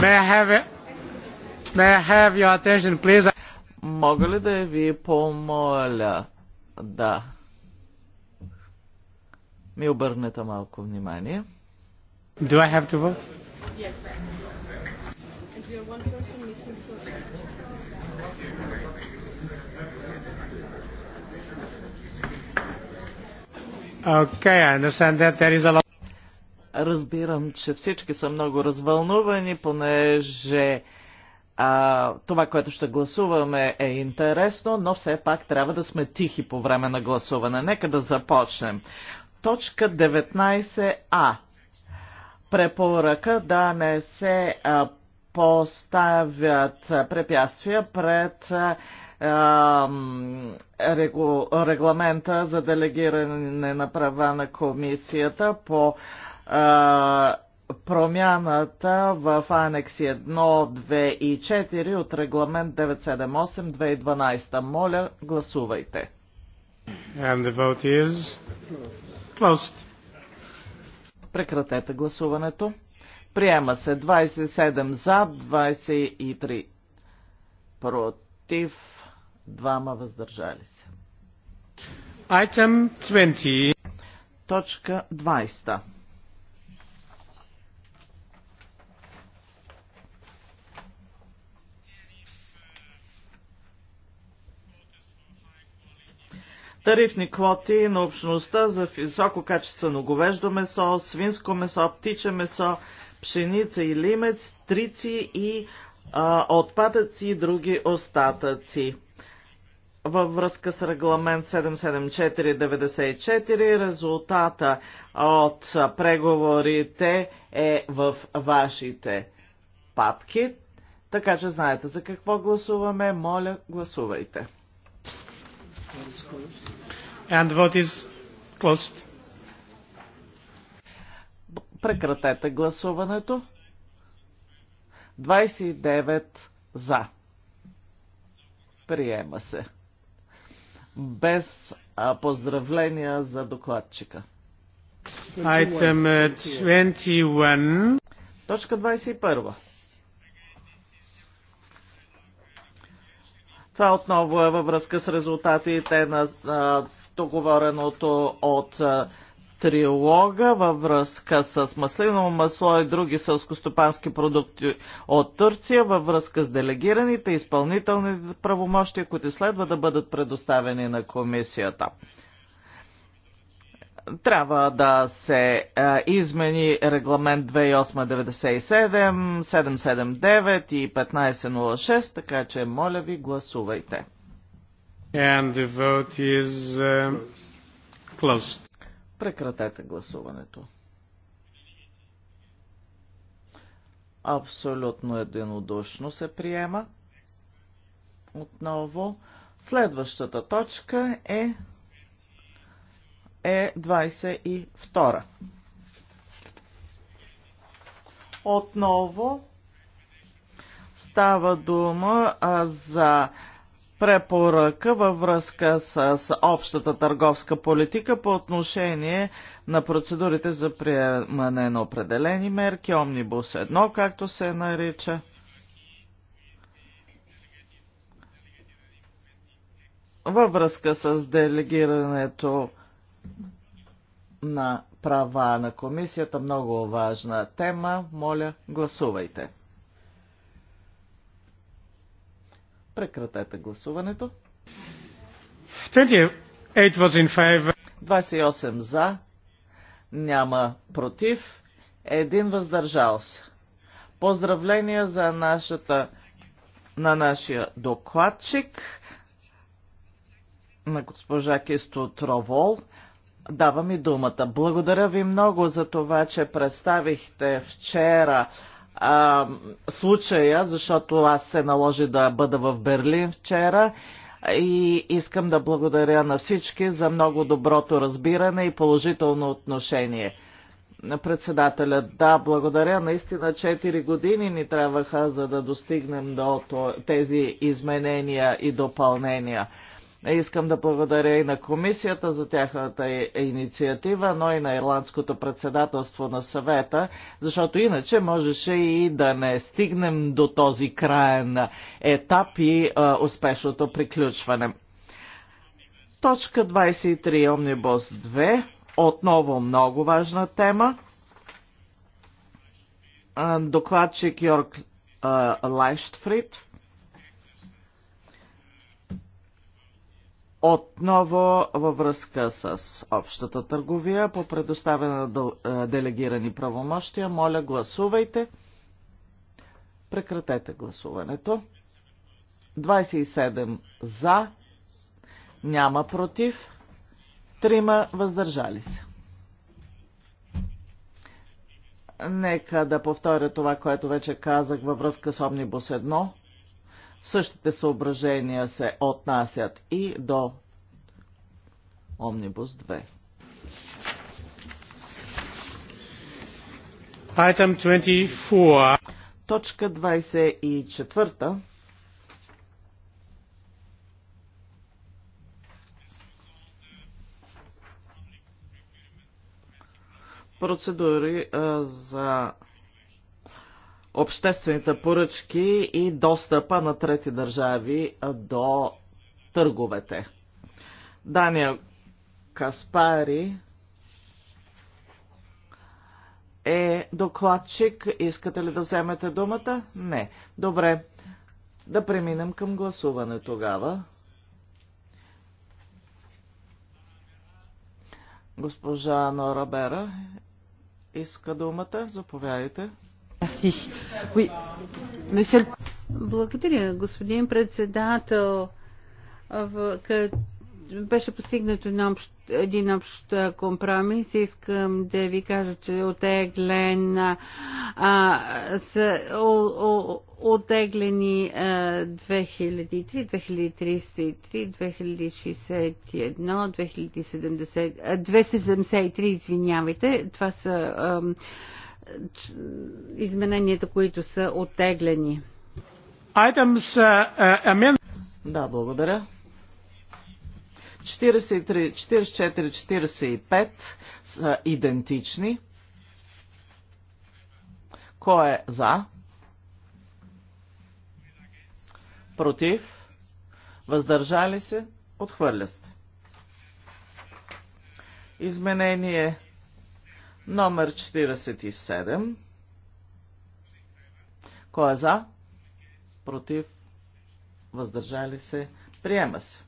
May I have, a... may I have your attention, please? Мога ли да ви помоля? Да. Ми обърнете малко внимание. Do I have to vote? Yes. And we are one person missing, so... Okay, I understand that there is a lot... Разбирам, че всички са много развълнувани, понеже а, това, което ще гласуваме е интересно, но все пак трябва да сме тихи по време на гласуване. Нека да започнем. Точка 19а. Препоръка да не се а, поставят препятствия пред а, регу, регламента за делегиране на права на комисията по а, промяната в анекси 1, 2 и 4 от регламент 978-2012. Моля, гласувайте. And the vote is closed. Прекратете гласуването. Приема се 27 за, 23 против, 2 въздържали се. Item 20. Точка 20. тарифни квоти на общността за висококачествено говеждо месо, свинско месо, птиче месо, пшеница и лимец, трици и а, отпадъци и други остатъци. Във връзка с регламент 77494 резултата от преговорите е в вашите папки, така че знаете за какво гласуваме. Моля, гласувайте. Thank you. And vote is closed. Прекратете гласуването. 29 за. Приема се. Без а, поздравления за докладчика. Item 21. Е, Точка 21. Това отново е във връзка с резултатите на а, договореното от трилога във връзка с маслиново масло и други сълскостопански продукти от Турция във връзка с делегираните изпълнителни правомощия, които следва да бъдат предоставени на комисията. Трябва да се а, измени регламент 2897, 779 и 1506, така че моля ви гласувайте. And the vote is uh, closed. Прекратете гласуването. Абсолютно единодушно се приема. Отново. Следващата точка е е 22. Отново става дума а, за препоръка във връзка с общата търговска политика по отношение на процедурите за приемане на определени мерки, омнибус 1, както се нарича. Във връзка с делегирането на права на комисията, много важна тема, моля гласувайте. Прекратете гласуването. 28 за, няма против, един въздържал се. Поздравления за нашата, на нашия докладчик, на госпожа Кисто Тровол. Давам и думата. Благодаря ви много за това, че представихте вчера а, случая, защото аз се наложи да бъда в Берлин вчера и искам да благодаря на всички за много доброто разбиране и положително отношение. на Председателя, да, благодаря. Наистина 4 години ни трябваха, за да достигнем до тези изменения и допълнения. Искам да благодаря и на комисията за тяхната инициатива, но и на ирландското председателство на съвета, защото иначе можеше и да не стигнем до този краен етап и а, успешното приключване. Точка 23 Омнибус 2. Отново много важна тема. Докладчик Йорк Лайштфрид. отново във връзка с общата търговия по предоставяне на е, делегирани правомощия. Моля, гласувайте. Прекратете гласуването. 27 за, няма против, 3 въздържали се. Нека да повторя това, което вече казах във връзка с Омнибус 1. Същите съображения се отнасят и до Омнибус 2. Item 24. Точка 24. Процедури а, за обществените поръчки и достъпа на трети държави до търговете. Дания Каспари е докладчик. Искате ли да вземете думата? Не. Добре. Да преминем към гласуване тогава. Госпожа Нора Бера иска думата. Заповядайте. Благодаря, господин председател. В, беше постигнат един общ компромис. Искам да ви кажа, че отеглен а, са о, о, отеглени 2003, 2033, 2061, 2070, 273, извинявайте. Това са а, измененията, които са оттеглени. Е, е, да, благодаря. 44, 45 са идентични. Кой е за? Против? Въздържали се? Отхвърля се. Изменение Номер 47. Кой е за? Против? Въздържали се? Приема се.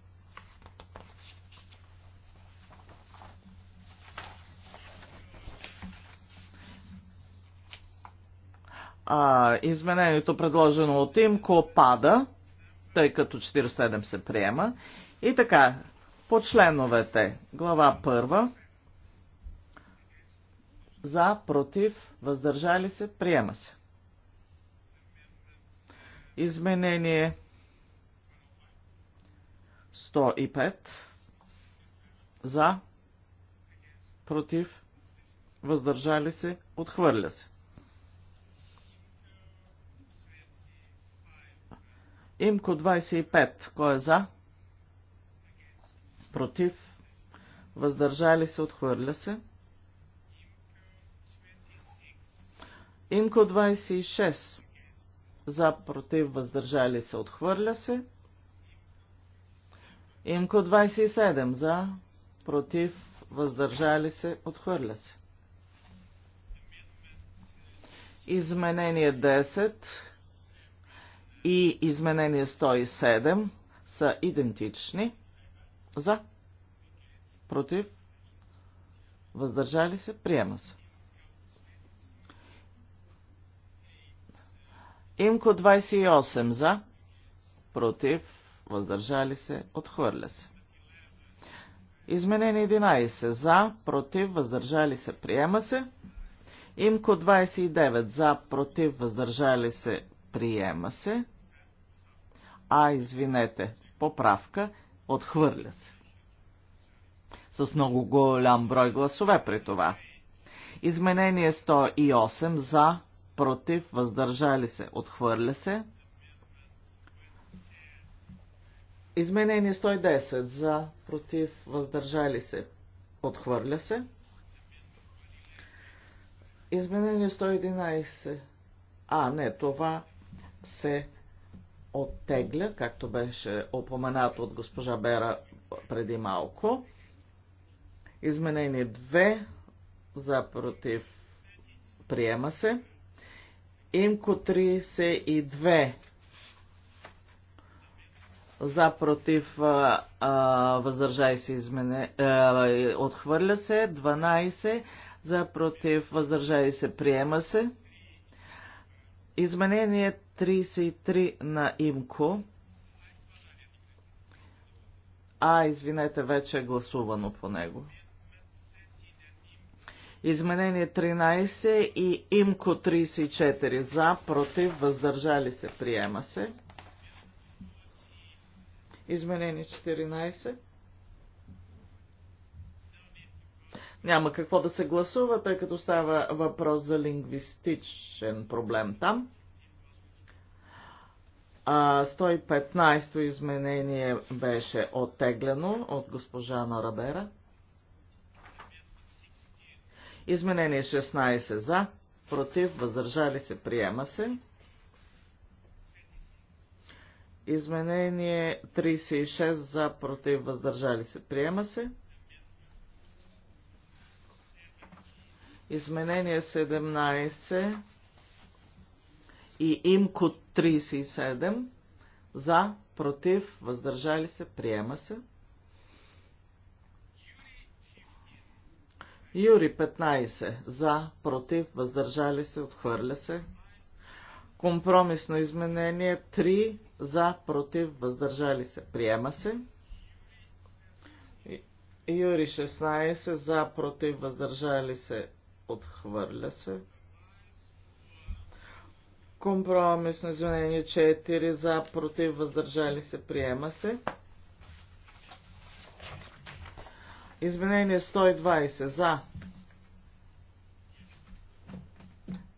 а, изменението предложено от Имко пада, тъй като 47 се приема. И така, по членовете, глава 1, за, против, въздържали се, приема се. Изменение 105. За, против, въздържали се, отхвърля се. Имко 25. Кой е за? Против. Въздържали се, отхвърля се. Имко 26. За, против, въздържали се, отхвърля се. Имко 27. За, против, въздържали се, отхвърля се. Изменение 10 и изменение 107 са идентични. За, против, въздържали се, приема се. Имко 28 за, против, въздържали се, отхвърля се. Изменение 11 за, против, въздържали се, приема се. Имко 29 за, против, въздържали се, приема се. А, извинете, поправка, отхвърля се. С много голям брой гласове при това. Изменение 108 за, против, въздържали се, отхвърля се. Изменение 110 за, против, въздържали се, отхвърля се. Изменение 111. А, не, това се оттегля, както беше опоменато от госпожа Бера преди малко. Изменение 2 за против приема се. Имко 32 за против въздържай се измене, а, отхвърля се, 12 за против въздържай се приема се. Изменение 33 на имко. А, извинете, вече е гласувано по него. Изменение 13 и имко 34 за, против, въздържали се, приема се. Изменение 14. Няма какво да се гласува, тъй като става въпрос за лингвистичен проблем там. А 115-то изменение беше оттеглено от госпожа Норабера. Изменение 16 за, против, въздържали се, приема се. Изменение 36 за, против, въздържали се, приема се. Изменение 17 и имко 37 за, против, въздържали се, приема се. Юри 15. За, против, въздържали се, отхвърля се. Компромисно изменение 3. За, против, въздържали се, приема се. Юри 16. За, против, въздържали се, отхвърля се. Компромисно изменение 4. За, против, въздържали се, приема се. Изменение 120 за.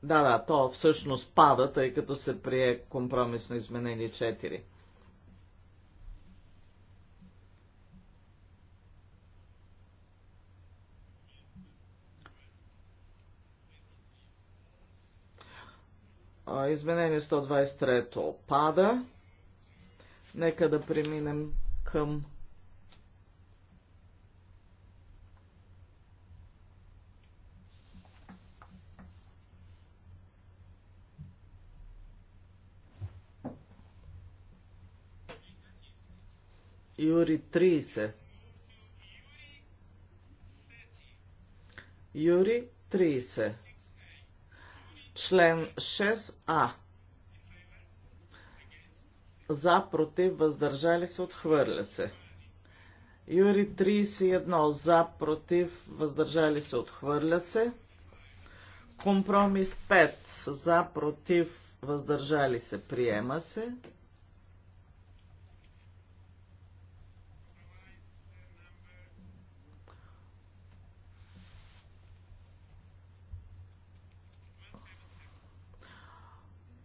Да, да, то всъщност пада, тъй като се прие компромисно изменение 4. Изменение 123 пада. Нека да преминем към Юри 30. Юри 30. Член 6а. За, против, въздържали се, отхвърля се. Юри 31. За, против, въздържали се, отхвърля се. Компромис 5. За, против, въздържали се, приема се.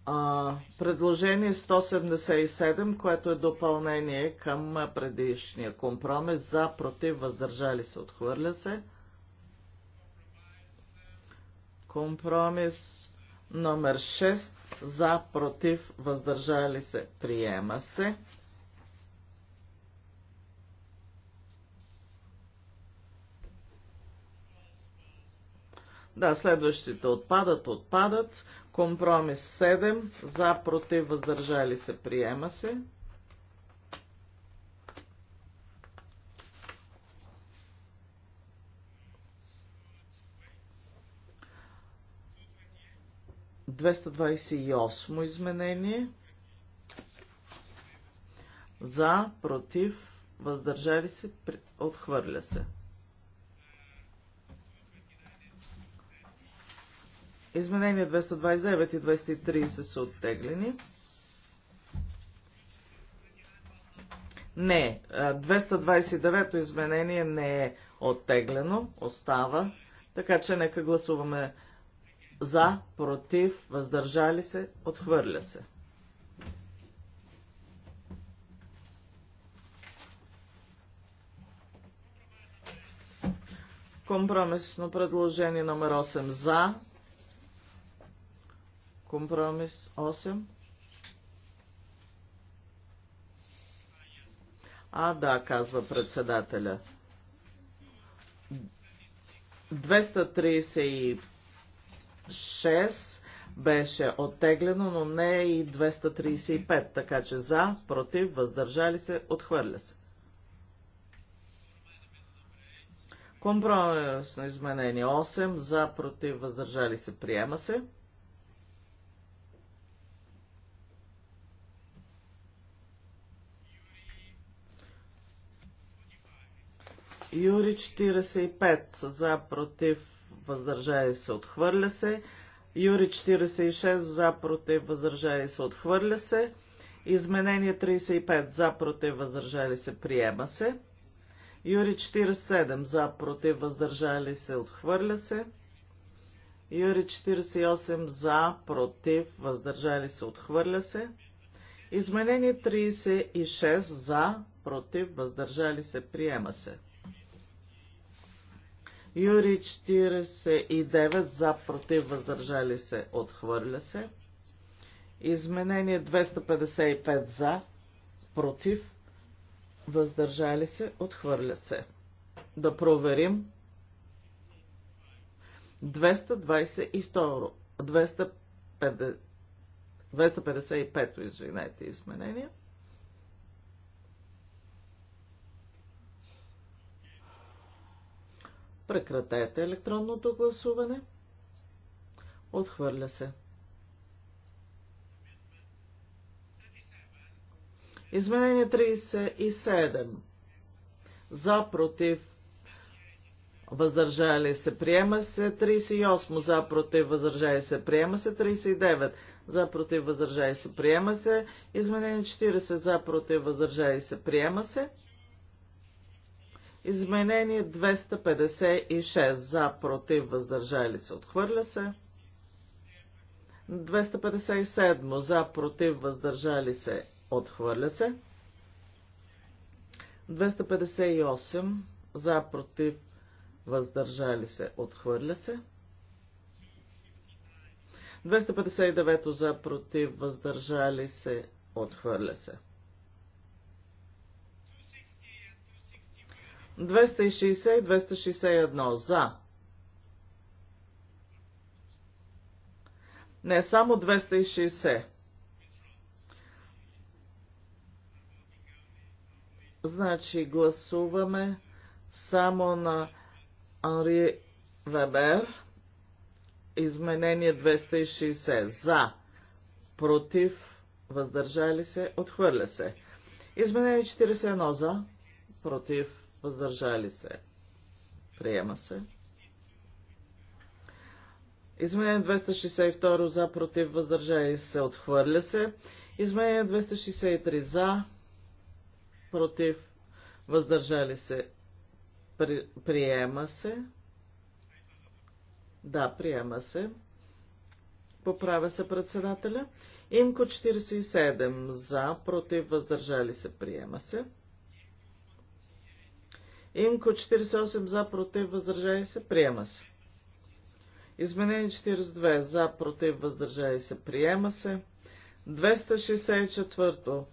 а, предложение 177, което е допълнение към предишния компромис за, против, въздържали се, отхвърля се. Компромис номер 6 за, против, въздържали се, приема се. Да, следващите отпадат, отпадат. Компромис 7. За, против, въздържали се, приема се. Двеста изменение. За, против, въздържали се, отхвърля се. Изменения 229 и 230 са оттеглени. Не, 229-то изменение не е оттеглено, остава, така че нека гласуваме за, против, въздържали се, отхвърля се. Компромисно предложение номер 8 за, Компромис 8. А, да, казва председателя. 236 беше оттеглено, но не и 235, така че за, против, въздържали се, отхвърля се. Компромисно изменение 8, за, против, въздържали се, приема се. Юри 45 за, против, въздържали се, отхвърля се. Юри 46 за, против, въздържали се, отхвърля се. Изменение 35 за, против, въздържали се, приема се. Юри 47 за, против, въздържали се, отхвърля се. Юри 48 за, против, въздържали се, отхвърля се. Изменение 36 за, против, въздържали се, приема се. Юри 49 за против въздържали се отхвърля се. Изменение 255 за против въздържали се отхвърля се. Да проверим. 222. 255, извинете, изменение. Прекратете електронното гласуване. Отхвърля се. Изменение 37. За, против, въздържали се, приема се 38, за, против, въздържали се, приема се 39, за, против, въздържали се, приема се, изменение 40, за, против, въздържали се, приема се. Изменение 256 за, против, въздържали се, отхвърля се. 257 за, против, въздържали се, отхвърля се. 258 за, против, въздържали се, отхвърля се. 259 за, против, въздържали се, отхвърля се. 260 и 261 за. Не, само 260. Значи гласуваме само на Анри Вебер. Изменение 260. За. Против. Въздържали се. Отхвърля се. Изменение 41. За. Против въздържали се, приема се. Изменение 262 за, против, въздържали се, отхвърля се. Изменение 263 за, против, въздържали се, при, приема се. Да, приема се. Поправя се председателя. Инко 47 за, против, въздържали се, приема се. Имко 48 за, против, въздържали се, приема се. Изменение 42 за, против, въздържали се, приема се. 264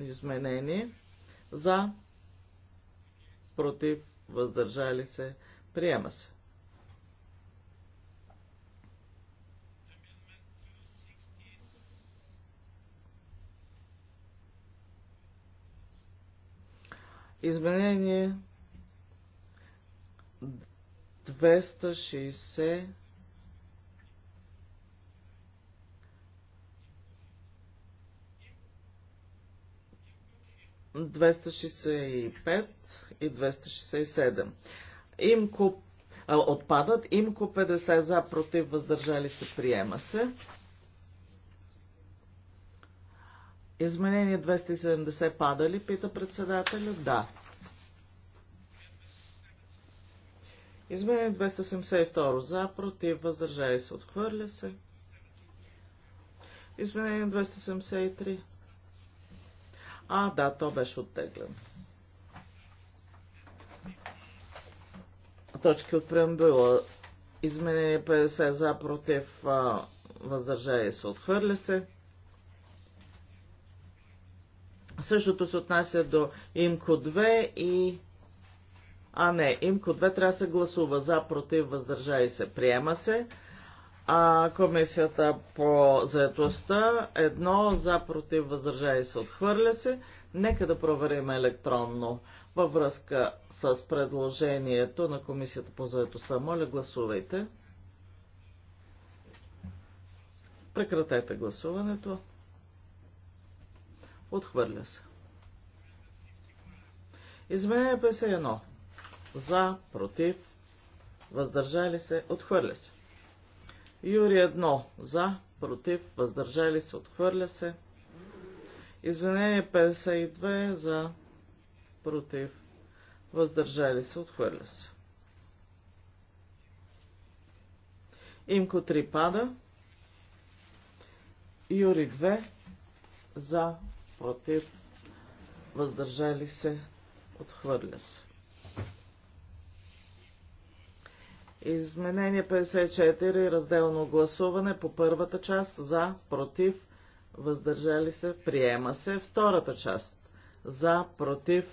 изменение за, против, въздържали се, приема се. Изменение 260 265 и 267. Имко а, отпадат. Имко 50 за, против, въздържали се, приема се. Изменение 270 пада ли, пита председателя? Да. Изменение 272 за, против, въздържали се, отхвърля се. Изменение 273. А, да, то беше оттеглено. Точки от преамбюла. Изменение 50 за, против, въздържали се, отхвърля се. Същото се отнася до имко 2 и а не, имко 2 трябва да се гласува за, против, въздържа и се, приема се. А комисията по заедостта, едно за, против, и се, отхвърля се. Нека да проверим електронно във връзка с предложението на комисията по заедостта. Моля, гласувайте. Прекратете гласуването. Отхвърля се. Изменение 51 за, против, въздържали се, отхвърля се. Юри 1 за, против, въздържали се, отхвърля се. Извинение 52 за, против, въздържали се, отхвърля се. Имко 3 пада. Юри 2 за, против, въздържали се, отхвърля се. Изменение 54, разделно гласуване по първата част, за, против, въздържали се, приема се. Втората част, за, против,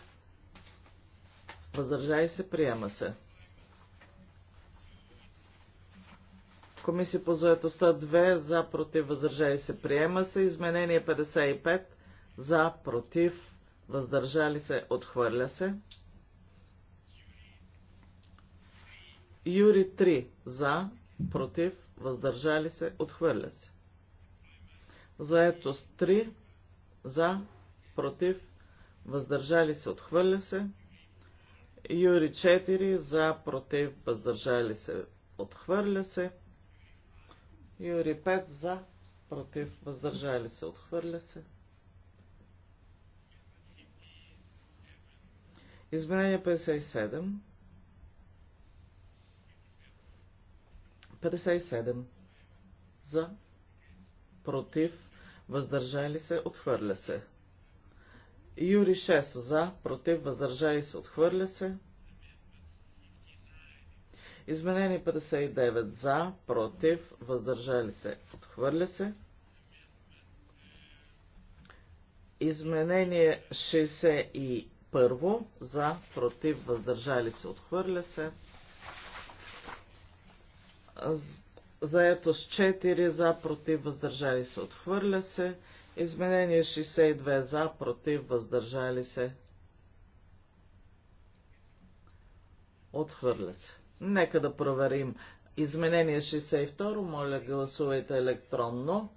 въздържали се, приема се. Комисия по заедостта 2, за, против, въздържали се, приема се. Изменение 55, за, против, въздържали се, отхвърля се. Юри 3 за, против, въздържали се, отхвърля се. Заетост 3 за, против, въздържали се, отхвърля се. Юри 4 за, против, въздържали се, отхвърля се. Юри 5 за, против, въздържали се, отхвърля се. Изменение 57 57. За. Против. Въздържали се. Отхвърля се. Юри 6. За. Против. Въздържали се. Отхвърля се. Изменени 59. За. Против. Въздържали се. Отхвърля се. Изменение 61. За. Против. Въздържали се. Отхвърля се заето с 4 за, против, въздържали се, отхвърля се. Изменение 62 за, против, въздържали се, отхвърля се. Нека да проверим. Изменение 62, моля гласувайте електронно.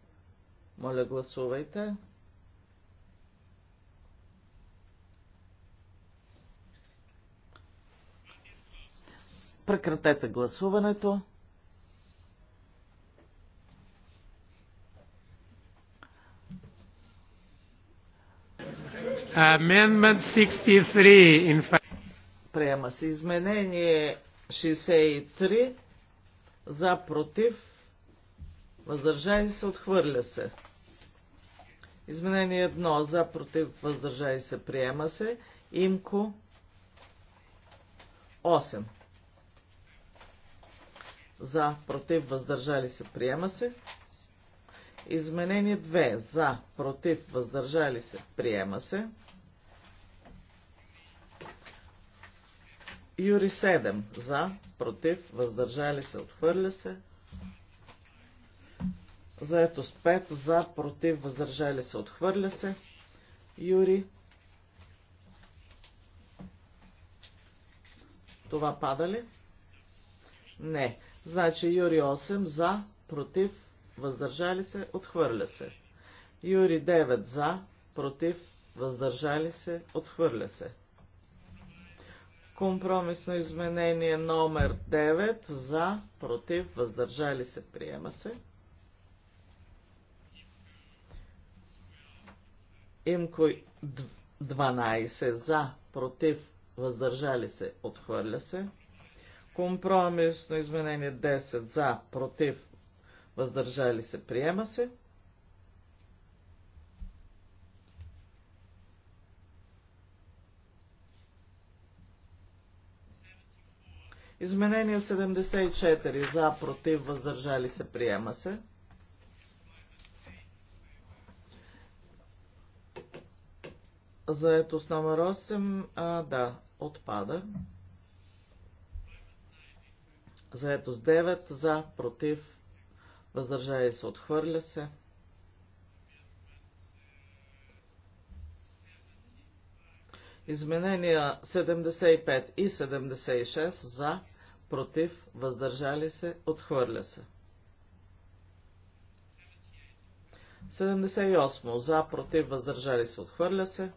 Моля гласувайте. Прекратете гласуването. Amendment 63 in Приема се изменение 63 за против. Въздържай се, отхвърля се. Изменение 1 за против, въздържай се, приема се. Имко 8 за против, въздържали се, приема се. Изменение 2. За, против, въздържали се, приема се. Юри 7. За, против, въздържали се, отхвърля се. Заето с 5. За, против, въздържали се, отхвърля се. Юри. Това пада ли? Не. Значи Юри 8. За, против, въздържали се, отхвърля се. Юри 9 за, против, въздържали се, отхвърля се. Компромисно изменение номер 9 за, против, въздържали се, приема се. Имко 12 за, против, въздържали се, отхвърля се. Компромисно изменение 10 за, против, въздържали се, приема се. Изменение 74 за, против, въздържали се, приема се. Заетост номер 8, а, да, отпада. Заетост 9 за, против, въздържали се, отхвърля се. Изменения 75 и 76 за, против, въздържали се, отхвърля се. 78 за, против, въздържали се, отхвърля се.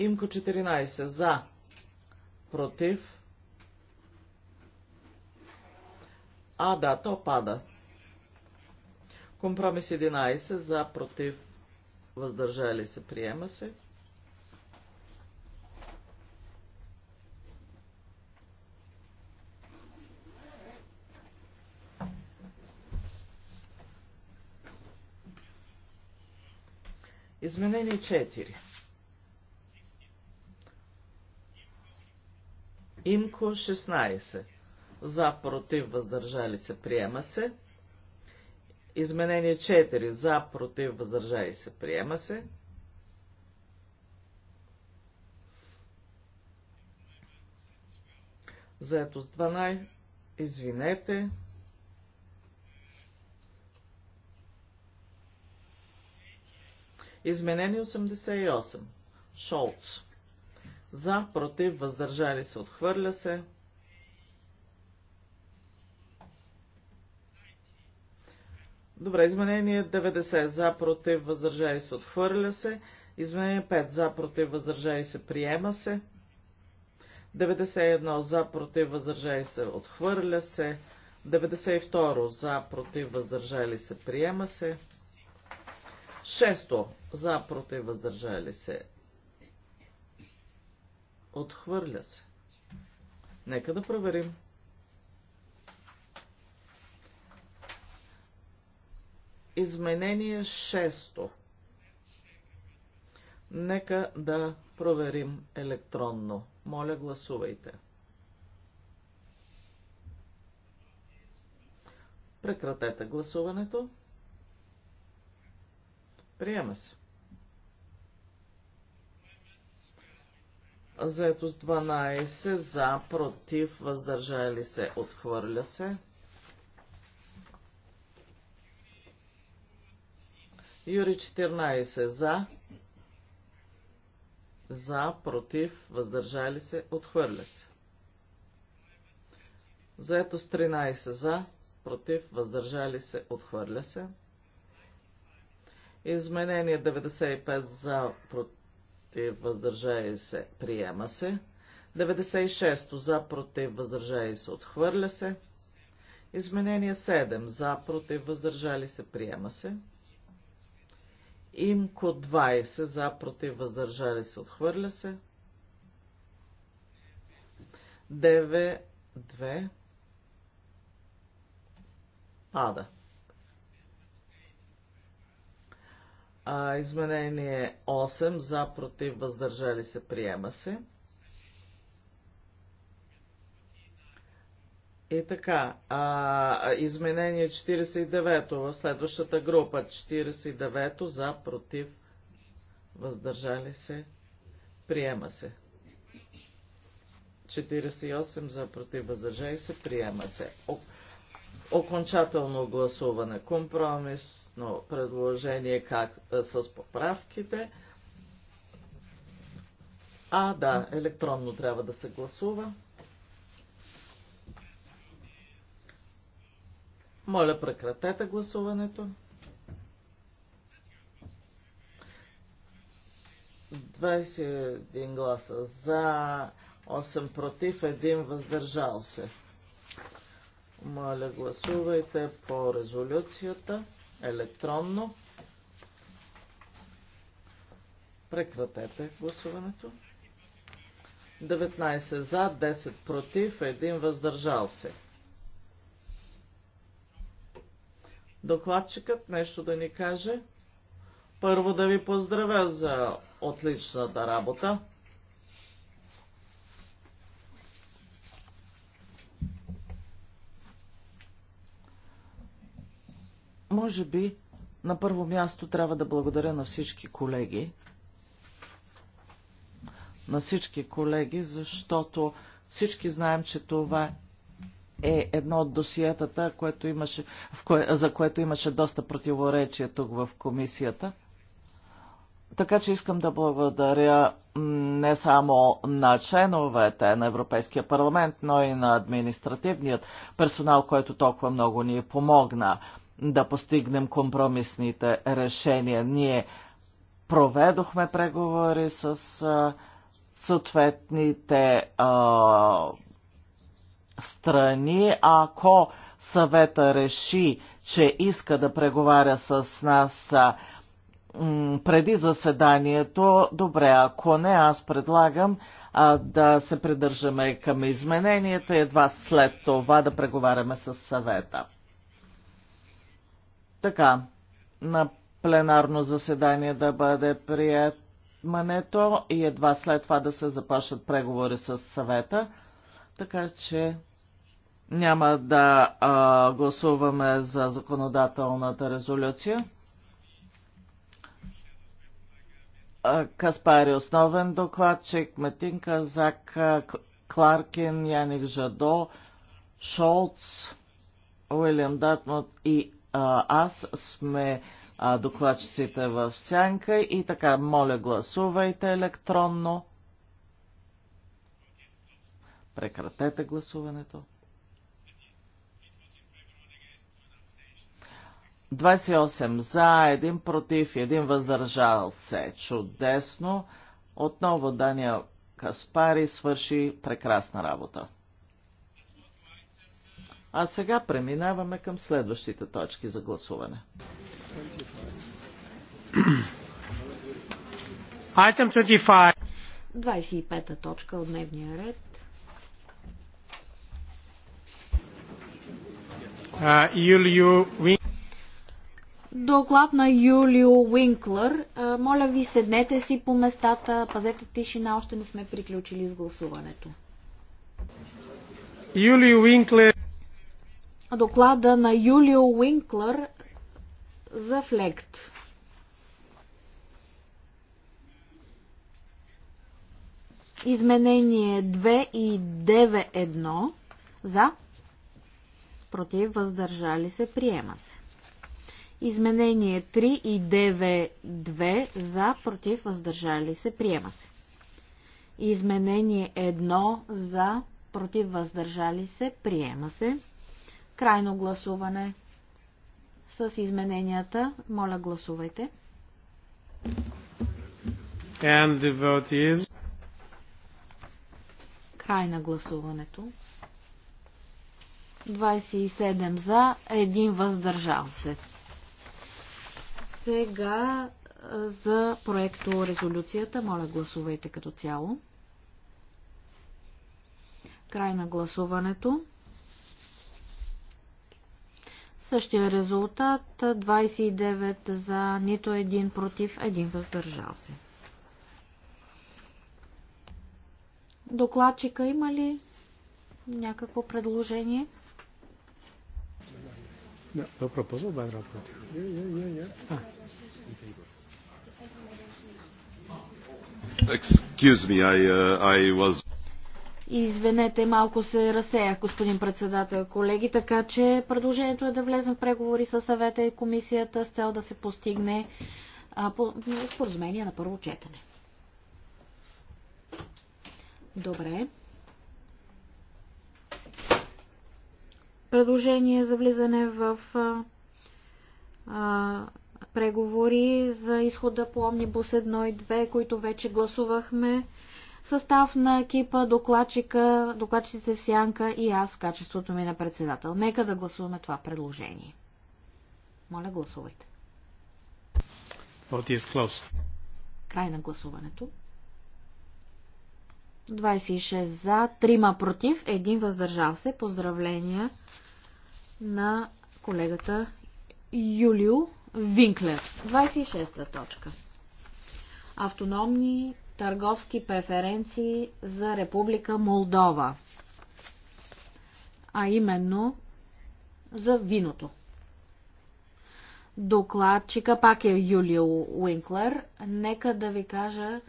Имко 14 за, против. А, да, то пада. Компромис 11 за, против, въздържали се, приема се. Изменение 4. Имко 16. За, против, въздържали се, приема се. Изменение 4. За, против, въздържали се, приема се. Заетост 12. Извинете. Изменение 88. Шолц за, против, въздържали се, отхвърля се. Добре, изменение 90 за, против, въздържали се, отхвърля се. Изменение 5 за, против, въздържали се, приема се. 91 за, против, въздържали се, отхвърля се. 92 за, против, въздържали се, приема се. 6 за, против, въздържали се, Отхвърля се. Нека да проверим. Изменение 6. Нека да проверим електронно. Моля, гласувайте. Прекратете гласуването. Приема се. Заетост 12 за, против, въздържали се, отхвърля се. Юри 14 за, за, против, въздържали се, отхвърля се. Заетост 13 за, против, въздържали се, отхвърля се. Изменение 95 за, против против, въздържали се, приема се. 96 за, против, въздържали се, отхвърля се. Изменение 7 за, против, въздържали се, приема се. Имко 20 за, против, въздържали се, отхвърля се. 9, 2, пада. А, изменение 8 за против въздържали се приема се. И така, а, изменение 49-то в следващата група, 49-то за, против, въздържали се, приема се. 48 за, против, въздържали се, приема се окончателно гласуване, компромисно предложение как, е, с поправките. А, да, електронно трябва да се гласува. Моля, прекратете гласуването. 21 гласа за, 8 против, 1 въздържал се. Моля, гласувайте по резолюцията електронно. Прекратете гласуването. 19 за, 10 против, 1 въздържал се. Докладчикът нещо да ни каже. Първо да ви поздравя за отличната работа. Може би на първо място трябва да благодаря на всички колеги, на всички колеги, защото всички знаем, че това е едно от досиетата, което имаше, в кое, за което имаше доста противоречия тук в комисията. Така че искам да благодаря не само на членовете на Европейския парламент, но и на административният персонал, който толкова много ни помогна да постигнем компромисните решения. Ние проведохме преговори с а, съответните а, страни. Ако съвета реши, че иска да преговаря с нас а, преди заседанието, добре, ако не, аз предлагам а, да се придържаме към измененията и едва след това да преговаряме с съвета така на пленарно заседание да бъде приемането и едва след това да се започнат преговори с съвета. Така че няма да а, гласуваме за законодателната резолюция. Каспари е основен докладчик, Метин Казак, Кларкин, Яник Жадо, Шолц, Уилям Датмут и аз сме докладчиците в сянка и така, моля гласувайте електронно. Прекратете гласуването. 28 за, 1 против, 1 въздържал се. Чудесно. Отново Дания Каспари свърши прекрасна работа. А сега преминаваме към следващите точки за гласуване. Item 25. 25-та точка от дневния ред. Uh, Юлио Доклад на Юлио Уинклър. Uh, моля ви, седнете си по местата, пазете тишина, още не сме приключили с гласуването. Юлио Уинклер доклада на Юлио Уинклър за флект. Изменение 2 и 9.1 за против въздържали се приема се. Изменение 3 и 9.2 за против въздържали се приема се. Изменение 1 за против въздържали се приема се. Крайно гласуване с измененията. Моля, гласувайте. And the vote is... Край на гласуването. 27 за, 1 въздържал се. Сега за проекто резолюцията. Моля, гласувайте като цяло. Край на гласуването. Същия резултат 29 за нито един против, един въздържал се. Докладчика има ли някакво предложение? No, lo propuso против. Excuse me, I, uh, I was... Извинете, малко се разсеях, господин председател, колеги, така че предложението е да влезем в преговори с съвета и комисията с цел да се постигне споразумение по, на първо четене. Добре. Предложение за влизане в а, а, преговори за изхода по Омнибус 1 и 2, които вече гласувахме състав на екипа, докладчика, докладчиците в сянка и аз в качеството ми на председател. Нека да гласуваме това предложение. Моля, гласувайте. Край на гласуването. 26 за, 3 против, 1 въздържал се. Поздравления на колегата Юлио Винклер. 26 точка. Автономни търговски преференции за Република Молдова, а именно за виното. Докладчика пак е Юлио Уинклер. Нека да ви кажа,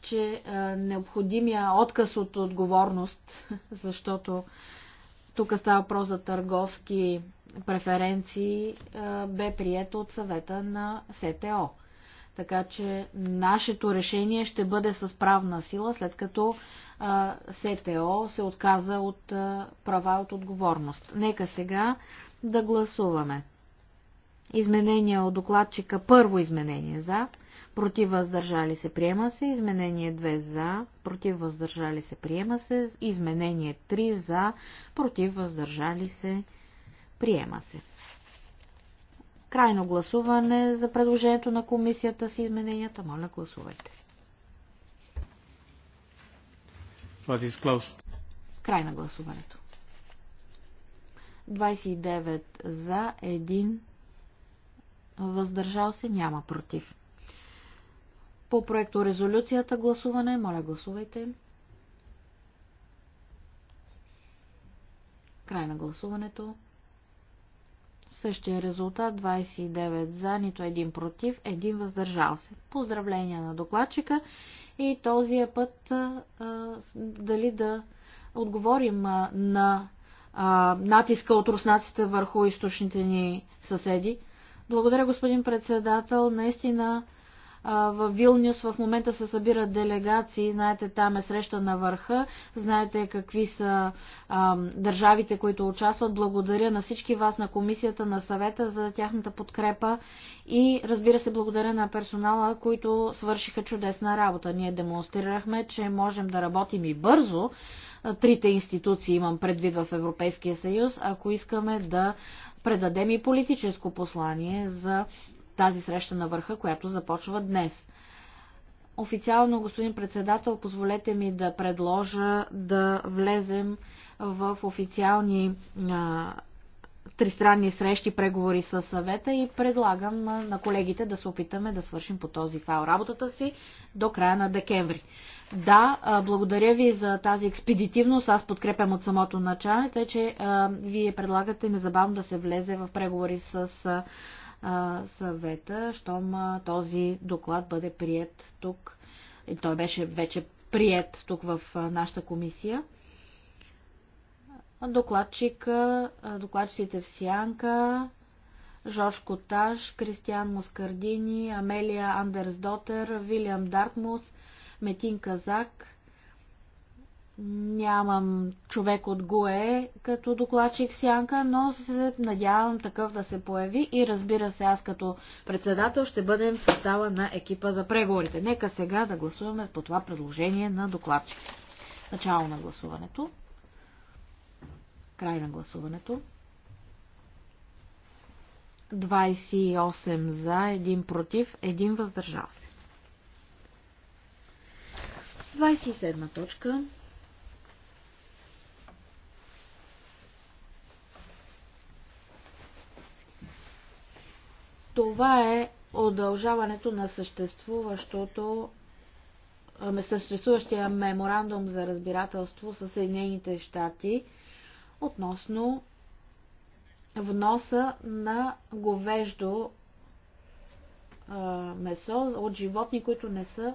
че е, необходимия отказ от отговорност, защото тук става въпрос за търговски преференции, е, бе прието от съвета на СТО. Така че нашето решение ще бъде с правна сила, след като а, СТО се отказа от а, права от отговорност. Нека сега да гласуваме. Изменение от докладчика. Първо изменение за. Против въздържали се приема се. Изменение 2 за. Против въздържали се приема се. Изменение 3 за. Против въздържали се приема се. Крайно гласуване за предложението на комисията с измененията. Моля, гласувайте. Край на гласуването. 29 за, 1 въздържал се, няма против. По проекто резолюцията гласуване, моля гласувайте. Край на гласуването. Същия резултат 29 за, нито един против, един въздържал се. Поздравления на докладчика и този е път а, дали да отговорим а, на а, натиска от руснаците върху източните ни съседи. Благодаря, господин председател. Наистина в Вилнюс в момента се събират делегации, знаете, там е среща на върха, знаете какви са а, държавите, които участват. Благодаря на всички вас, на комисията, на съвета за тяхната подкрепа и разбира се, благодаря на персонала, които свършиха чудесна работа. Ние демонстрирахме, че можем да работим и бързо, трите институции имам предвид в Европейския съюз, ако искаме да предадем и политическо послание за тази среща на върха, която започва днес. Официално, господин председател, позволете ми да предложа да влезем в официални а, тристранни срещи, преговори с съвета и предлагам на колегите да се опитаме да свършим по този файл работата си до края на декември. Да, благодаря ви за тази експедитивност. Аз подкрепям от самото начало, тъй че а, вие предлагате незабавно да се влезе в преговори с съвета, щом този доклад бъде прият тук. И той беше вече прият тук в нашата комисия. Докладчика, докладчиците в Сянка, Жорж Коташ, Кристиан Москардини, Амелия Андерсдотер, Вилиам Дартмус, Метин Казак – Нямам човек от ГУЕ като докладчик Сянка, но се надявам такъв да се появи и разбира се аз като председател ще бъдем в състава на екипа за преговорите. Нека сега да гласуваме по това предложение на докладчик. Начало на гласуването. Край на гласуването. 28 за, 1 против, 1 въздържал се. 27 точка. Това е удължаването на съществуващото ами, съществуващия меморандум за разбирателство с Съединените щати относно вноса на говеждо месо от животни, които не са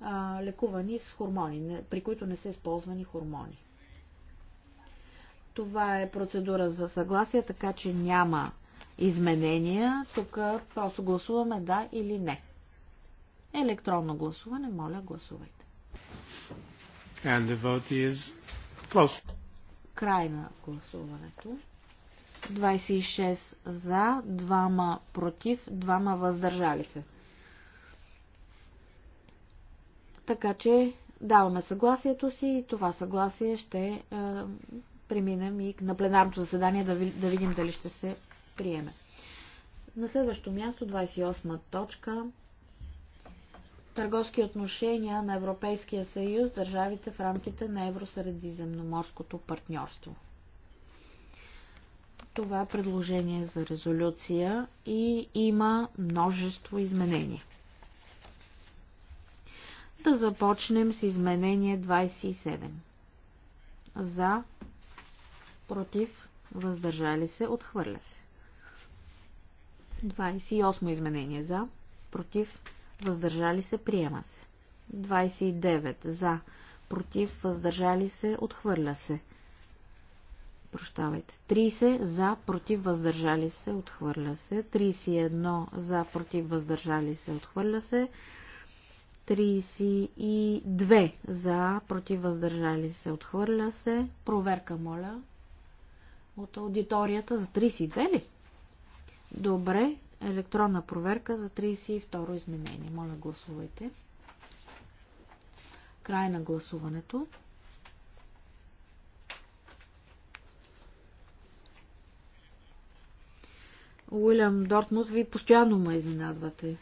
а, лекувани с хормони, при които не са използвани хормони. Това е процедура за съгласие, така че няма изменения. Тук просто гласуваме да или не. Електронно гласуване, моля, гласувайте. And the vote is close. Край на гласуването. 26 за, 2 против, 2 въздържали се. Така че даваме съгласието си и това съгласие ще е, преминем и на пленарното заседание да, ви, да видим дали ще се приеме. На следващо място, 28 точка. Търговски отношения на Европейския съюз, държавите в рамките на Евросредиземноморското партньорство. Това е предложение за резолюция и има множество изменения. Да започнем с изменение 27. За, против, въздържали се, отхвърля се. 28 изменение за, против, въздържали се, приема се. 29 за, против, въздържали се, отхвърля се. Прощавайте. 30 за, против, въздържали се, отхвърля се. 31 за, против, въздържали се, отхвърля се. 32 за, против, въздържали се, отхвърля се. Проверка, моля, от аудиторията за 32 ли? Добре, електронна проверка за 32 изменение. Моля, гласувайте. Край на гласуването. Уилям Дортмус, ви постоянно ме изненадвате.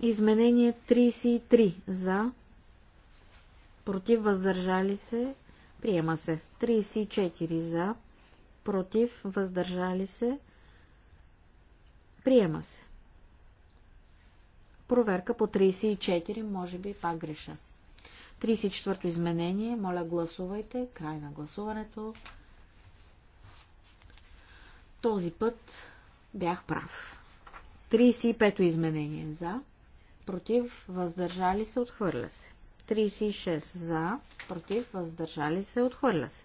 Изменение 33 за, против въздържали се, приема се. 34 за, против, въздържали се, приема се. Проверка по 34, може би пак греша. 34-то изменение, моля гласувайте, край на гласуването. Този път бях прав. 35-то изменение за, против, въздържали се, отхвърля се. 36 за, против, въздържали се, отхвърля се.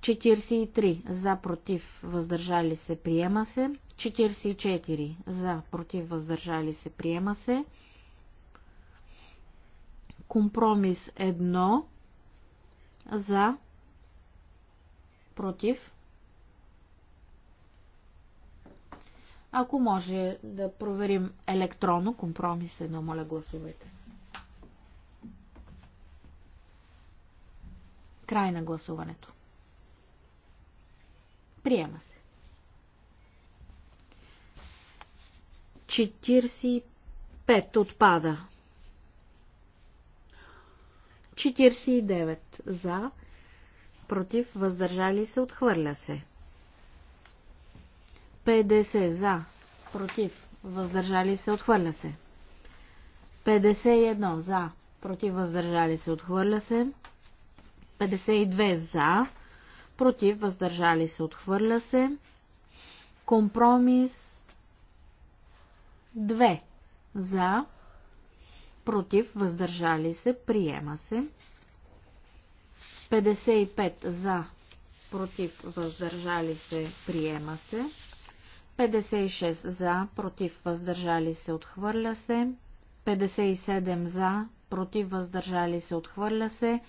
43 за против въздържали се приема се. 44 за против въздържали се приема се. Компромис 1 за против. Ако може да проверим електронно компромис 1, моля гласувайте. Край на гласуването. Приема се. 45 отпада. 49 за, против, въздържали се, отхвърля се. 50 за, против, въздържали се, отхвърля се. 51 за, против, въздържали се, отхвърля се. 52 за, против, въздържали се, отхвърля се. Компромис 2 за, против, въздържали се, приема се. 55 за, против, въздържали се, приема се. 56 за, против, въздържали се, отхвърля се. 57 за, против, въздържали се, отхвърля се.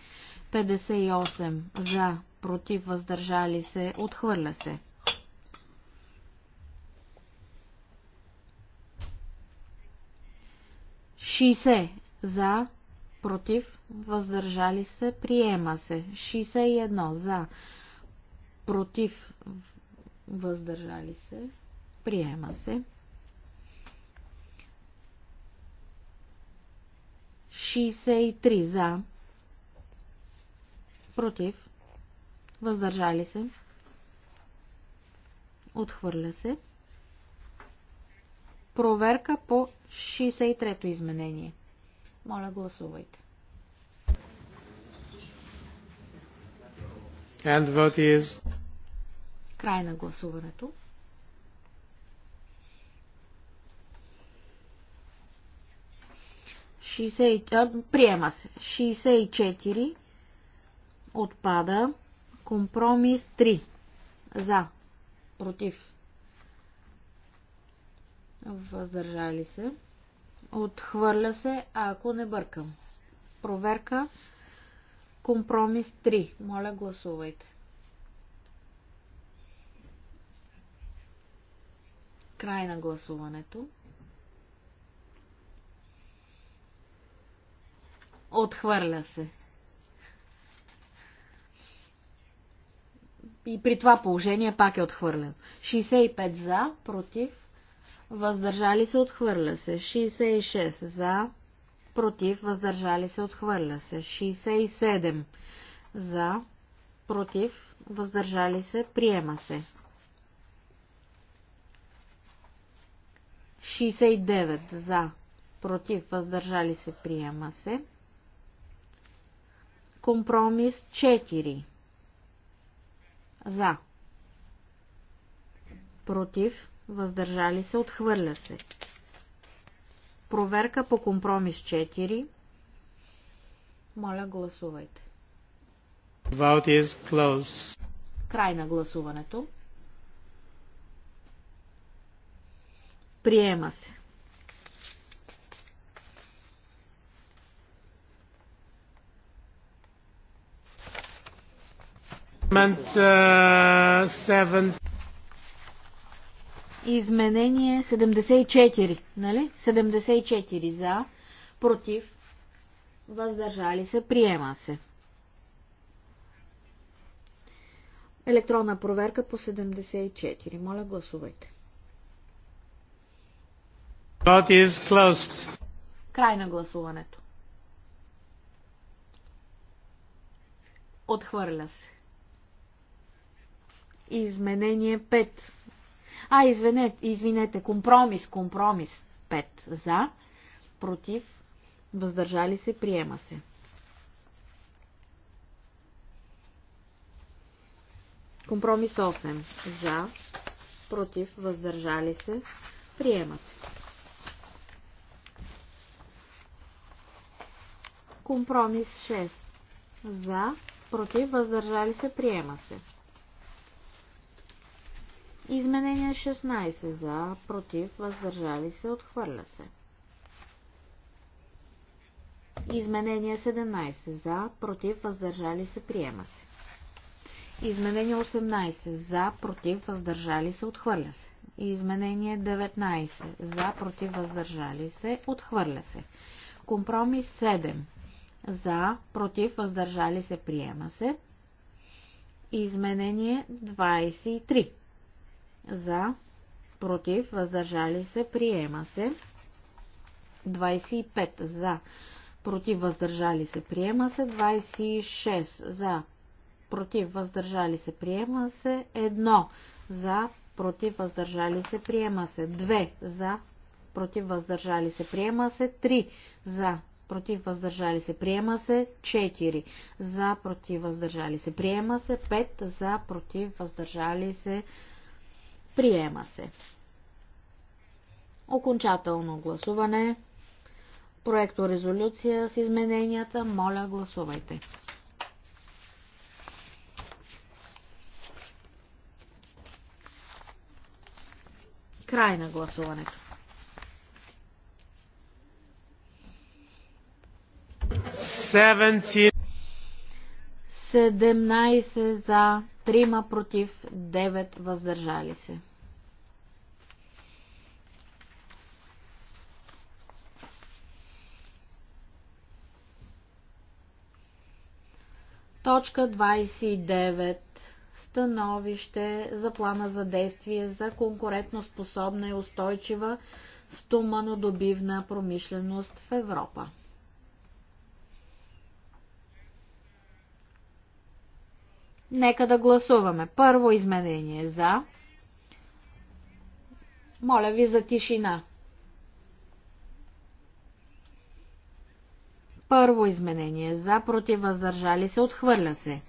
58 за, против, въздържали се, отхвърля се. Шисе за, против, въздържали се, приема се. 61 за, против, въздържали се, приема се. 63 за, против, въздържали се, отхвърля се. Проверка по 63-то изменение. Моля, гласувайте. And vote is... Край на гласуването. Приема се. 64 Отпада. Компромис 3. За. Против. Въздържали се. Отхвърля се, ако не бъркам. Проверка. Компромис 3. Моля, гласувайте. Край на гласуването. Отхвърля се. И при това положение пак е отхвърлен. 65 за, против, въздържали се, отхвърля се. 66 за, против, въздържали се, отхвърля се. 67 за, против, въздържали се, приема се. 69 за, против, въздържали се, приема се. Компромис 4 за. Против. Въздържали се. Отхвърля се. Проверка по компромис 4. Моля, гласувайте. Vote is close. Край на гласуването. Приема се. Uh, Изменение 74, нали? 74 за, против, въздържали се, приема се. Електронна проверка по 74. Моля, гласувайте. Край на гласуването. Отхвърля се. Изменение 5. А, извинете, извинете, компромис, компромис 5. За, против, въздържали се, приема се. Компромис 8. За, против, въздържали се, приема се. Компромис 6. За, против, въздържали се, приема се. Изменение 16 за, против, въздържали се, отхвърля се. Изменение 17 за, против, въздържали се, приема се. Изменение 18 за, против, въздържали се, отхвърля се. Изменение 19 за, против, въздържали се, отхвърля се. Компромис 7 за, против, въздържали се, приема се. Изменение 23 за, против, въздържали се, приема се. 25 за, против, въздържали се, приема се. 26 за, против, въздържали се, приема се. 1 за, против, въздържали се, приема се. 2 за, против, въздържали се, приема се. 3 за, против въздържали се приема се 4 за против въздържали се приема се 5 за против въздържали се Приема се. Окончателно гласуване. Проекто резолюция с измененията. Моля, гласувайте. Край на гласуването. Седемнайсет за Трима против, девет въздържали се. Точка 29. Становище за плана за действие за способна и устойчива стоманодобивна промишленост в Европа. Нека да гласуваме. Първо изменение за. Моля ви за тишина. Първо изменение за, против въздържали се, отхвърля се.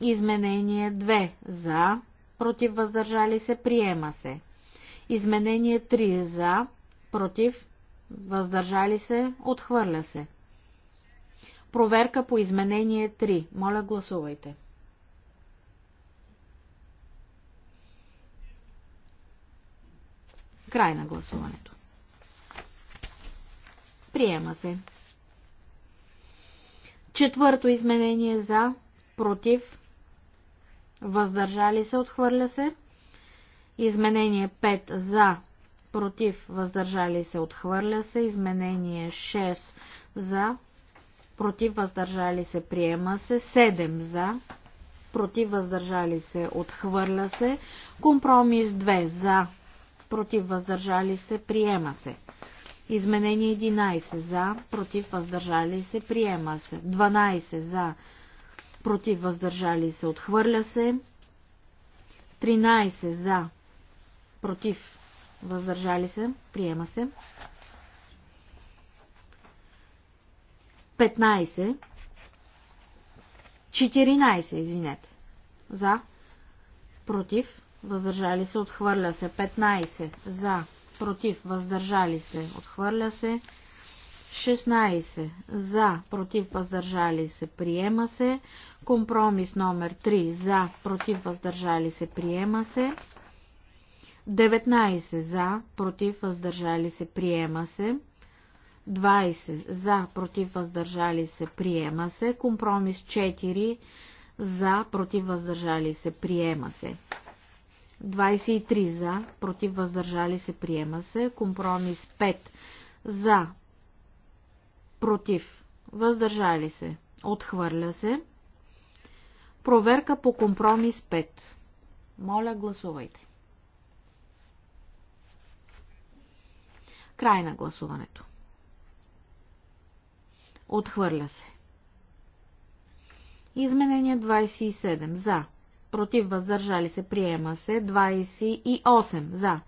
Изменение 2 за, против въздържали се, приема се. Изменение 3 за, против въздържали се, отхвърля се. Проверка по изменение 3. Моля, гласувайте. Край на гласуването. Приема се. Четвърто изменение за, против, въздържали се, отхвърля се. Изменение 5 за, против, въздържали се, отхвърля се. Изменение 6 за, против въздържали се, приема се, 7 за, против въздържали се, отхвърля се, компромис 2 за, против въздържали се, приема се. Изменение 11 за, против въздържали се, приема се. 12 за, против въздържали се, отхвърля се. 13 за, против въздържали се, приема се. 15, 14, извинете, за, против, въздържали се, отхвърля се, 15, за, против, въздържали се, отхвърля се, 16, за, против, въздържали се, приема се, компромис номер 3, за, против, въздържали се, приема се, 19 за, против, въздържали се, приема се. 20 за, против, въздържали се, приема се. Компромис 4 за, против, въздържали се, приема се. 23 за, против, въздържали се, приема се. Компромис 5 за, против, въздържали се, отхвърля се. Проверка по компромис 5. Моля, гласувайте. Край на гласуването. Отхвърля се. Изменение 27. За. Против. Въздържали се. Приема се. 28. За.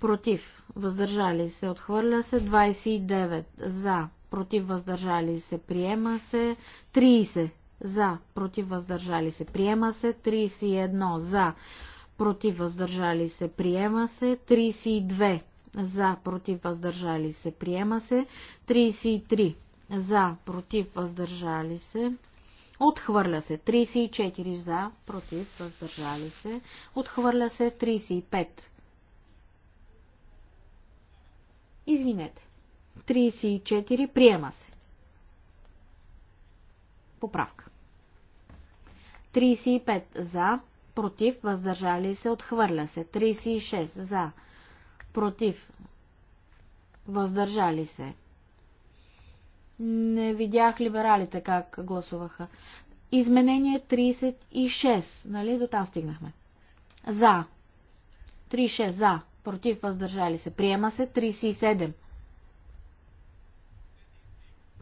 Против. Въздържали се. Отхвърля се. 29. За. Против. Въздържали се. Приема се. 30. За. Против. Въздържали се. Приема се. 31. За. Против. Въздържали се. Приема се. 32. За. Против. Въздържали се. Приема се. 33 за, против, въздържали се. Отхвърля се 34 за, против, въздържали се. Отхвърля се 35. Извинете. 34 приема се. Поправка. 35 за, против, въздържали се, отхвърля се. 36 за, против, въздържали се, не видях либералите как гласуваха. Изменение 36, нали? До там стигнахме. За. 36 за. Против въздържали се. Приема се 37.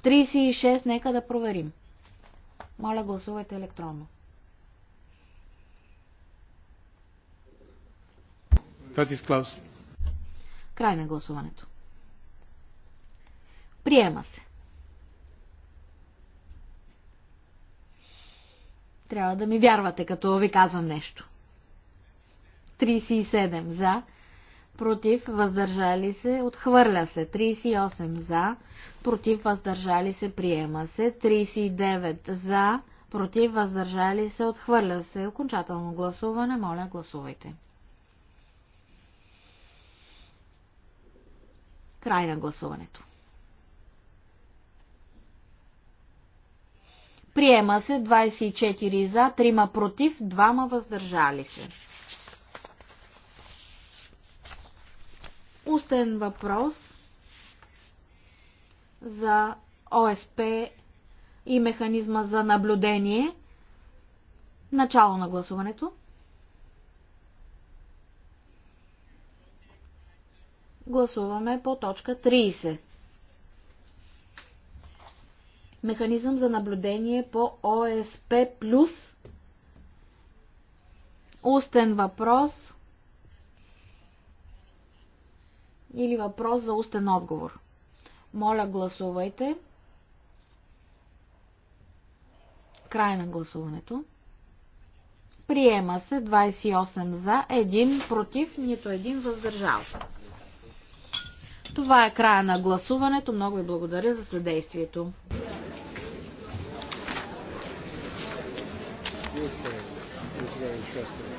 36, нека да проверим. Моля, гласувайте електронно. Край на гласуването. Приема се. Трябва да ми вярвате, като ви казвам нещо. 37 за, против, въздържали се, отхвърля се. 38 за, против, въздържали се, приема се. 39 за, против, въздържали се, отхвърля се. Окончателно гласуване, моля, гласувайте. Край на гласуването. Приема се 24 за, 3 против, 2 въздържали се. Устен въпрос за ОСП и механизма за наблюдение. Начало на гласуването. Гласуваме по точка 30 механизъм за наблюдение по ОСП+. Устен въпрос или въпрос за устен отговор. Моля, гласувайте. Край на гласуването. Приема се 28 за, 1 против, нито един въздържал се. Това е края на гласуването. Много ви благодаря за съдействието. Ukraine is very interesting.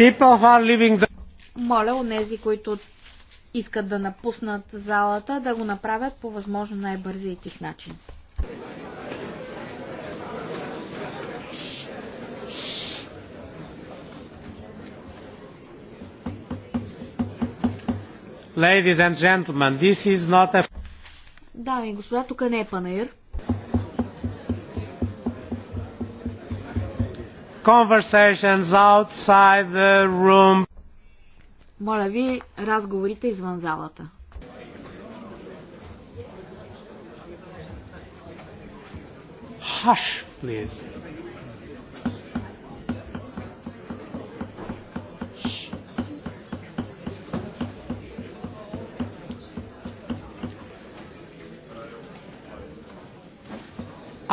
Моля Моля онези, които искат да напуснат залата, да го направят по възможно най-бързи и тих начин. Ladies and gentlemen, this is not a... Дами и господа, тук не е панаир. conversations outside the room. Моля ви, разговорите извън залата. Hush, please.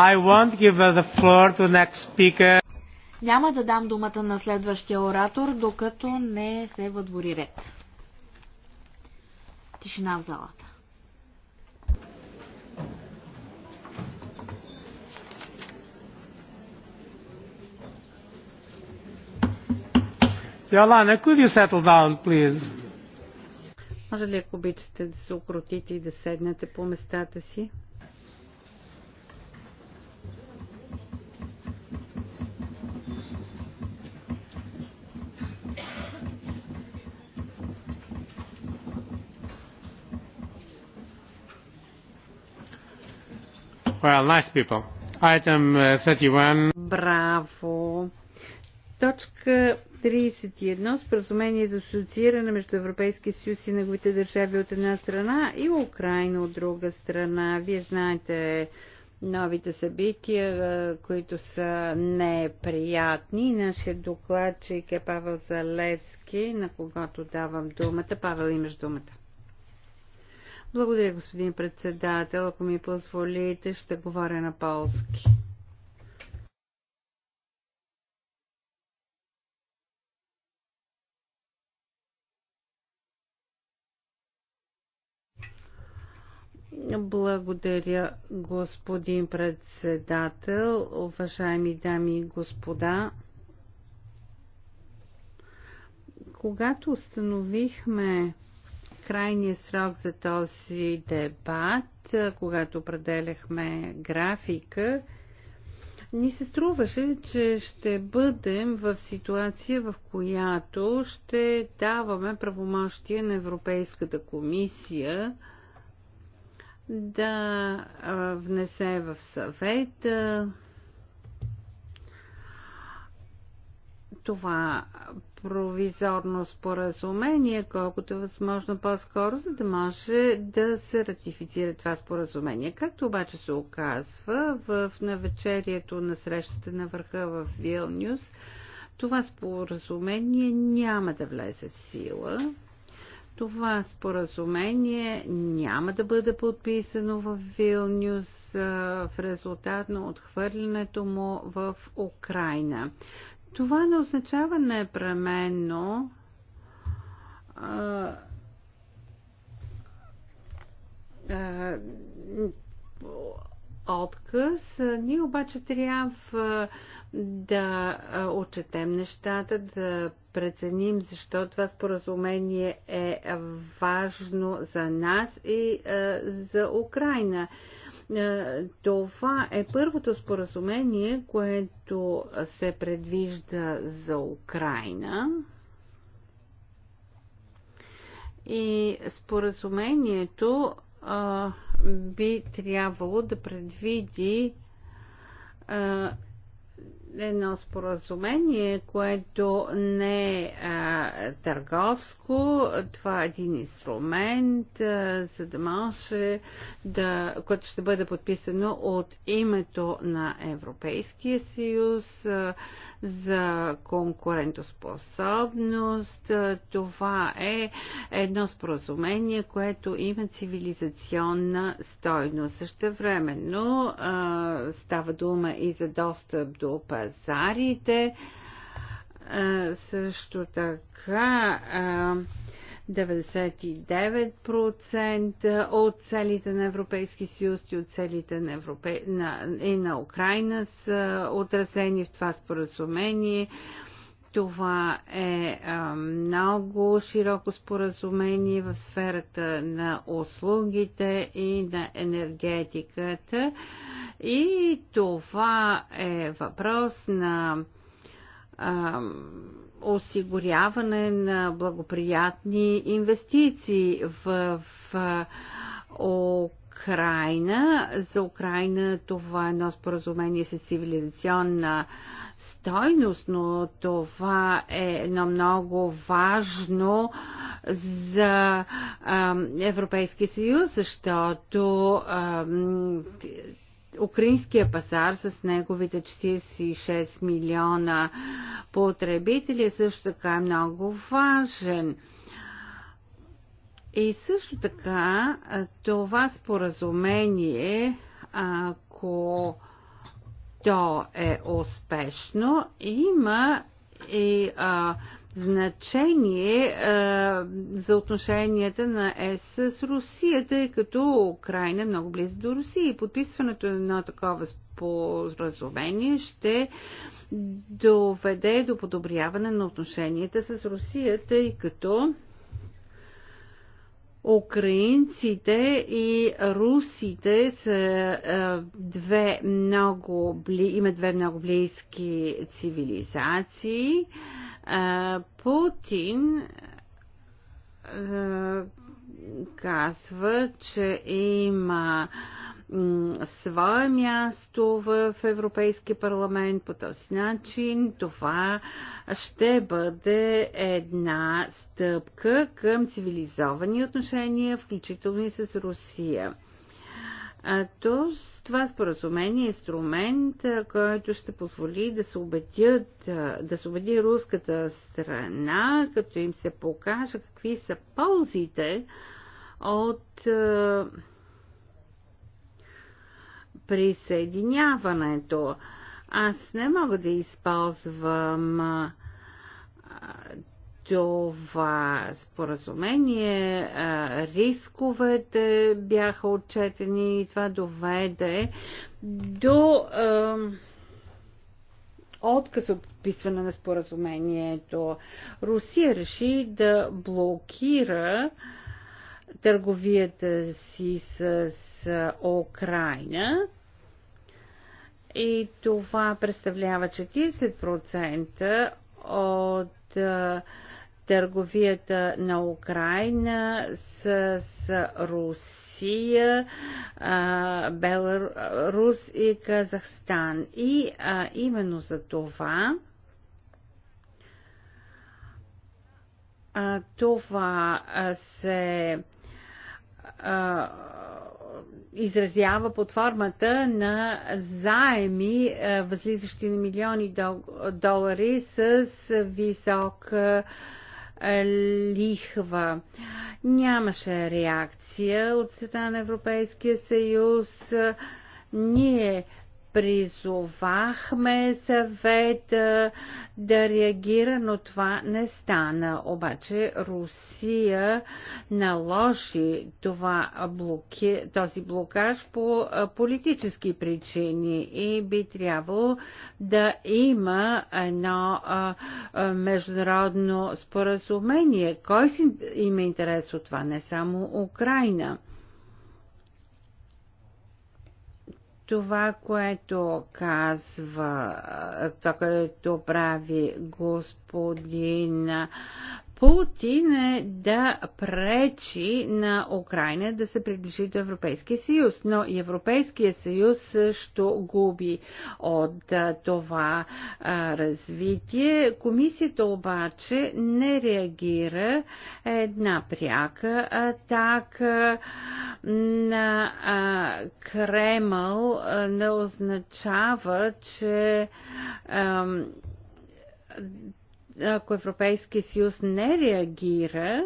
I won't give the floor to the next speaker. Няма да дам думата на следващия оратор, докато не се въдвори ред. Тишина в залата. Yolanda, could you settle down, please? Може ли, ако обичате, да се укротите и да седнете по местата си? Well, nice people. Item 31. Uh, Браво. Точка 31. Споразумение за асоцииране между Европейския съюз и неговите държави от една страна и Украина от друга страна. Вие знаете новите събития, които са неприятни. Нашия докладчик е Павел Залевски, на когото давам думата. Павел, имаш думата. Благодаря, господин председател. Ако ми позволите, ще говоря на полски. Благодаря, господин председател, уважаеми дами и господа. Когато установихме крайния срок за този дебат, когато определяхме графика, ни се струваше, че ще бъдем в ситуация, в която ще даваме правомощие на Европейската комисия да внесе в съвета това провизорно споразумение, колкото е възможно по-скоро, за да може да се ратифицира това споразумение. Както обаче се оказва в навечерието на срещата на върха в Вилнюс, това споразумение няма да влезе в сила. Това споразумение няма да бъде подписано в Вилнюс в резултат на отхвърлянето му в Украина. Това не означава непременно а, а, отказ. Ние обаче трябва да отчетем нещата, да преценим защо това споразумение е важно за нас и за Украина. Е, това е първото споразумение, което се предвижда за Украина. И споразумението е, би трябвало да предвиди е, едно споразумение, което не е а, търговско. Това е един инструмент, а, за да може да, което ще бъде подписано от името на Европейския съюз а, за конкурентоспособност. А, това е едно споразумение, което има цивилизационна стойност. Също времено става дума и за достъп до пазара пазарите. Е, също така 99% е, от целите на Европейски съюз и от целите на, Европе... на... И на Украина са отразени в това споразумение. Това е, е много широко споразумение в сферата на услугите и на енергетиката. И това е въпрос на а, осигуряване на благоприятни инвестиции в, в Украина. За Украина това е едно споразумение с цивилизационна стойност, но това е едно много важно за а, Европейския съюз, защото а, украинския пазар с неговите 46 милиона потребители също така е много важен. И също така това споразумение, ако то е успешно, има и а, значение а, е, за отношенията на ЕС с Русия, тъй като Украина е много близо до Русия и подписването на едно такова споразумение ще доведе до подобряване на отношенията с Русия, тъй като украинците и русите са е, две много, има две много близки цивилизации. Путин казва, че има свое място в Европейския парламент по този начин. Това ще бъде една стъпка към цивилизовани отношения, включително и с Русия. А то, това споразумение е инструмент, който ще позволи да се, убедят, да се убеди руската страна, като им се покаже какви са ползите от присъединяването. Аз не мога да използвам това споразумение, рисковете бяха отчетени и това доведе до отказ от подписване на споразумението. Русия реши да блокира търговията си с Украина и това представлява 40% от търговията на Украина с, с Русия, а, Беларус и Казахстан. И а, именно за това а, това се а, изразява под формата на заеми, възлизащи на милиони долари с висок а, лихва. Нямаше реакция от света на Европейския съюз. Ние призовахме съвета да реагира, но това не стана. Обаче Русия наложи това блоки, този блокаж по политически причини и би трябвало да има едно международно споразумение. Кой си има интерес от това? Не само Украина. това, което казва, това, което прави господин Путин е да пречи на Украина да се приближи до Европейския съюз. Но Европейския съюз също губи от това развитие. Комисията обаче не реагира една пряка атака на Кремъл не означава, че ако Европейския съюз не реагира,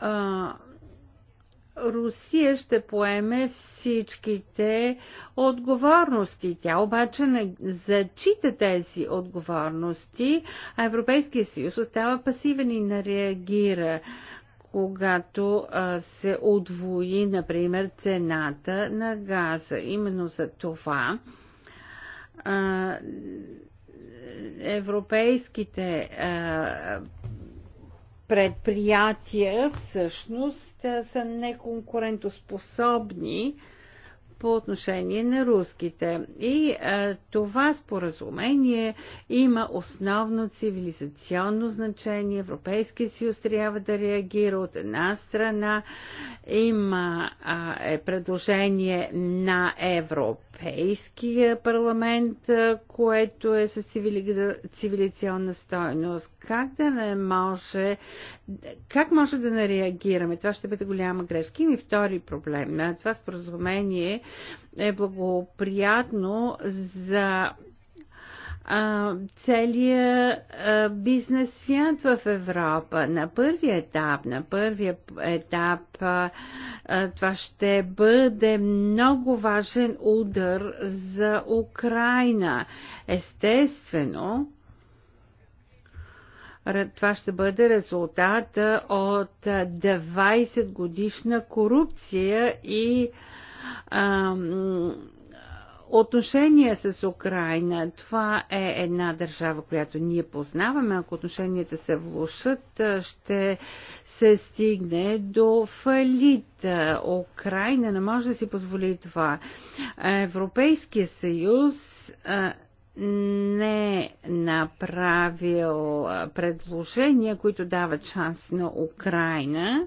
а, Русия ще поеме всичките отговорности. Тя обаче не зачита тези отговорности, а Европейския съюз остава пасивен и не реагира когато се отвои, например, цената на газа. Именно за това европейските предприятия всъщност са неконкурентоспособни по отношение на руските. И а, това споразумение има основно цивилизационно значение. Европейския съюз трябва да реагира от една страна. Има а, е предложение на Европа Европейския парламент, което е с цивилизационна стойност. Как да не може, как може да не реагираме? Това ще бъде голяма грешка. Има и втори проблем. Това споразумение е благоприятно за Целият бизнес свят в Европа. На първия етап, на първия етап това ще бъде много важен удар за Украина. Естествено, това ще бъде резултат от 20 годишна корупция и отношения с Украина. Това е една държава, която ние познаваме. Ако отношенията се влушат, ще се стигне до фалит. Украина не може да си позволи това. Европейския съюз не е направил предложения, които дават шанс на Украина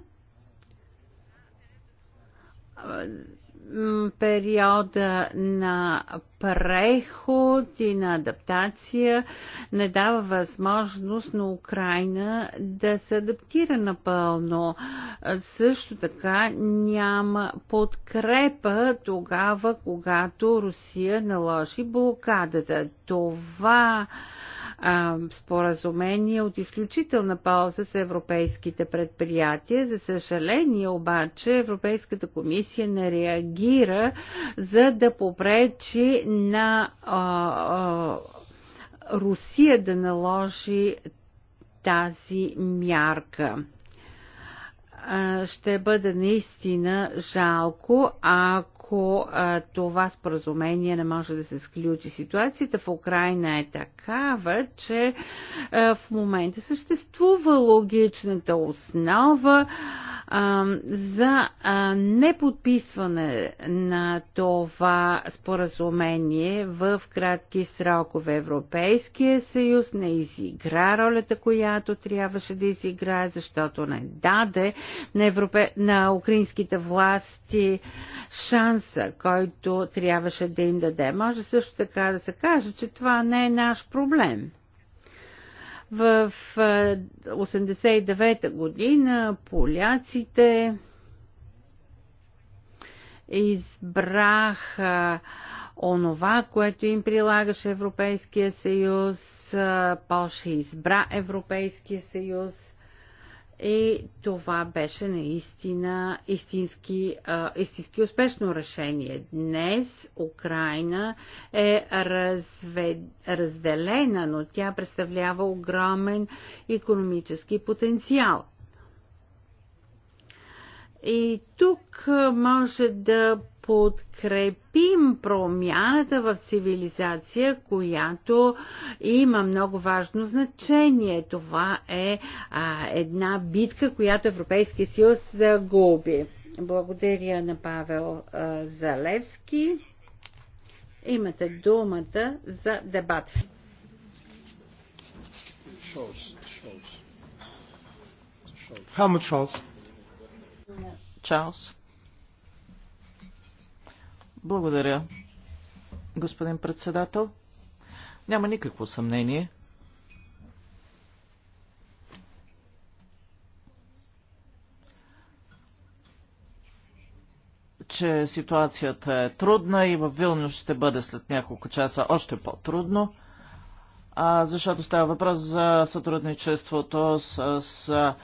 периода на преход и на адаптация не дава възможност на Украина да се адаптира напълно. Също така няма подкрепа тогава, когато Русия наложи блокадата. Това а, споразумение от изключителна полза за европейските предприятия. За съжаление обаче Европейската комисия не реагира за да попречи на а, а, Русия да наложи тази мярка ще бъде наистина жалко, ако ако а, това споразумение не може да се сключи. Ситуацията в Украина е такава, че а, в момента съществува логичната основа а, за а, неподписване на това споразумение в кратки срокове. Европейския съюз не изигра ролята, която трябваше да изиграе, защото не даде на, европе... на украинските власти шанс шанса, който трябваше да им даде. Може също така да се каже, че това не е наш проблем. В 89-та година поляците избраха онова, което им прилагаше Европейския съюз. Польша избра Европейския съюз и това беше наистина истински, истински успешно решение. Днес Украина е развед, разделена, но тя представлява огромен економически потенциал. И тук може да подкрепим промяната в цивилизация, която има много важно значение. Това е а, една битка, която Европейския съюз загуби. Благодаря на Павел а, Залевски. Имате думата за дебат. Шолц. Шолц. Чарлз. Благодаря, господин председател. Няма никакво съмнение, че ситуацията е трудна и в Вилнюс ще бъде след няколко часа още по-трудно, защото става въпрос за сътрудничеството с, с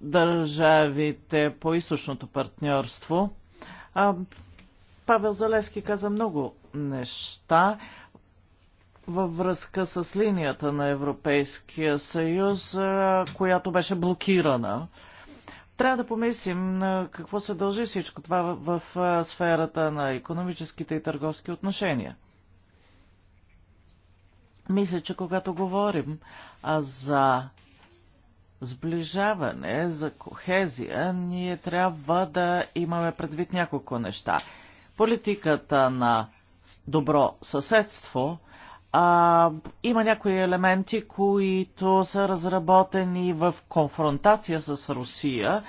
държавите по източното партньорство. А, Павел Залевски каза много неща във връзка с линията на Европейския съюз, която беше блокирана. Трябва да помислим какво се дължи всичко това в сферата на економическите и търговски отношения. Мисля, че когато говорим за сближаване, за кохезия, ние трябва да имаме предвид няколко неща политиката на добро съседство, а, има някои елементи, които са разработени в конфронтация с Русия,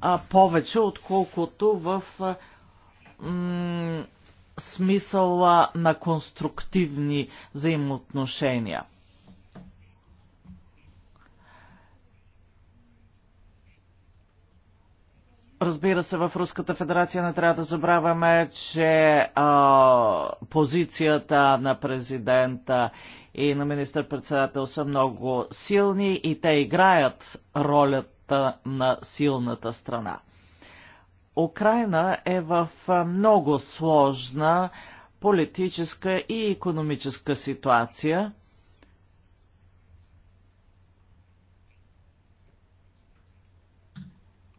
а, повече отколкото в а, м- смисъла на конструктивни взаимоотношения. Разбира се, в Руската федерация не трябва да забравяме, че а, позицията на президента и на министър-председател са много силни и те играят ролята на силната страна. Украина е в много сложна политическа и економическа ситуация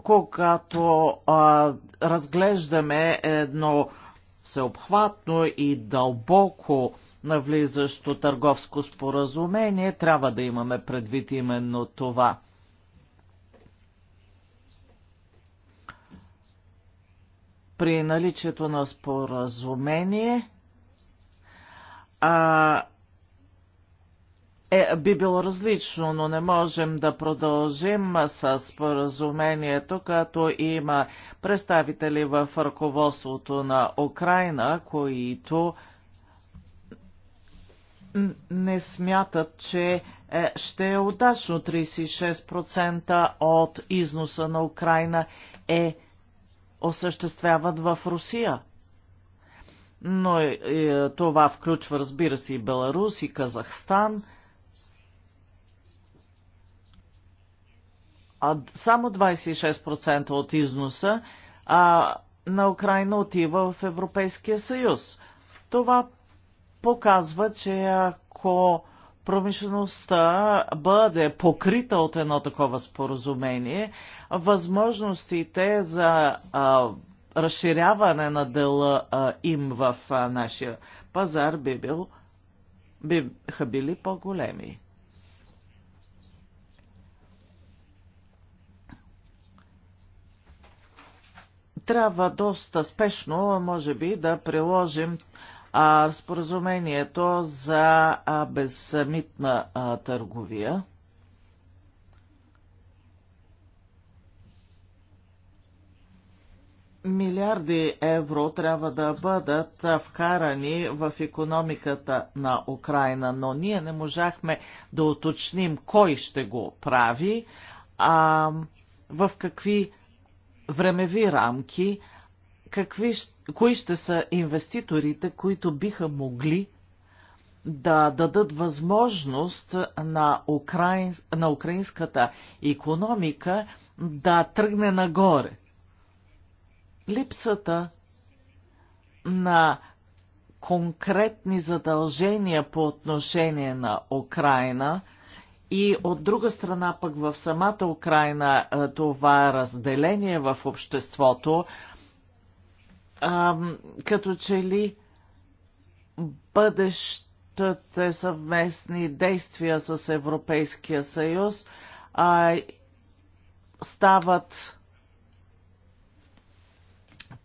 когато а, разглеждаме едно всеобхватно и дълбоко навлизащо търговско споразумение, трябва да имаме предвид именно това. При наличието на споразумение а, е, би било различно, но не можем да продължим с споразумението, като има представители в ръководството на Украина, които не смятат, че е, ще е удачно 36% от износа на Украина е осъществяват в Русия. Но е, това включва, разбира се, и Беларус, и Казахстан – а само 26% от износа а, на Украина отива в Европейския съюз. Това показва, че ако промишлеността бъде покрита от едно такова споразумение, възможностите за а, разширяване на дела а, им в а, нашия пазар би бил, биха били по-големи. трябва доста спешно, може би, да приложим а, споразумението за а, безмитна а, търговия. Милиарди евро трябва да бъдат вкарани в економиката на Украина, но ние не можахме да уточним кой ще го прави, а в какви времеви рамки, какви, кои ще са инвеститорите, които биха могли да дадат възможност на, украин, на украинската економика да тръгне нагоре. Липсата на конкретни задължения по отношение на Украина – и от друга страна пък в самата Украина е, това разделение в обществото, като че ли бъдещите съвместни действия с Европейския съюз стават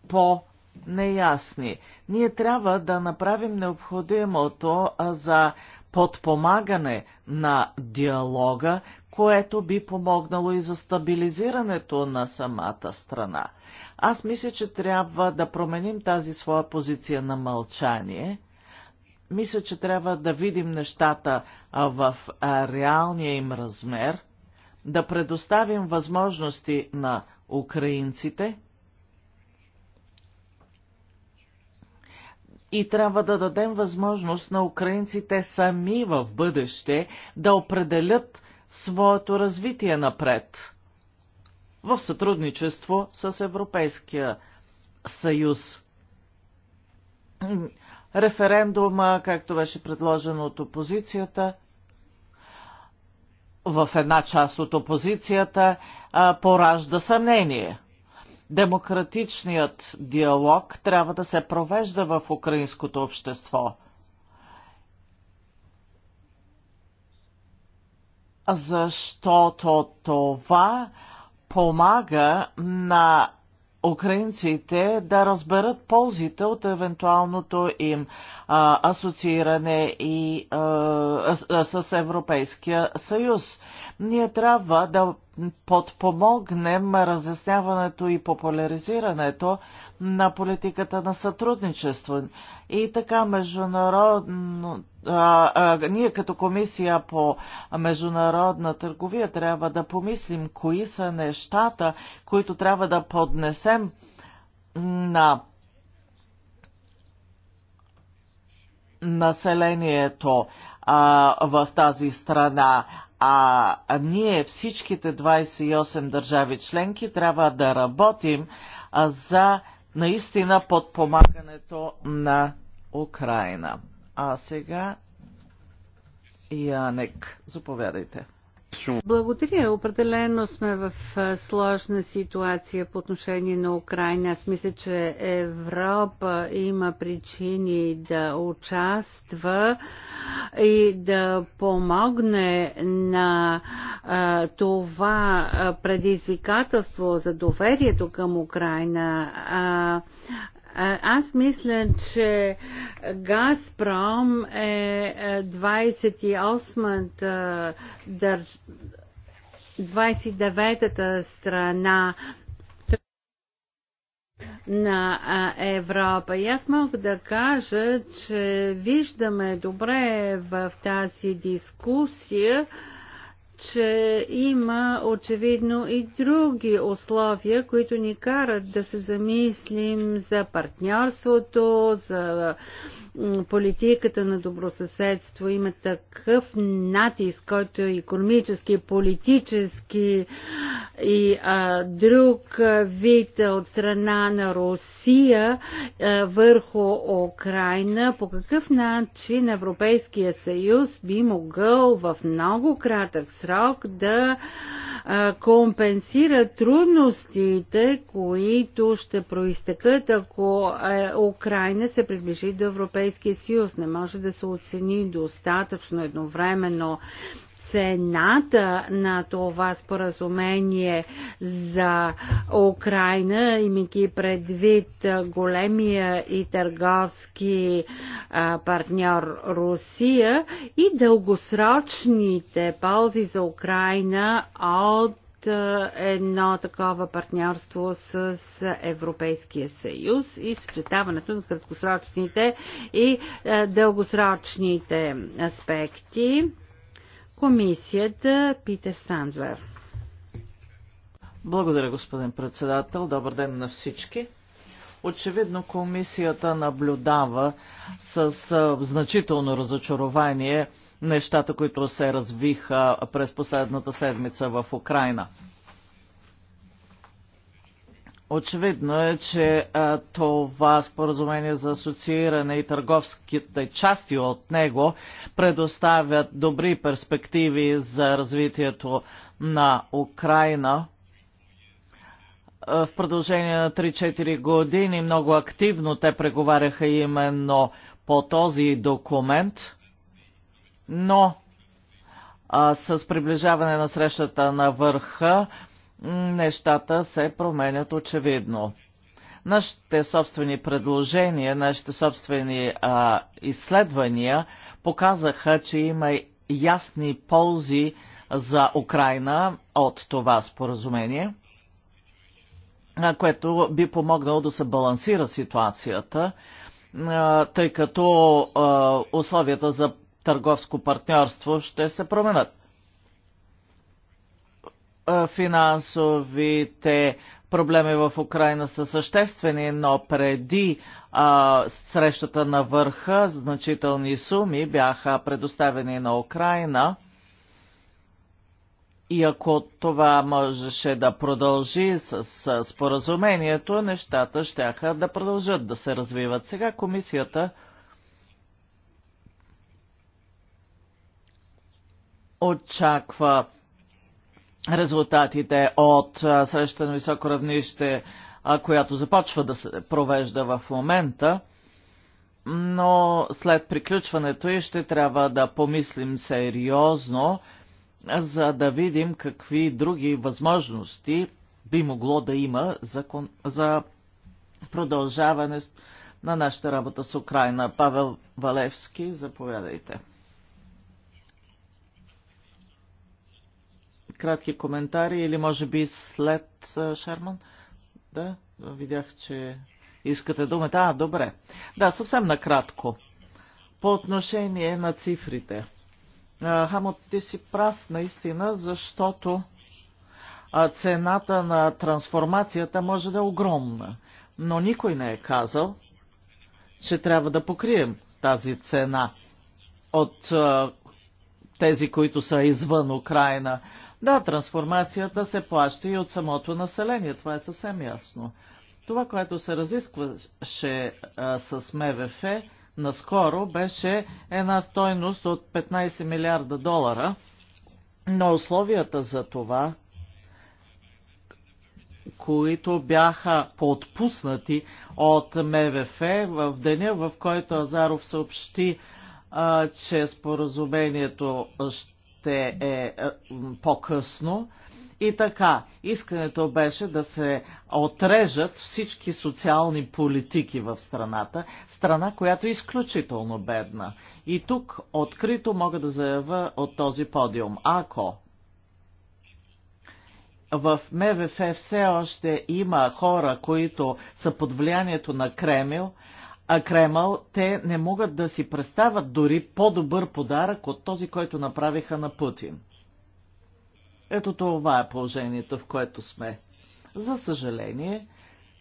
по неясни. Ние трябва да направим необходимото за подпомагане на диалога, което би помогнало и за стабилизирането на самата страна. Аз мисля, че трябва да променим тази своя позиция на мълчание. Мисля, че трябва да видим нещата в реалния им размер, да предоставим възможности на украинците и трябва да дадем възможност на украинците сами в бъдеще да определят своето развитие напред в сътрудничество с Европейския съюз. Референдума, както беше предложено от опозицията, в една част от опозицията поражда съмнение – Демократичният диалог трябва да се провежда в украинското общество. Защото това помага на украинците да разберат ползите от евентуалното им а, асоцииране и а, с Европейския съюз. Ние трябва да подпомогнем разясняването и популяризирането на политиката на сътрудничество. И така международно а, а, ние като комисия по международна търговия трябва да помислим кои са нещата, които трябва да поднесем на населението а, в тази страна, а, ние всичките 28 държави членки трябва да работим за наистина подпомагането на Украина. А сега Янек, заповядайте. Благодаря. Определено сме в сложна ситуация по отношение на Украина. Аз мисля, че Европа има причини да участва и да помогне на това предизвикателство за доверието към Украина. Аз мисля, че Газпром е 28-та е 29-та страна на Европа. И аз мога да кажа, че виждаме добре в тази дискусия че има очевидно и други условия, които ни карат да се замислим за партньорството, за политиката на добросъседство. Има такъв натиск, който е економически, политически и а, друг вид от страна на Русия а, върху Украина. По какъв начин Европейския съюз би могъл в много кратък срок срок да компенсира трудностите, които ще проистъкат, ако Украина се приближи до Европейския съюз. Не може да се оцени достатъчно едновременно цената на това споразумение за Украина, имайки предвид големия и търговски партньор Русия и дългосрочните ползи за Украина от едно такова партньорство с Европейския съюз и съчетаването на краткосрочните и дългосрочните аспекти комисията Питер Сандлер. Благодаря, господин председател. Добър ден на всички. Очевидно комисията наблюдава с значително разочарование нещата, които се развиха през последната седмица в Украина. Очевидно е, че а, това споразумение за асоцииране и търговските части от него предоставят добри перспективи за развитието на Украина. В продължение на 3-4 години много активно те преговаряха именно по този документ, но а, с приближаване на срещата на върха, нещата се променят очевидно. Нашите собствени предложения, нашите собствени а, изследвания показаха, че има ясни ползи за Украина от това споразумение, което би помогнало да се балансира ситуацията, тъй като условията за търговско партньорство ще се променят финансовите проблеми в Украина са съществени, но преди а, срещата на върха значителни суми бяха предоставени на Украина. И ако това можеше да продължи с, с споразумението, нещата щяха да продължат да се развиват. Сега комисията очаква резултатите от среща на високо равнище, която започва да се провежда в момента, но след приключването и ще трябва да помислим сериозно, за да видим какви други възможности би могло да има за, за продължаване на нашата работа с Украина. Павел Валевски, заповядайте. кратки коментари или може би след Шерман? Да, видях, че искате думата. А, добре. Да, съвсем накратко. По отношение на цифрите. Хамот, ти си прав наистина, защото цената на трансформацията може да е огромна. Но никой не е казал, че трябва да покрием тази цена от тези, които са извън Украина. Да, трансформацията се плаща и от самото население, това е съвсем ясно. Това, което се разискваше а, с МВФ наскоро, беше една стойност от 15 милиарда долара, но условията за това, които бяха подпуснати от МВФ в деня, в който Азаров съобщи, а, че споразумението ще още е, е по-късно. И така, искането беше да се отрежат всички социални политики в страната, страна, която е изключително бедна. И тук открито мога да заявя от този подиум, ако в МВФ все още има хора, които са под влиянието на Кремил, а Кремъл, те не могат да си представят дори по-добър подарък от този, който направиха на Путин. Ето това е положението, в което сме. За съжаление,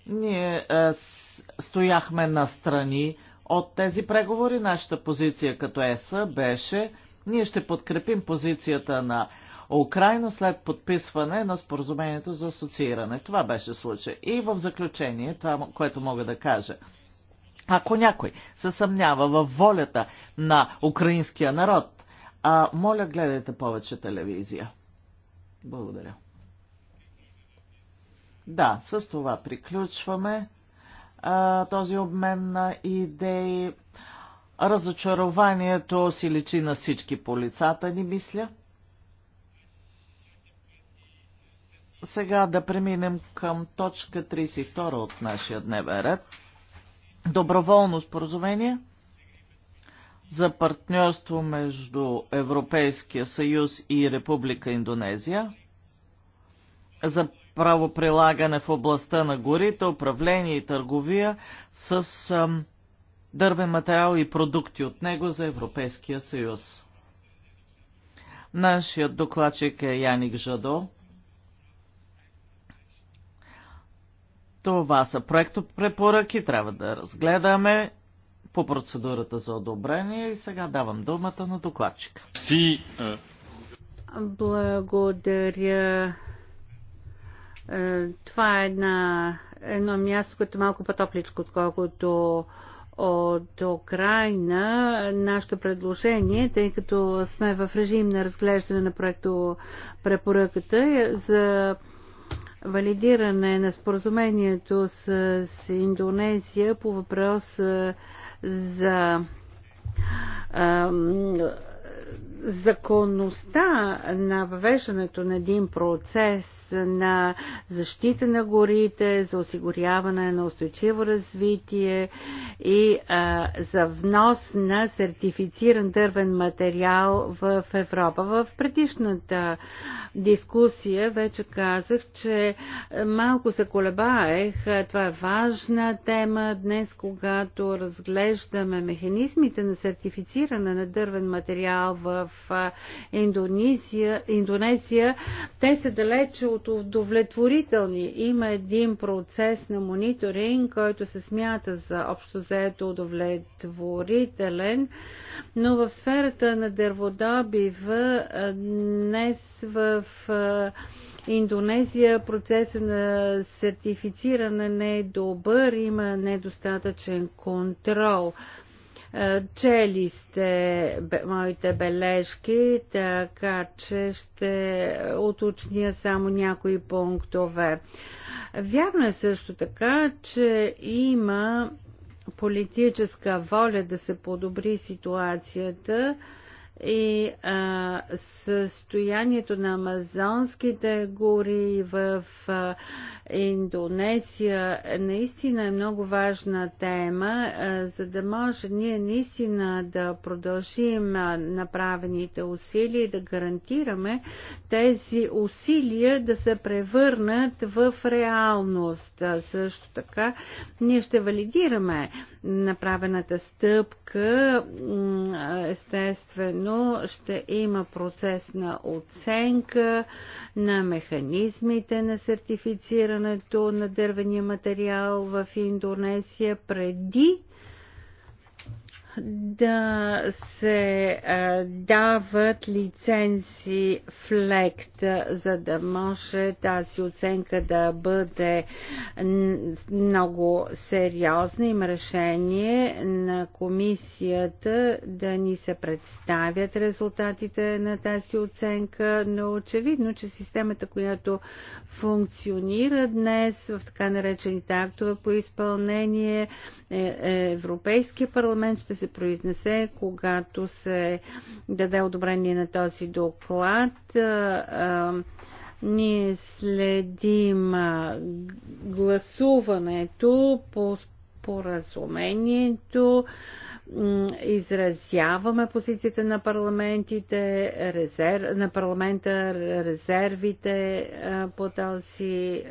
ние е, стояхме на страни от тези преговори. Нашата позиция като ЕСА беше, ние ще подкрепим позицията на Украина след подписване на споразумението за асоцииране. Това беше случай. И в заключение, това, което мога да кажа – ако някой се съмнява във волята на украинския народ, а, моля гледайте повече телевизия. Благодаря. Да, с това приключваме а, този обмен на идеи. Разочарованието си личи на всички по лицата ни, мисля. Сега да преминем към точка 32 от нашия дневен ред доброволно споразумение за партньорство между Европейския съюз и Република Индонезия за правоприлагане в областта на горите, управление и търговия с ам, дървен материал и продукти от него за Европейския съюз. Нашият докладчик е Яник Жадо. Това са проектопрепоръки, трябва да разгледаме по процедурата за одобрение и сега давам думата на докладчика. Си, е, Благодаря. Е, това е една, едно място, което е малко по-топличко, отколкото от Украина нашето предложение, тъй като сме в режим на разглеждане на проекто препоръката е за валидиране на споразумението с, с Индонезия по въпрос за законността на въвеждането на един процес на защита на горите, за осигуряване на устойчиво развитие и а, за внос на сертифициран дървен материал в Европа. В предишната дискусия вече казах, че малко се колебаех. Това е важна тема днес, когато разглеждаме механизмите на сертифициране на дървен материал в Индонезия, Индонезия, те са далече от удовлетворителни. Има един процес на мониторинг, който се смята за общо заето удовлетворителен, но в сферата на дърводобива днес в Индонезия процесът на сертифициране не е добър, има недостатъчен контрол. Е, чели сте моите бележки, така че ще уточня само някои пунктове. Вярно е също така, че има политическа воля да се подобри ситуацията и а, състоянието на амазонските гори в а, Индонезия наистина е много важна тема, а, за да може ние наистина да продължим направените усилия и да гарантираме тези усилия да се превърнат в реалност. А, също така ние ще валидираме направената стъпка, естествено, но ще има процес на оценка на механизмите на сертифицирането на дървения материал в Индонезия преди да се е, дават лицензи в лект, за да може тази оценка да бъде много сериозна. Има решение на комисията да ни се представят резултатите на тази оценка, но очевидно, че системата, която функционира днес в така наречените актове по изпълнение, е, е, Европейския парламент ще се се произнесе, когато се даде одобрение на този доклад. Ние следим гласуването по споразумението изразяваме позицията на парламентите, резер... на парламента, резервите по този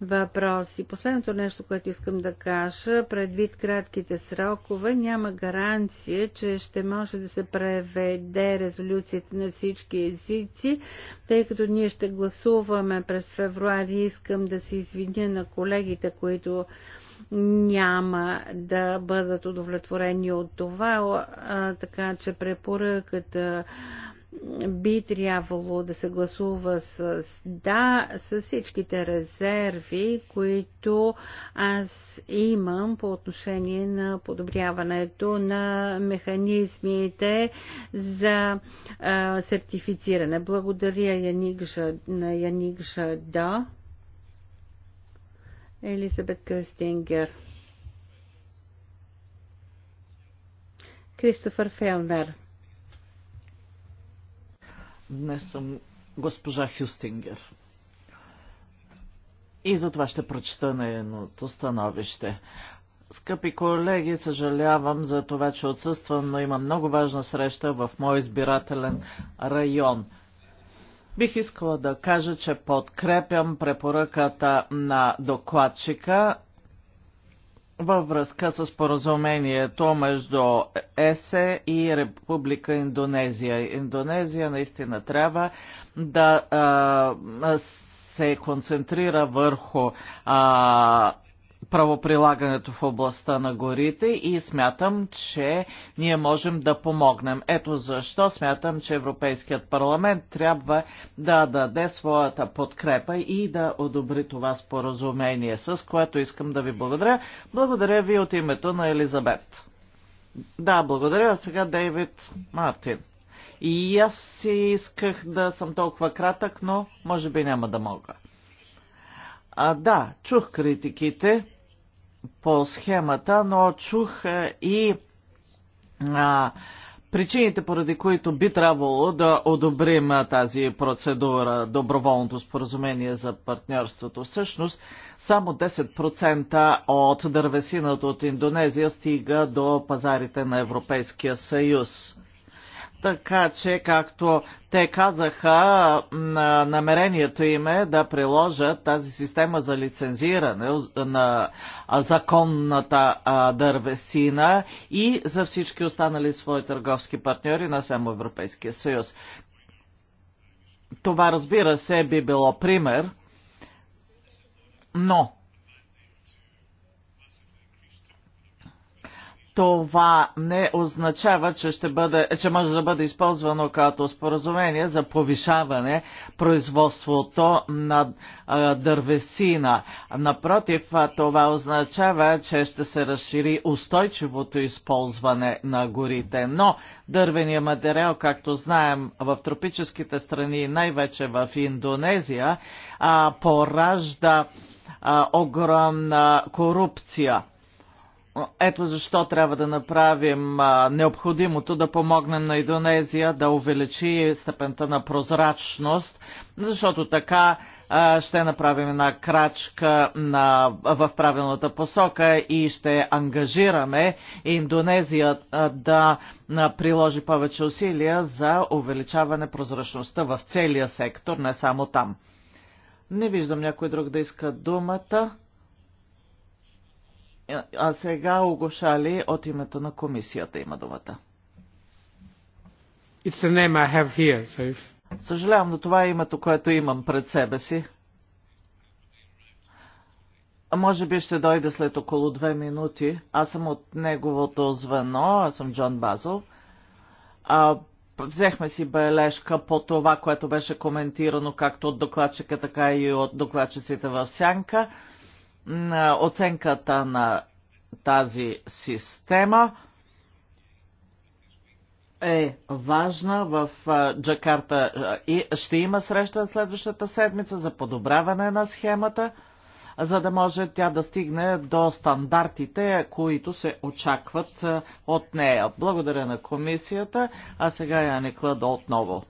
въпроси. Последното нещо, което искам да кажа, предвид кратките срокове, няма гаранция, че ще може да се преведе резолюцията на всички езици, тъй като ние ще гласуваме през февруари. Искам да се извиня на колегите, които няма да бъдат удовлетворени от това, така че препоръката би трябвало да се гласува с да, с всичките резерви, които аз имам по отношение на подобряването на механизмите за а, сертифициране. Благодаря Яник на Яник Жада. Елизабет Къстингер. Кристофър Фелнер. Днес съм госпожа Хюстингер. И затова ще прочета нейното становище. Скъпи колеги, съжалявам за това, че отсъствам, но има много важна среща в мой избирателен район. Бих искала да кажа, че подкрепям препоръката на докладчика във връзка с поразумението между ЕСЕ и Република Индонезия. Индонезия наистина трябва да а, се концентрира върху а, правоприлагането в областта на горите и смятам, че ние можем да помогнем. Ето защо смятам, че Европейският парламент трябва да даде своята подкрепа и да одобри това споразумение, с което искам да ви благодаря. Благодаря ви от името на Елизабет. Да, благодаря. Сега Дейвид Мартин. И аз си исках да съм толкова кратък, но може би няма да мога. А, да, чух критиките по схемата, но чух е, и а, причините, поради които би трябвало да одобрим тази процедура, доброволното споразумение за партньорството. Всъщност, само 10% от дървесината от Индонезия стига до пазарите на Европейския съюз така че, както те казаха, намерението им е да приложат тази система за лицензиране на законната дървесина и за всички останали свои търговски партньори на само Европейския съюз. Това, разбира се, би било пример, но това не означава, че, ще бъде, че може да бъде използвано като споразумение за повишаване производството на дървесина. Напротив, това означава, че ще се разшири устойчивото използване на горите. Но дървения материал, както знаем, в тропическите страни, най-вече в Индонезия, поражда огромна корупция – ето защо трябва да направим а, необходимото да помогнем на Индонезия да увеличи степента на прозрачност, защото така а, ще направим една крачка на, в правилната посока и ще ангажираме Индонезия а, да а, приложи повече усилия за увеличаване прозрачността в целия сектор, не само там. Не виждам някой друг да иска думата. А сега Огошали от името на комисията има думата. It's the name I have here, so if... Съжалявам, но това е името, което имам пред себе си. Може би ще дойде след около две минути. Аз съм от неговото звено, аз съм Джон Базъл. А, взехме си бележка по това, което беше коментирано както от докладчика, така и от докладчиците в Сянка оценката на тази система е важна в Джакарта и ще има среща следващата седмица за подобряване на схемата, за да може тя да стигне до стандартите, които се очакват от нея. Благодаря на комисията, а сега я не клада отново.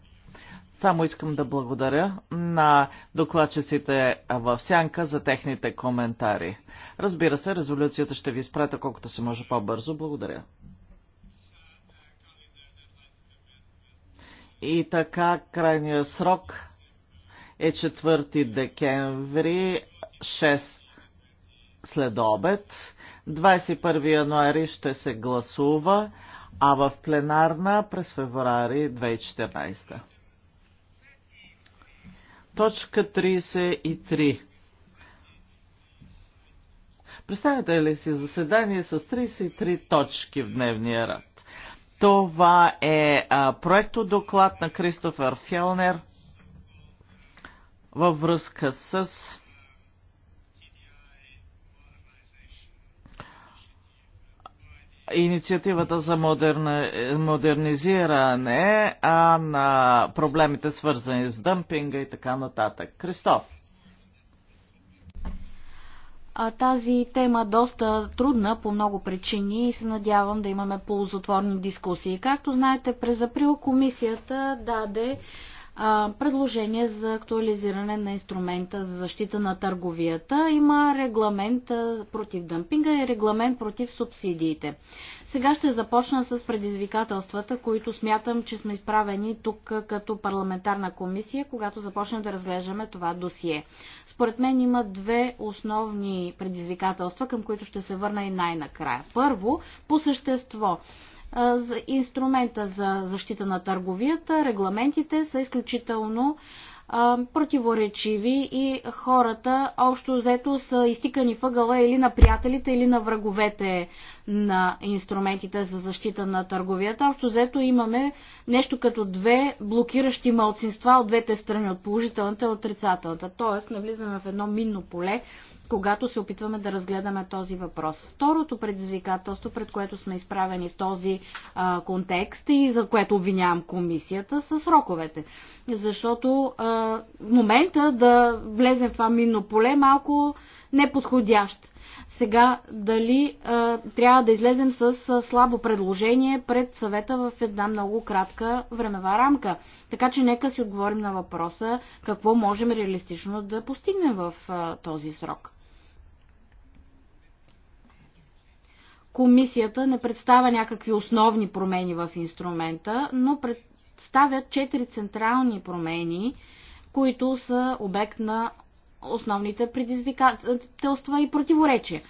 Само искам да благодаря на докладчиците в Сянка за техните коментари. Разбира се, резолюцията ще ви изпрата колкото се може по-бързо. Благодаря. И така, крайният срок е 4 декември, 6 след обед. 21 януари ще се гласува, а в пленарна през феврари 2014. Точка 33. Представете ли си заседание с 33 точки в дневния ред? Това е а, проектодоклад на Кристофер Фелнер във връзка с инициативата за модерна, модернизиране а на проблемите свързани с дъмпинга и така нататък. Кристоф. Тази тема е доста трудна по много причини и се надявам да имаме ползотворни дискусии. Както знаете, през април комисията даде предложение за актуализиране на инструмента за защита на търговията. Има регламент против дъмпинга и регламент против субсидиите. Сега ще започна с предизвикателствата, които смятам, че сме изправени тук като парламентарна комисия, когато започнем да разглеждаме това досие. Според мен има две основни предизвикателства, към които ще се върна и най-накрая. Първо, по същество за инструмента за защита на търговията, регламентите са изключително противоречиви и хората общо взето са изтикани въгъла или на приятелите, или на враговете на инструментите за защита на търговията. Общо взето имаме нещо като две блокиращи малцинства от двете страни, от положителната и отрицателната. Тоест, навлизаме в едно минно поле, когато се опитваме да разгледаме този въпрос. Второто предизвикателство, пред което сме изправени в този а, контекст и за което обвинявам комисията, са сроковете. Защото а, момента да влезем в това минно поле е малко неподходящ сега дали а, трябва да излезем с а, слабо предложение пред съвета в една много кратка времева рамка. Така че нека си отговорим на въпроса какво можем реалистично да постигнем в а, този срок. Комисията не представя някакви основни промени в инструмента, но представя четири централни промени, които са обект на основните предизвикателства и противоречия.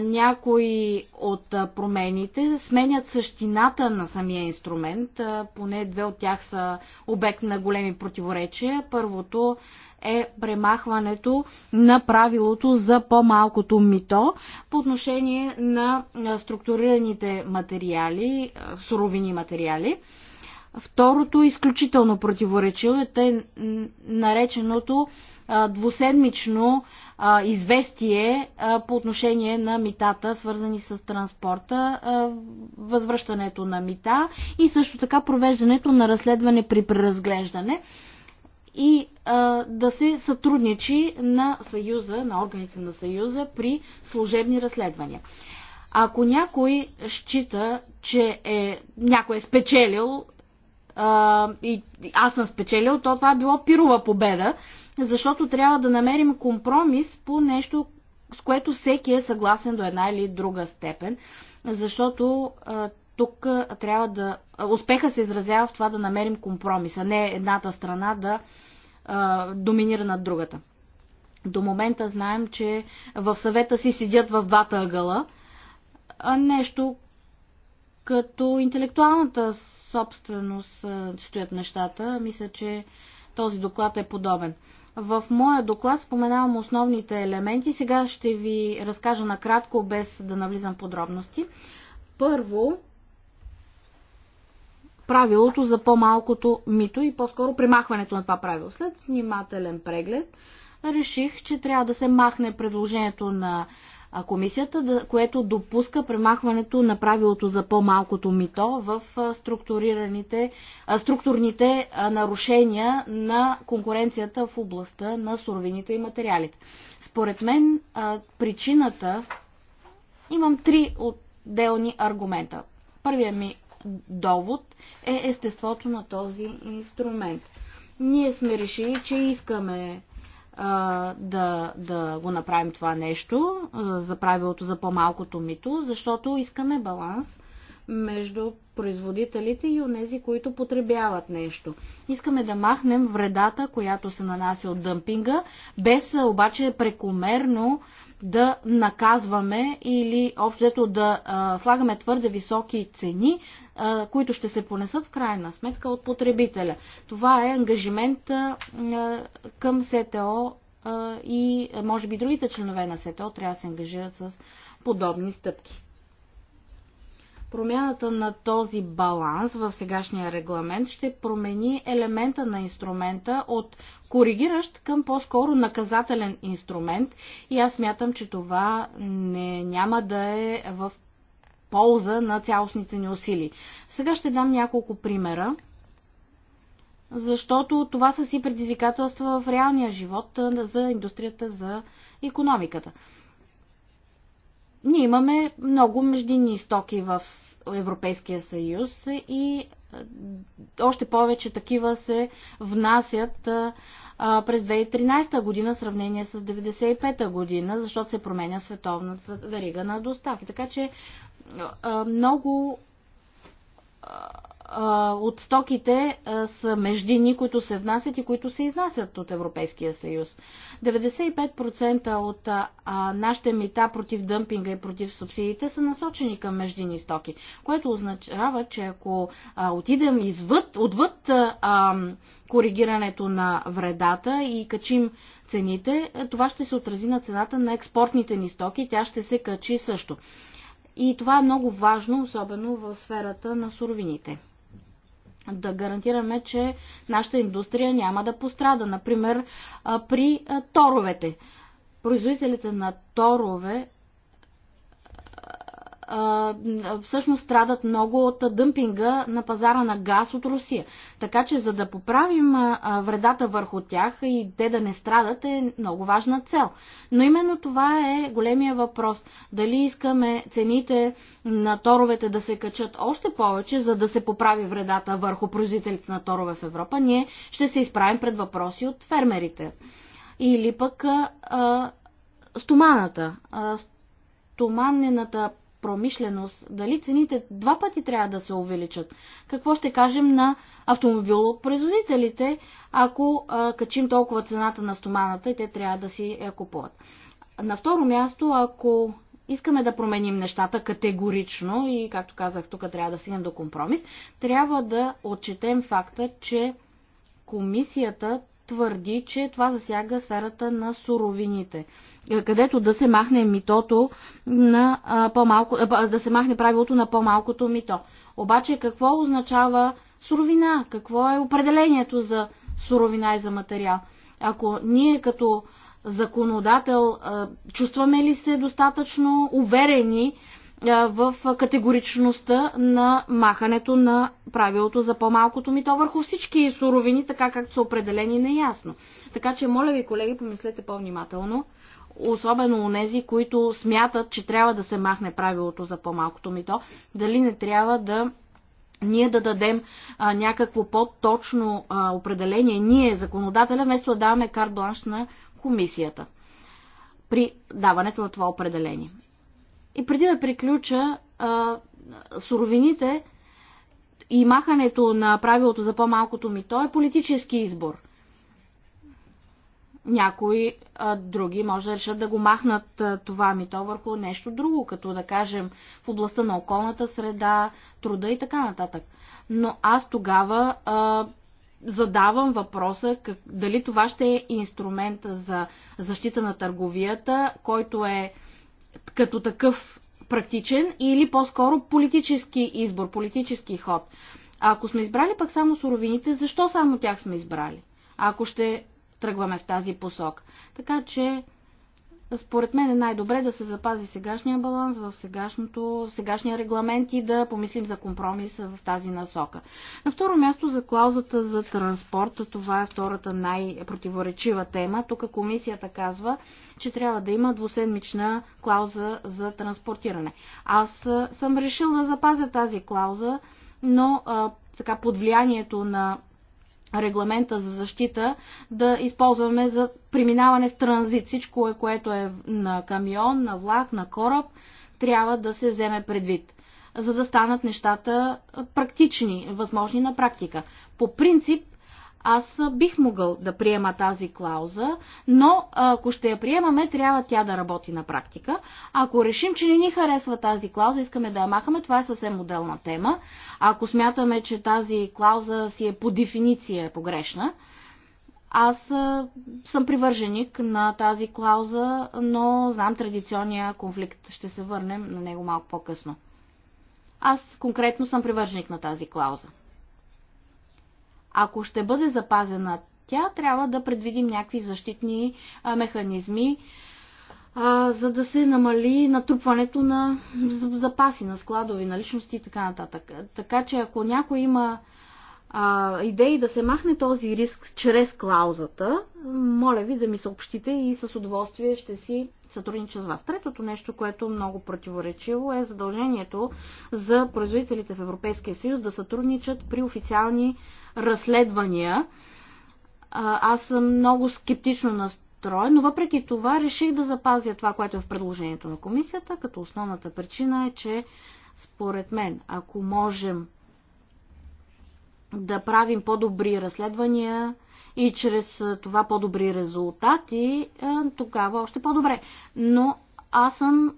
Някои от промените сменят същината на самия инструмент. Поне две от тях са обект на големи противоречия. Първото е премахването на правилото за по-малкото мито по отношение на структурираните материали, суровини материали. Второто изключително противоречиво е нареченото двуседмично известие по отношение на митата, свързани с транспорта, възвръщането на мита и също така провеждането на разследване при преразглеждане и а, да се сътрудничи на Съюза, на органите на Съюза при служебни разследвания. Ако някой счита, че е, някой е спечелил а, и аз съм спечелил, то това е било пирова победа, защото трябва да намерим компромис по нещо, с което всеки е съгласен до една или друга степен, защото тук трябва да. Успеха се изразява в това да намерим компромис, а не едната страна да доминира над другата. До момента знаем, че в съвета си седят в двата ъгъла. а Нещо като интелектуалната собственост стоят нещата. Мисля, че този доклад е подобен. В моя доклад споменавам основните елементи. Сега ще ви разкажа накратко, без да навлизам подробности. Първо, правилото за по-малкото мито и по-скоро примахването на това правило. След внимателен преглед реших, че трябва да се махне предложението на а комисията, което допуска премахването на правилото за по-малкото мито в структурираните, структурните нарушения на конкуренцията в областта на суровините и материалите. Според мен причината имам три отделни аргумента. Първият ми довод е естеството на този инструмент. Ние сме решили, че искаме да, да го направим това нещо, за правилото за по-малкото мито, защото искаме баланс между производителите и онези, които потребяват нещо. Искаме да махнем вредата, която се нанася от дъмпинга, без обаче прекомерно да наказваме или общо да а, слагаме твърде високи цени, а, които ще се понесат в крайна сметка от потребителя. Това е ангажимент а, към СТО а, и може би другите членове на СТО трябва да се ангажират с подобни стъпки. Промяната на този баланс в сегашния регламент ще промени елемента на инструмента от коригиращ към по-скоро наказателен инструмент и аз смятам, че това не, няма да е в полза на цялостните ни усили. Сега ще дам няколко примера, защото това са си предизвикателства в реалния живот за индустрията, за економиката. Ние имаме много междинни стоки в Европейския съюз и още повече такива се внасят през 2013 година в сравнение с 1995 година, защото се променя световната верига на доставки. Така че много от стоките са междини, които се внасят и които се изнасят от Европейския съюз. 95% от нашите мита против дъмпинга и против субсидиите са насочени към междини стоки, което означава, че ако отидем извъд, отвъд коригирането на вредата и качим цените, това ще се отрази на цената на експортните ни стоки, тя ще се качи също. И това е много важно, особено в сферата на суровините да гарантираме, че нашата индустрия няма да пострада. Например, при торовете. Производителите на торове всъщност страдат много от дъмпинга на пазара на газ от Русия. Така че за да поправим вредата върху тях и те да не страдат е много важна цел. Но именно това е големия въпрос. Дали искаме цените на торовете да се качат още повече, за да се поправи вредата върху производителите на торове в Европа, ние ще се изправим пред въпроси от фермерите. Или пък а, стоманата. А, стоманената промишленост, дали цените два пъти трябва да се увеличат? Какво ще кажем на автомобилопроизводителите, ако а, качим толкова цената на стоманата и те трябва да си я купуват? На второ място, ако искаме да променим нещата категорично и, както казах, тук трябва да стигнем до компромис, трябва да отчетем факта, че комисията твърди, че това засяга сферата на суровините, е, където да се махне митото на по-малко, е, да се махне правилото на по-малкото мито. Обаче какво означава суровина? Какво е определението за суровина и за материал? Ако ние като законодател чувстваме ли се достатъчно уверени в категоричността на махането на правилото за по-малкото мито върху всички суровини, така както са определени неясно. Така че, моля ви, колеги, помислете по-внимателно, особено у нези, които смятат, че трябва да се махне правилото за по-малкото мито, дали не трябва да ние да дадем а, някакво по-точно определение, ние, законодателя, вместо да даваме карт-бланш на комисията при даването на това определение. И преди да приключа, а, суровините и махането на правилото за по-малкото мито е политически избор. Някои а, други може да решат да го махнат а, това мито върху нещо друго, като да кажем в областта на околната среда, труда и така нататък. Но аз тогава а, задавам въпроса как, дали това ще е инструмент за защита на търговията, който е а, като такъв практичен или по-скоро политически избор, политически ход. А ако сме избрали пък само суровините, защо само тях сме избрали? Ако ще тръгваме в тази посок. Така че според мен е най-добре да се запази сегашния баланс в сегашното, сегашния регламент и да помислим за компромис в тази насока. На второ място за клаузата за транспорта, това е втората най-противоречива тема. Тук комисията казва, че трябва да има двуседмична клауза за транспортиране. Аз съм решил да запазя тази клауза, но а, така под влиянието на регламента за защита да използваме за преминаване в транзит. Всичко, което е на камион, на влак, на кораб, трябва да се вземе предвид, за да станат нещата практични, възможни на практика. По принцип, аз бих могъл да приема тази клауза, но ако ще я приемаме, трябва тя да работи на практика. Ако решим, че не ни харесва тази клауза, искаме да я махаме, това е съвсем отделна тема. Ако смятаме, че тази клауза си е по дефиниция погрешна, аз съм привърженик на тази клауза, но знам традиционния конфликт. Ще се върнем на него малко по-късно. Аз конкретно съм привърженик на тази клауза. Ако ще бъде запазена тя, трябва да предвидим някакви защитни механизми, за да се намали натрупването на запаси, на складови, на личности и така нататък. Така че ако някой има а, идеи да се махне този риск чрез клаузата, моля ви да ми съобщите и с удоволствие ще си сътрудничат с вас. Третото нещо, което много противоречиво е задължението за производителите в Европейския съюз да сътрудничат при официални разследвания. Аз съм много скептично настроен, но въпреки това реших да запазя това, което е в предложението на комисията, като основната причина е, че според мен, ако можем да правим по-добри разследвания, и чрез това по-добри резултати, тогава още по-добре. Но аз съм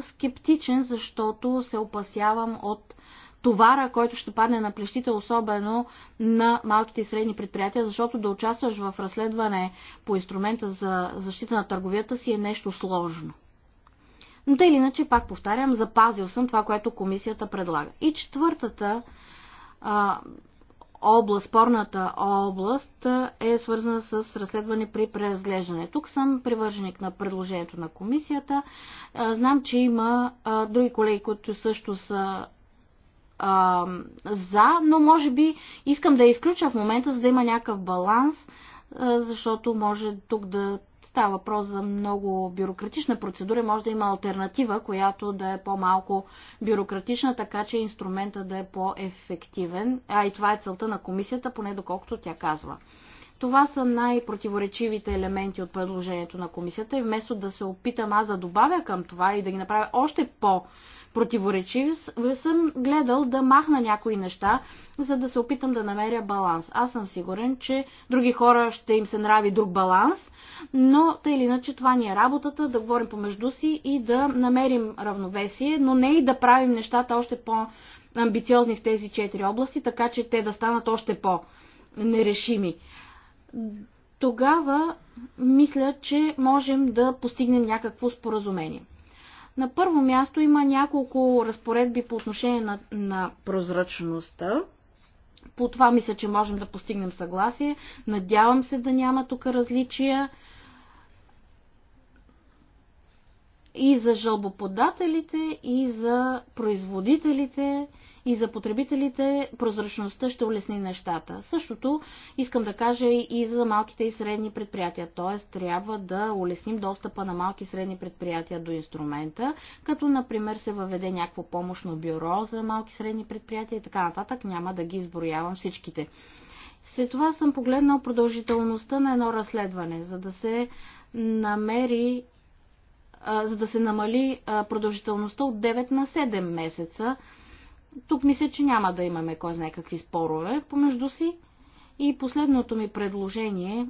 скептичен, защото се опасявам от товара, който ще падне на плещите, особено на малките и средни предприятия, защото да участваш в разследване по инструмента за защита на търговията си е нещо сложно. Но тъй или иначе, пак повтарям, запазил съм това, което комисията предлага. И четвъртата а, област, спорната област е свързана с разследване при преразглеждане. Тук съм привърженик на предложението на комисията. Знам, че има други колеги, които също са за, но може би искам да я изключа в момента, за да има някакъв баланс, защото може тук да Става въпрос за много бюрократична процедура. Може да има альтернатива, която да е по-малко бюрократична, така че инструмента да е по-ефективен. А и това е целта на комисията, поне доколкото тя казва. Това са най-противоречивите елементи от предложението на комисията и вместо да се опитам аз да добавя към това и да ги направя още по- противоречив, съм гледал да махна някои неща, за да се опитам да намеря баланс. Аз съм сигурен, че други хора ще им се нрави друг баланс, но тъй или иначе това ни е работата, да говорим помежду си и да намерим равновесие, но не и да правим нещата още по-амбициозни в тези четири области, така че те да станат още по-нерешими тогава мисля, че можем да постигнем някакво споразумение. На първо място има няколко разпоредби по отношение на, на прозрачността. По това мисля, че можем да постигнем съгласие. Надявам се да няма тук различия. И за жълбоподателите, и за производителите, и за потребителите прозрачността ще улесни нещата. Същото искам да кажа и за малките и средни предприятия, т.е. трябва да улесним достъпа на малки и средни предприятия до инструмента, като например се въведе някакво помощно бюро за малки и средни предприятия и така нататък. Няма да ги изброявам всичките. След това съм погледнал продължителността на едно разследване, за да се намери за да се намали продължителността от 9 на 7 месеца, тук мисля, че няма да имаме кой знае какви спорове помежду си. И последното ми предложение,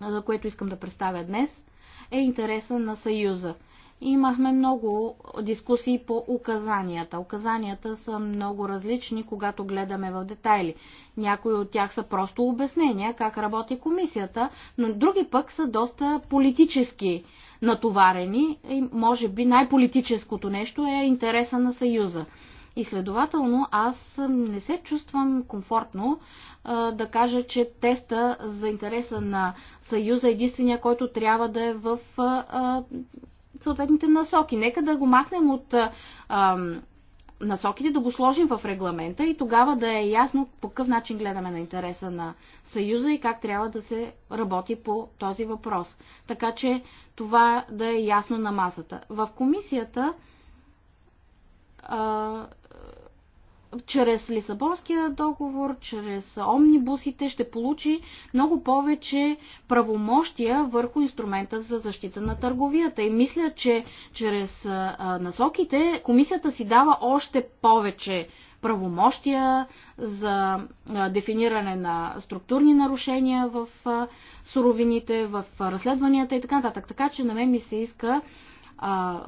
за което искам да представя днес, е интереса на Съюза. Имахме много дискусии по указанията. Указанията са много различни, когато гледаме в детайли. Някои от тях са просто обяснения как работи комисията, но други пък са доста политически натоварени. И може би най-политическото нещо е интереса на Съюза. И следователно аз не се чувствам комфортно а, да кажа, че теста за интереса на Съюза е единствения, който трябва да е в а, съответните насоки. Нека да го махнем от ам, насоките, да го сложим в регламента и тогава да е ясно по какъв начин гледаме на интереса на Съюза и как трябва да се работи по този въпрос. Така че това да е ясно на масата. В комисията чрез Лисабонския договор, чрез омнибусите ще получи много повече правомощия върху инструмента за защита на търговията. И мисля, че чрез насоките комисията си дава още повече правомощия за дефиниране на структурни нарушения в суровините, в разследванията и така нататък. Така че на мен ми се иска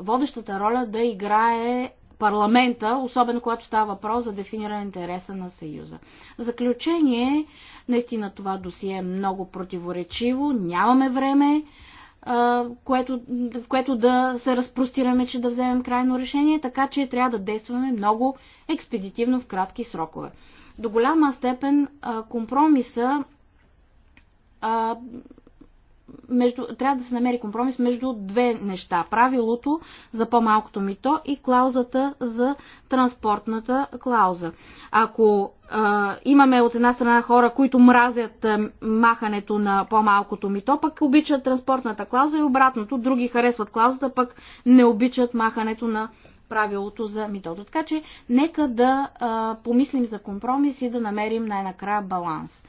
водещата роля да играе парламента, особено когато става въпрос за дефиниране интереса на Съюза. В заключение, наистина това досие е много противоречиво, нямаме време, което, в което да се разпростираме, че да вземем крайно решение, така че трябва да действаме много експедитивно в кратки срокове. До голяма степен компромиса между, трябва да се намери компромис между две неща. Правилото за по-малкото мито и клаузата за транспортната клауза. Ако а, имаме от една страна хора, които мразят а, махането на по-малкото мито, пък обичат транспортната клауза и обратното, други харесват клаузата, пък не обичат махането на правилото за митото. Така че нека да а, помислим за компромис и да намерим най-накрая баланс.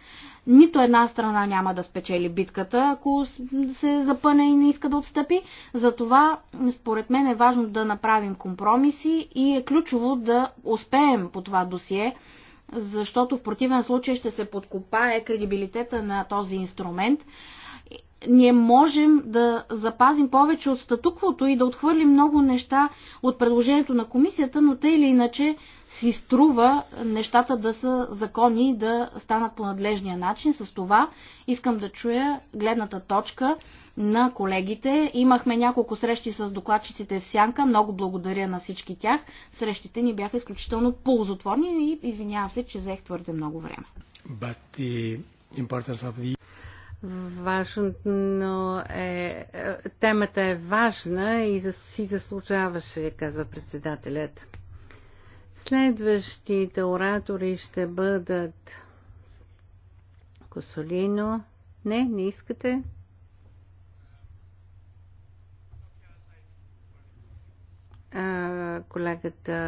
Нито една страна няма да спечели битката, ако се запъне и не иска да отстъпи. Затова, според мен, е важно да направим компромиси и е ключово да успеем по това досие, защото в противен случай ще се подкопае кредибилитета на този инструмент ние можем да запазим повече от статуквото и да отхвърлим много неща от предложението на комисията, но те или иначе си струва нещата да са закони и да станат по надлежния начин. С това искам да чуя гледната точка на колегите. Имахме няколко срещи с докладчиците в Сянка. Много благодаря на всички тях. Срещите ни бяха изключително ползотворни и извинявам се, че взех твърде много време. But the importance of the... Важно е, е, темата е важна и си заслужаваше, казва председателят. Следващите оратори ще бъдат Косолино. Не, не искате. колегата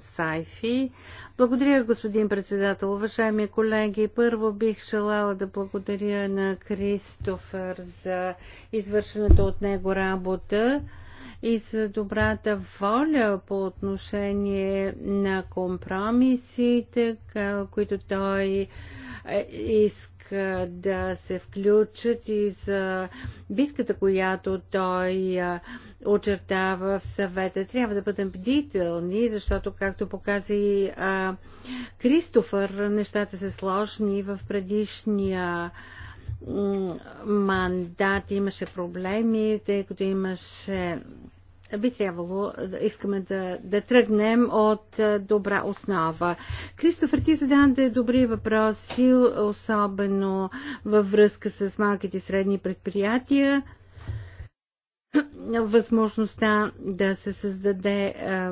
Сайфи. Благодаря, господин председател. Уважаеми колеги, първо бих желала да благодаря на Кристофър за извършената от него работа и за добрата воля по отношение на компромисите, които той е, иска да се включат и за битката, която той очертава в съвета. Трябва да бъдем бдителни, защото, както показа и Кристофър, нещата са сложни в предишния мандат имаше проблеми, тъй като имаше би трябвало да искаме да, да тръгнем от е, добра основа. Кристофър, ти зададе добри въпроси, особено във връзка с малките и средни предприятия възможността да се създаде е,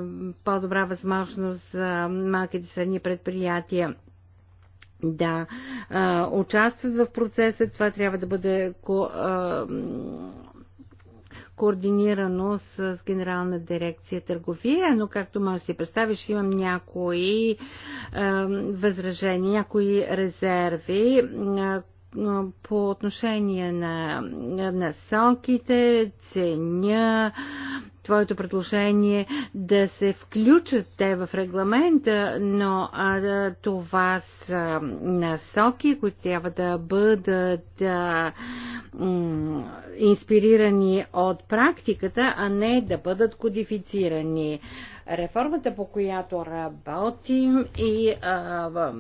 по-добра възможност за малките и средни предприятия да е, участват в процеса. Това трябва да бъде координирано с Генерална дирекция търговия, но както може да си представиш, имам някои е, възражения, някои резерви е, по отношение на насоките, ценя, твоето предложение да се включат те в регламента, но а, това са насоки, които трябва да бъдат а, инспирирани от практиката, а не да бъдат кодифицирани. Реформата, по която работим и а,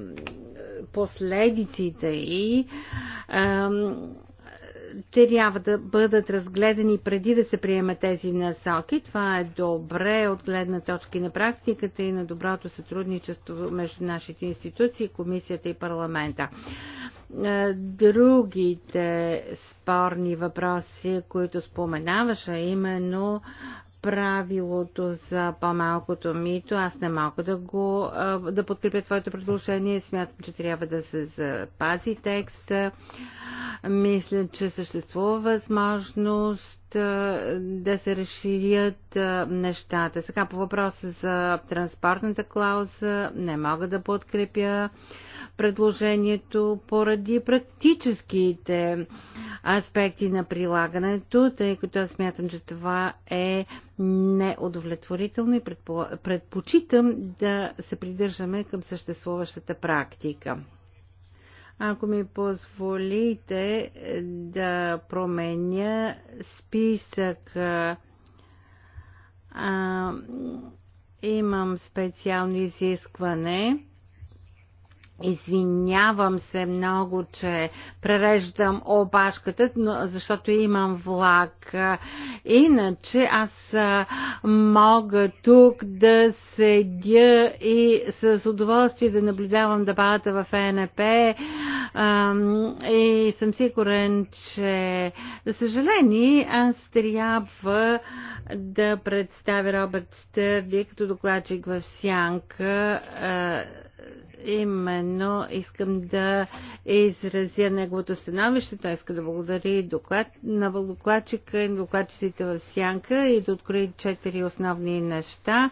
последиците и а, трябва да бъдат разгледани преди да се приемат тези насоки. Това е добре от гледна точки на практиката и на доброто сътрудничество между нашите институции, комисията и парламента. Е, другите спорни въпроси, които споменаваше, именно правилото за по-малкото мито. Аз не мога да го да подкрепя твоето предложение. Смятам, че трябва да се запази текста. Мисля, че съществува възможност да се разширят нещата. Сега по въпроса за транспортната клауза не мога да подкрепя предложението поради практическите аспекти на прилагането, тъй като аз смятам, че това е неудовлетворително и предпочитам да се придържаме към съществуващата практика. Ако ми позволите е, да променя списък, е, а, имам специално изискване Извинявам се много, че пререждам опашката, защото имам влак. Иначе аз мога тук да седя и с удоволствие да наблюдавам дебата в ЕНП. И съм сигурен, че за съжаление аз трябва да представя Робърт Стърди като докладчик в Сянка именно искам да изразя неговото становище. Той иска да благодари доклад, на докладчика и докладчиците в Сянка и да открои четири основни неща.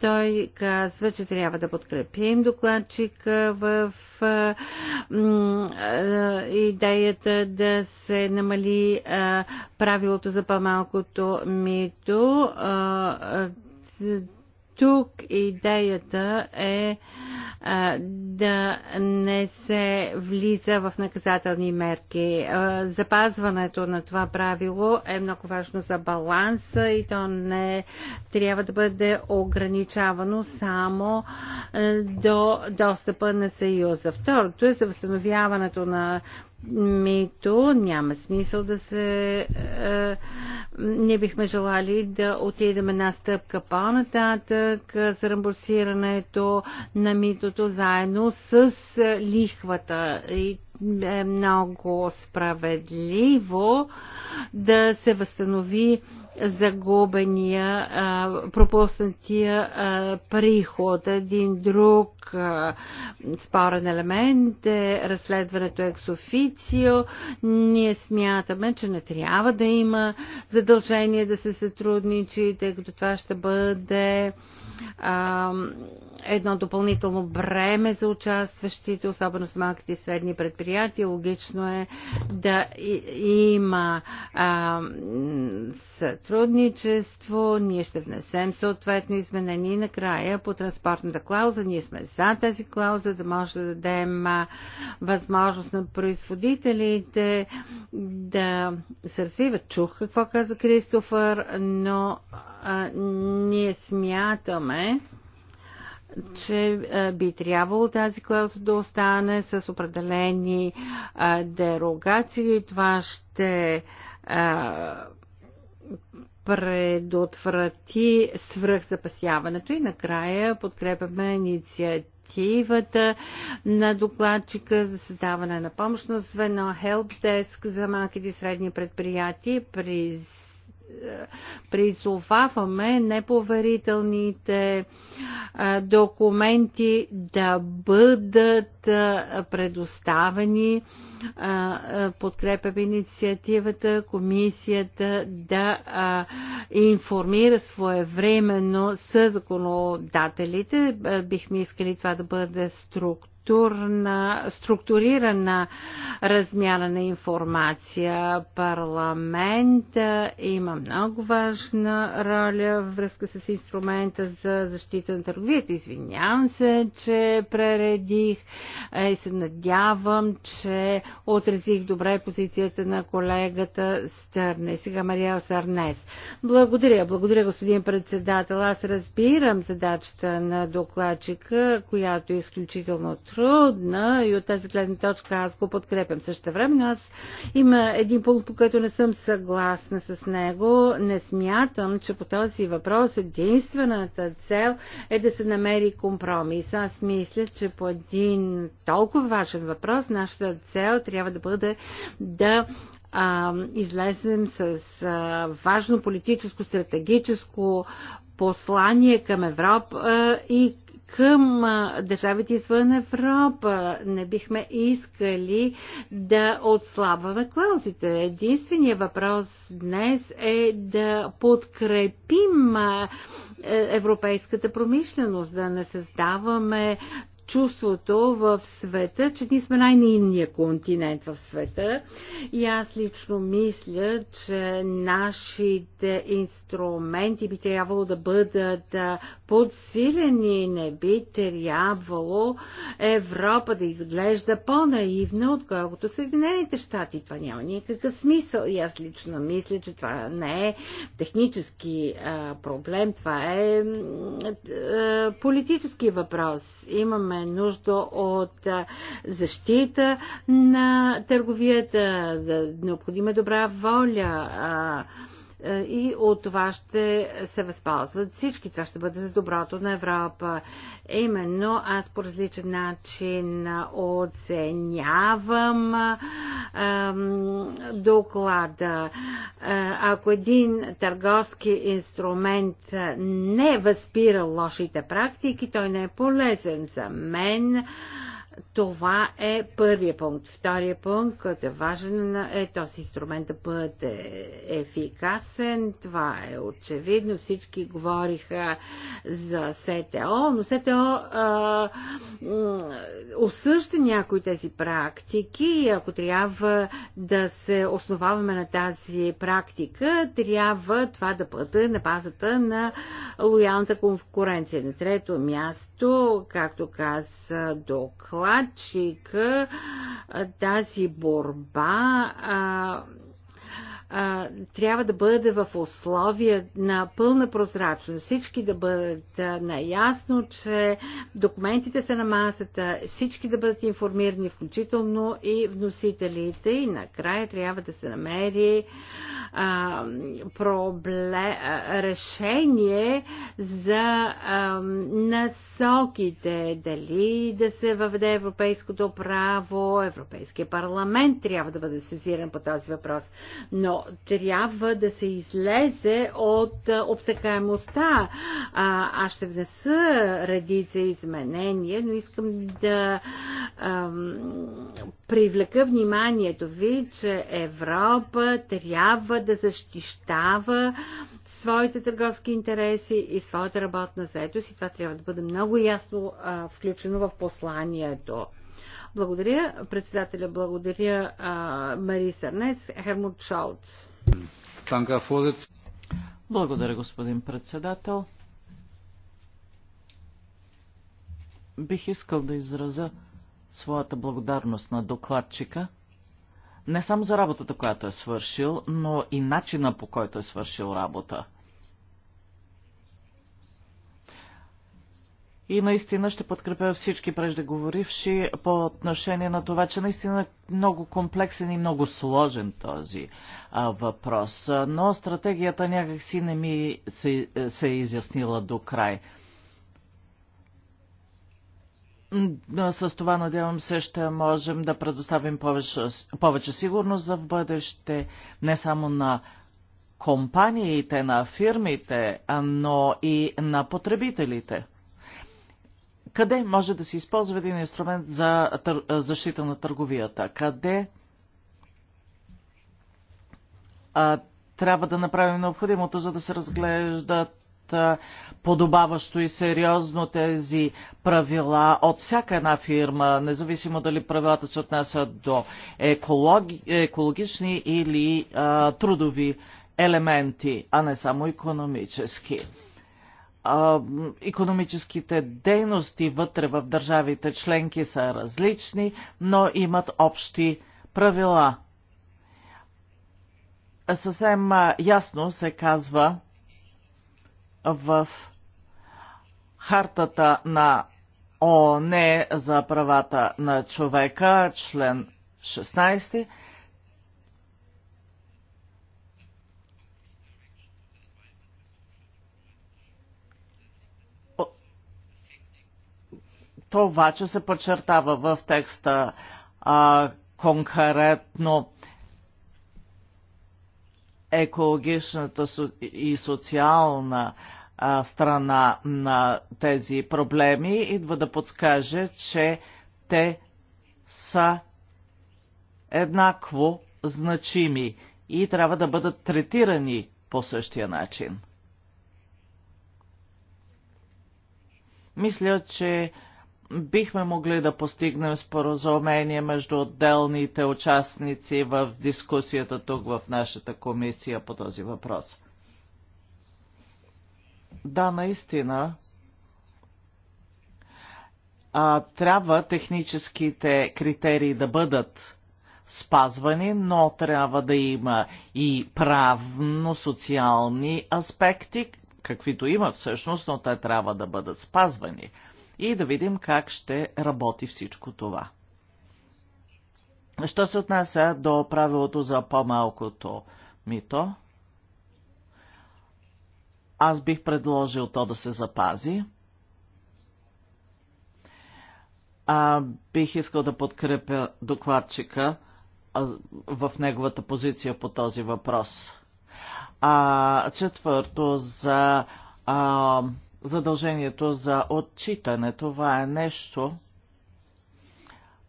Той казва, че трябва да подкрепим докладчика в идеята да се намали правилото за по-малкото мито тук идеята е а, да не се влиза в наказателни мерки. А, запазването на това правило е много важно за баланса и то не трябва да бъде ограничавано само до достъпа на Съюза. Второто е за възстановяването на то няма смисъл да се... Е, не бихме желали да отидем една стъпка по-нататък за рамбурсирането на митото заедно с лихвата. И е много справедливо да се възстанови загубения, пропуснатия приход. Един друг спорен елемент е разследването ексофицио. Ние смятаме, че не трябва да има задължение да се сътрудничи, тъй като това ще бъде а, едно допълнително бреме за участващите, особено с малките и средни предприятия. Логично е да има а, сътрудничество. Ние ще внесем съответно изменения и накрая по транспортната клауза. Ние сме за тази клауза, да може да дадем а, възможност на производителите да се развиват. Чух какво каза Кристофър, но а, ние смятам, смятаме, че би трябвало тази клауза да остане с определени дерогации. Това ще предотврати свръхзапасяването и накрая подкрепяме инициативата на докладчика за създаване на помощно звено Help Desk за малките и средни предприятия. при призоваваме неповерителните документи да бъдат предоставени. Подкрепям инициативата комисията да информира своевременно с законодателите. Бихме искали това да бъде структура структурна, структурирана размяна на информация. Парламент има много важна роля в връзка с инструмента за защита на търговията. Извинявам се, че прередих и е, се надявам, че отразих добре позицията на колегата Стърне. Сега Мария Сарнес. Благодаря, благодаря господин председател. Аз разбирам задачата на докладчика, която е изключително трудна и от тази гледна точка аз го подкрепям също време. Аз има един пункт, по който не съм съгласна с него. Не смятам, че по този въпрос единствената цел е да се намери компромис. Аз мисля, че по един толкова важен въпрос нашата цел трябва да бъде да а, излезем с а, важно политическо, стратегическо послание към Европа и към държавите извън Европа. Не бихме искали да отслабваме клаузите. Единственият въпрос днес е да подкрепим е, европейската промишленост, да не създаваме чувството в света, че ние сме най-нинния континент в света. И аз лично мисля, че нашите инструменти би трябвало да бъдат подсилени. Не би трябвало Европа да изглежда по-наивна, отколкото Съединените щати. Това няма никакъв смисъл. И аз лично мисля, че това не е технически а, проблем, това е а, политически въпрос. Имаме имаме нужда от защита на търговията, необходима е добра воля, е, и от това ще се възползват всички. Това ще бъде за доброто на Европа. Е, именно аз по различен начин оценявам доклада. Е, ако един търговски инструмент не възпира лошите практики, той не е полезен за мен. Това е първия пункт. Втория пункт, който е важен, е този инструмент да бъде ефикасен. Това е очевидно. Всички говориха за СТО, но СТО осъща осъжда някои тези практики и ако трябва да се основаваме на тази практика, трябва това да бъде на базата на лоялната конкуренция. На трето място, както каза доклад, докладчика тази борба а, а, трябва да бъде в условия на пълна прозрачност. Всички да бъдат наясно, че документите са на масата, всички да бъдат информирани, включително и вносителите. И накрая трябва да се намери а, проблем, решение за а, насоките, дали да се въведе европейското право, Европейския парламент трябва да бъде сезиран по този въпрос, но трябва да се излезе от обтекаемостта. аз ще внеса редица изменения, но искам да а, привлека вниманието ви, че Европа трябва да защищава своите търговски интереси и своята работна заетост и това трябва да бъде много ясно а, включено в посланието. Благодаря, председателя, благодаря а, Мари Сърнес, Хермут Шолц. Благодаря, господин председател. Бих искал да изразя своята благодарност на докладчика – не само за работата, която е свършил, но и начина по който е свършил работа. И наистина ще подкрепя всички преждеговоривши по отношение на това, че наистина е много комплексен и много сложен този а, въпрос. Но стратегията някакси не ми се, е, се е изяснила до край. С това, надявам се, ще можем да предоставим повече, повече сигурност за в бъдеще, не само на компаниите, на фирмите, но и на потребителите. Къде може да се използва един инструмент за тър... защита на търговията? Къде а, трябва да направим необходимото, за да се разглеждат подобаващо и сериозно тези правила от всяка една фирма, независимо дали правилата се отнасят до екологи, екологични или а, трудови елементи, а не само економически. А, економическите дейности вътре в държавите членки са различни, но имат общи правила. Съвсем ясно се казва, в хартата на ООН за правата на човека, член 16, това, че се подчертава в текста а, конкретно екологичната и социална страна на тези проблеми, идва да подскаже, че те са еднакво значими и трябва да бъдат третирани по същия начин. Мисля, че бихме могли да постигнем споразумение между отделните участници в дискусията тук в нашата комисия по този въпрос. Да, наистина. А, трябва техническите критерии да бъдат спазвани, но трябва да има и правно-социални аспекти, каквито има всъщност, но те трябва да бъдат спазвани и да видим как ще работи всичко това. Що се отнася до правилото за по-малкото мито, аз бих предложил то да се запази. А, бих искал да подкрепя докладчика в неговата позиция по този въпрос. А, четвърто, за а, задължението за отчитане. Това е нещо,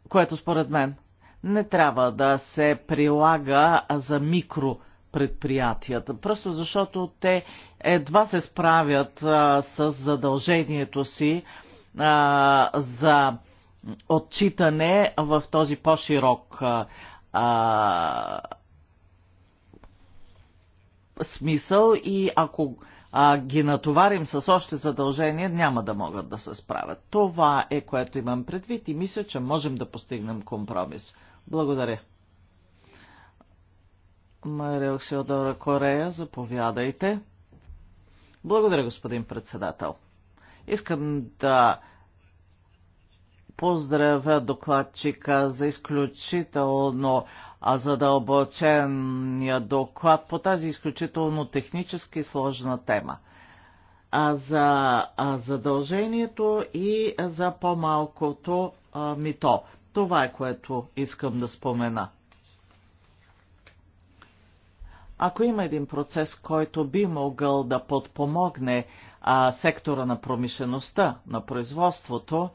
което според мен не трябва да се прилага за микро предприятията, просто защото те едва се справят а, с задължението си а, за отчитане в този по-широк смисъл и ако а, ги натоварим с още задължения, няма да могат да се справят. Това е което имам предвид и мисля, че можем да постигнем компромис. Благодаря. Мария Оксиодора Корея, заповядайте. Благодаря, господин председател. Искам да поздравя докладчика за изключително задълбочения доклад по тази изключително технически сложна тема. А за а задължението и за по-малкото мито. Това е което искам да спомена. Ако има един процес, който би могъл да подпомогне а, сектора на промишлеността, на производството,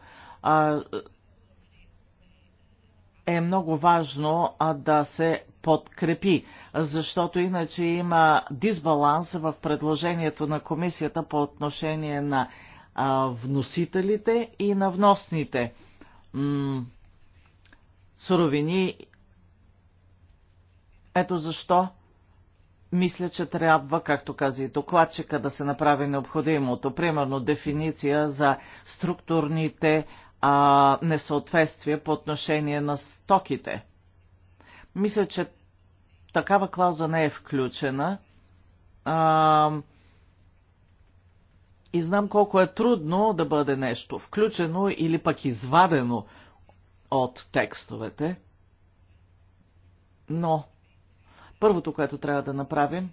а, е много важно а, да се подкрепи, защото иначе има дисбаланс в предложението на комисията по отношение на а, вносителите и на вносните м- суровини. Ето защо мисля, че трябва, както каза и докладчика, да се направи необходимото. Примерно дефиниция за структурните а, несъответствие по отношение на стоките. Мисля, че такава клауза не е включена. А, и знам колко е трудно да бъде нещо включено или пък извадено от текстовете. Но първото, което трябва да направим,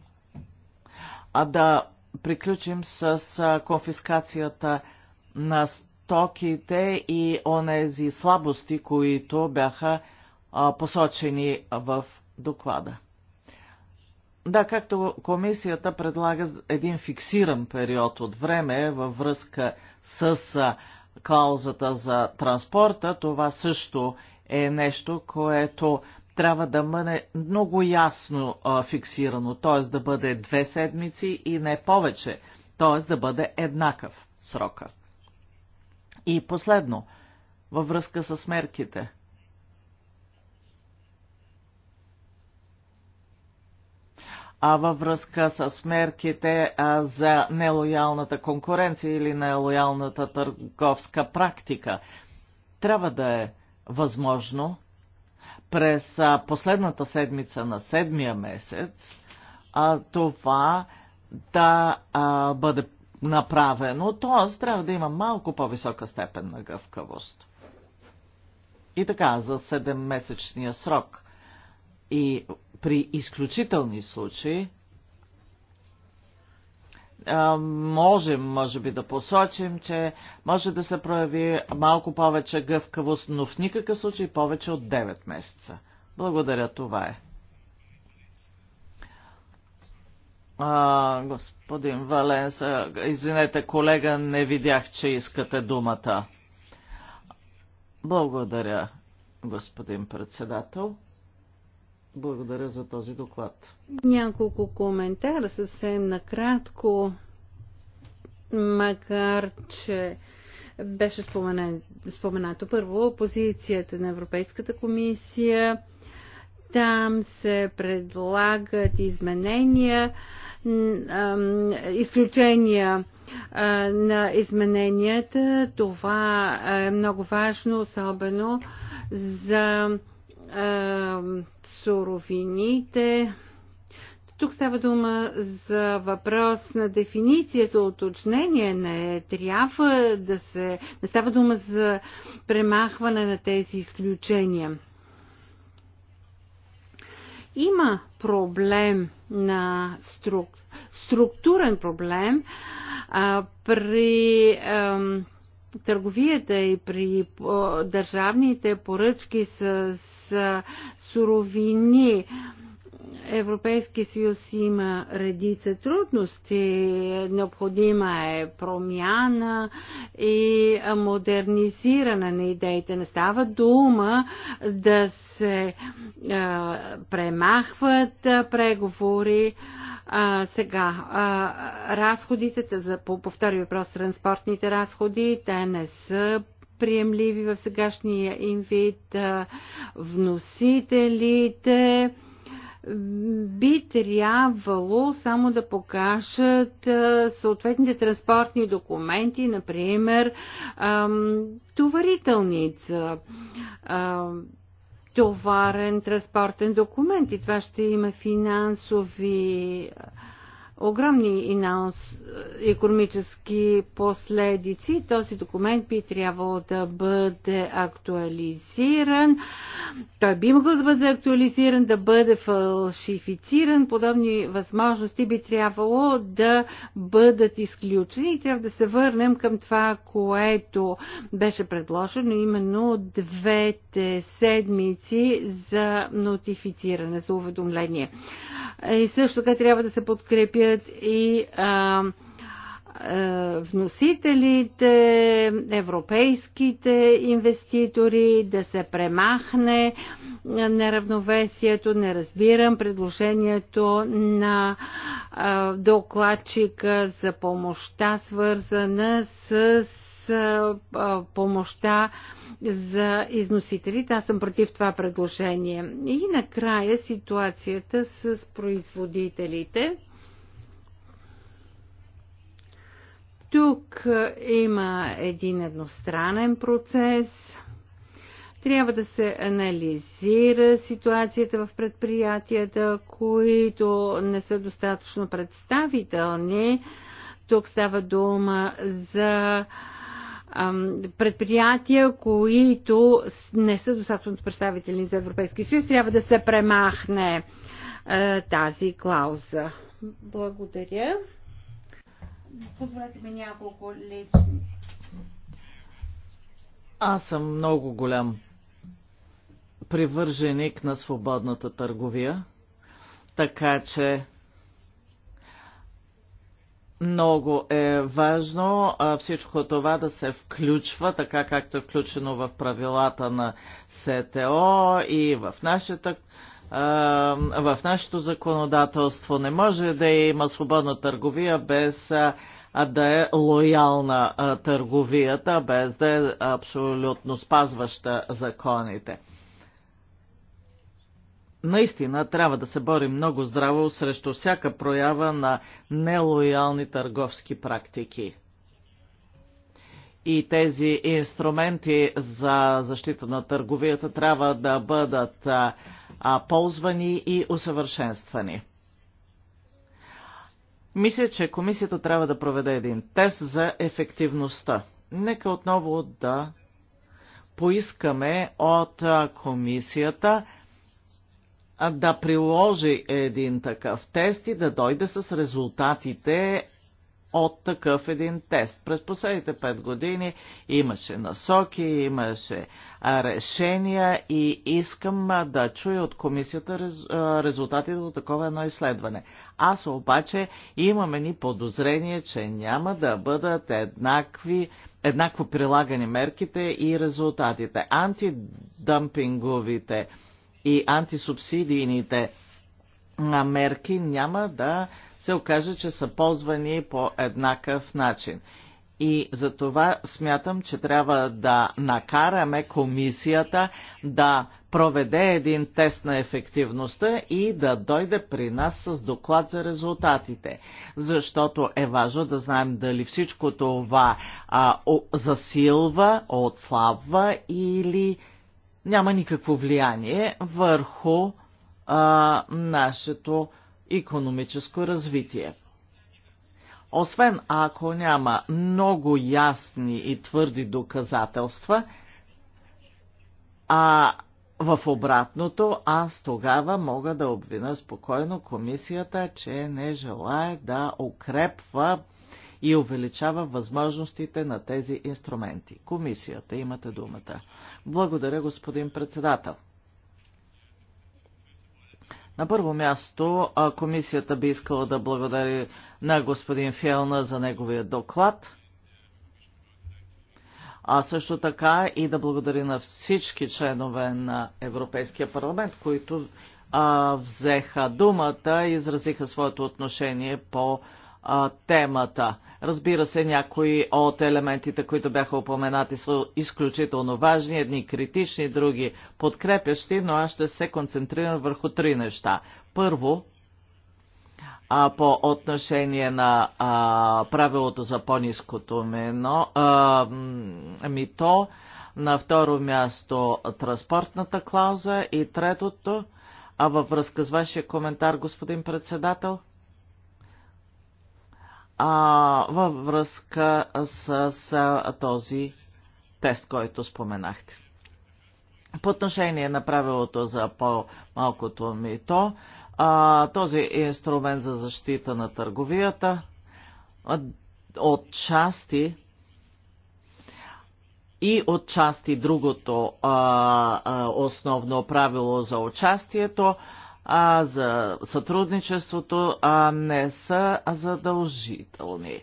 а да приключим с конфискацията на стоките и онези слабости, които бяха а, посочени в доклада. Да, както комисията предлага един фиксиран период от време във връзка с клаузата за транспорта, това също е нещо, което трябва да бъде много ясно а, фиксирано, т.е. да бъде две седмици и не повече, т.е. да бъде еднакъв срокът. И последно, във връзка с мерките. А във връзка с мерките а, за нелоялната конкуренция или нелоялната търговска практика, трябва да е възможно през последната седмица на седмия месец а, това да а, бъде направено, т.е. трябва да има малко по-висока степен на гъвкавост. И така, за 7-месечния срок и при изключителни случаи, можем, може би, да посочим, че може да се прояви малко повече гъвкавост, но в никакъв случай повече от 9 месеца. Благодаря, това е. А, господин Валенс, извинете, колега, не видях, че искате думата. Благодаря, господин председател. Благодаря за този доклад. Няколко коментара съвсем накратко, макар че беше споменато, споменато първо позицията на Европейската комисия. Там се предлагат изменения изключения на измененията. Това е много важно, особено за суровините. Тук става дума за въпрос на дефиниция, за уточнение. Не трябва да се. Не става дума за премахване на тези изключения. Има проблем на струк... структурен проблем а, при а, търговията и при а, държавните поръчки с, с суровини. Европейския съюз има редица трудности. Необходима е промяна и модернизиране на идеите. Не става дума да се а, премахват преговори. А, сега, а, разходите, за, по, повтори въпрос, транспортните разходи, те не са приемливи в сегашния им вид. Вносителите, би трябвало само да покажат съответните транспортни документи, например товарителница, товарен транспортен документ и това ще има финансови огромни инаус, е, економически последици. Този документ би трябвало да бъде актуализиран. Той би могъл да бъде актуализиран, да бъде фалшифициран. Подобни възможности би трябвало да бъдат изключени трябва да се върнем към това, което беше предложено, именно двете седмици за нотифициране, за уведомление. И също така трябва да се подкрепят включат и а, а, вносителите, европейските инвеститори, да се премахне неравновесието. Не разбирам предложението на а, докладчика за помощта, свързана с помощта за износителите. Аз съм против това предложение. И накрая ситуацията с производителите. Тук е, има един едностранен процес. Трябва да се анализира ситуацията в предприятията, които не са достатъчно представителни. Тук става дума за предприятия, които не са достатъчно представителни за Европейския съюз, трябва да се премахне е, тази клауза. Благодаря. Позволете ми няколко лични. Аз съм много голям привърженик на свободната търговия, така че много е важно всичко това да се включва, така както е включено в правилата на СТО и в нашата в нашето законодателство не може да има свободна търговия без да е лоялна търговията, без да е абсолютно спазваща законите. Наистина трябва да се бори много здраво срещу всяка проява на нелоялни търговски практики и тези инструменти за защита на търговията трябва да бъдат а, ползвани и усъвършенствани. Мисля, че комисията трябва да проведе един тест за ефективността. Нека отново да поискаме от комисията да приложи един такъв тест и да дойде с резултатите от такъв един тест. През последните пет години имаше насоки, имаше решения и искам да чуя от комисията резултатите от такова едно изследване. Аз обаче имаме ни подозрение, че няма да бъдат еднакви еднакво прилагани мерките и резултатите. Антидъмпинговите и антисубсидийните мерки няма да се окаже, че са ползвани по еднакъв начин. И за това смятам, че трябва да накараме комисията да проведе един тест на ефективността и да дойде при нас с доклад за резултатите. Защото е важно да знаем дали всичко това а, засилва, отслабва или няма никакво влияние върху а, нашето економическо развитие. Освен ако няма много ясни и твърди доказателства, а в обратното, аз тогава мога да обвина спокойно комисията, че не желая да укрепва и увеличава възможностите на тези инструменти. Комисията, имате думата. Благодаря, господин председател. На първо място комисията би искала да благодари на господин Фелна за неговия доклад, а също така и да благодари на всички членове на Европейския парламент, които а, взеха думата и изразиха своето отношение по а, а, темата. Разбира се, някои от елементите, които бяха упоменати, са изключително важни, едни критични, други подкрепящи, но аз ще се концентрирам върху три неща. Първо, а, по отношение на а, правилото за по-низкото мито, на второ място транспортната клауза и третото, а във връзка с вашия коментар, господин председател – а, във връзка с, с този тест, който споменахте. По отношение на правилото за по-малкото мито, а, този инструмент за защита на търговията от части и от части другото а, а, основно правило за участието, а, за сътрудничеството а, не са задължителни.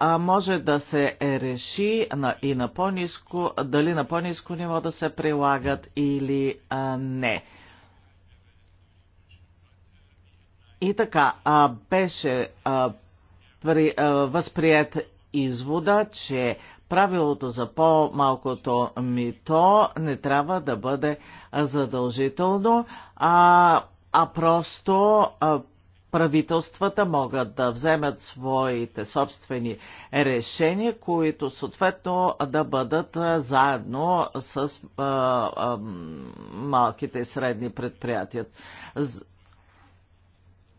А може да се реши на, и на по-низко, дали на по-низко ниво да се прилагат или а, не. И така, а, беше а, при, а, възприят извода, че правилото за по-малкото мито не трябва да бъде задължително, а, а просто правителствата могат да вземат своите собствени решения, които съответно да бъдат заедно с а, а, малките и средни предприятия.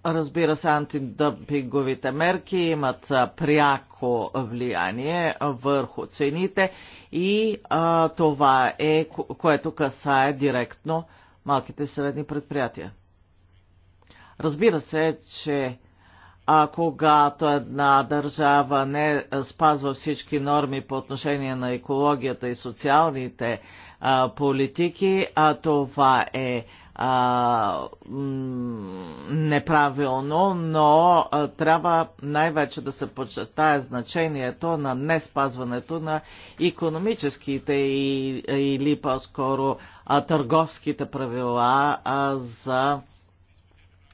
Разбира се, антидъмпинговите мерки имат пряко влияние върху цените и а, това е, което касае директно малките и средни предприятия. Разбира се, че а когато една държава не спазва всички норми по отношение на екологията и социалните а, политики, а това е а, неправилно, но а, трябва най-вече да се почетае значението на не спазването на економическите и, или по-скоро търговските правила а, за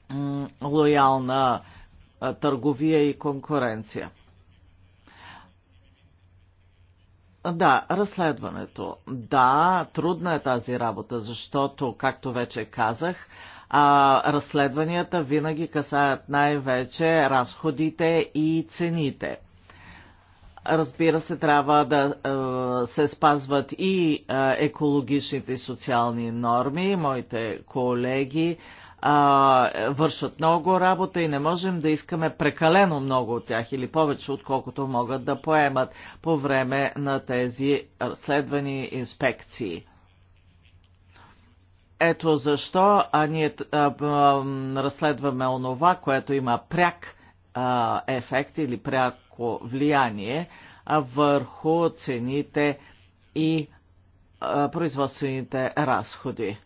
м, лоялна а, търговия и конкуренция. Да, разследването. Да, трудна е тази работа, защото, както вече казах, а, разследванията винаги касаят най-вече разходите и цените. Разбира се, трябва да е, се спазват и е, екологичните и социални норми. Моите колеги е, вършат много работа и не можем да искаме прекалено много от тях или повече, отколкото могат да поемат по време на тези разследвани инспекции. Ето защо а ние а, е, а, разследваме онова, което има пряк а, ефект или пряк пряко влияние върху цените и производствените разходи.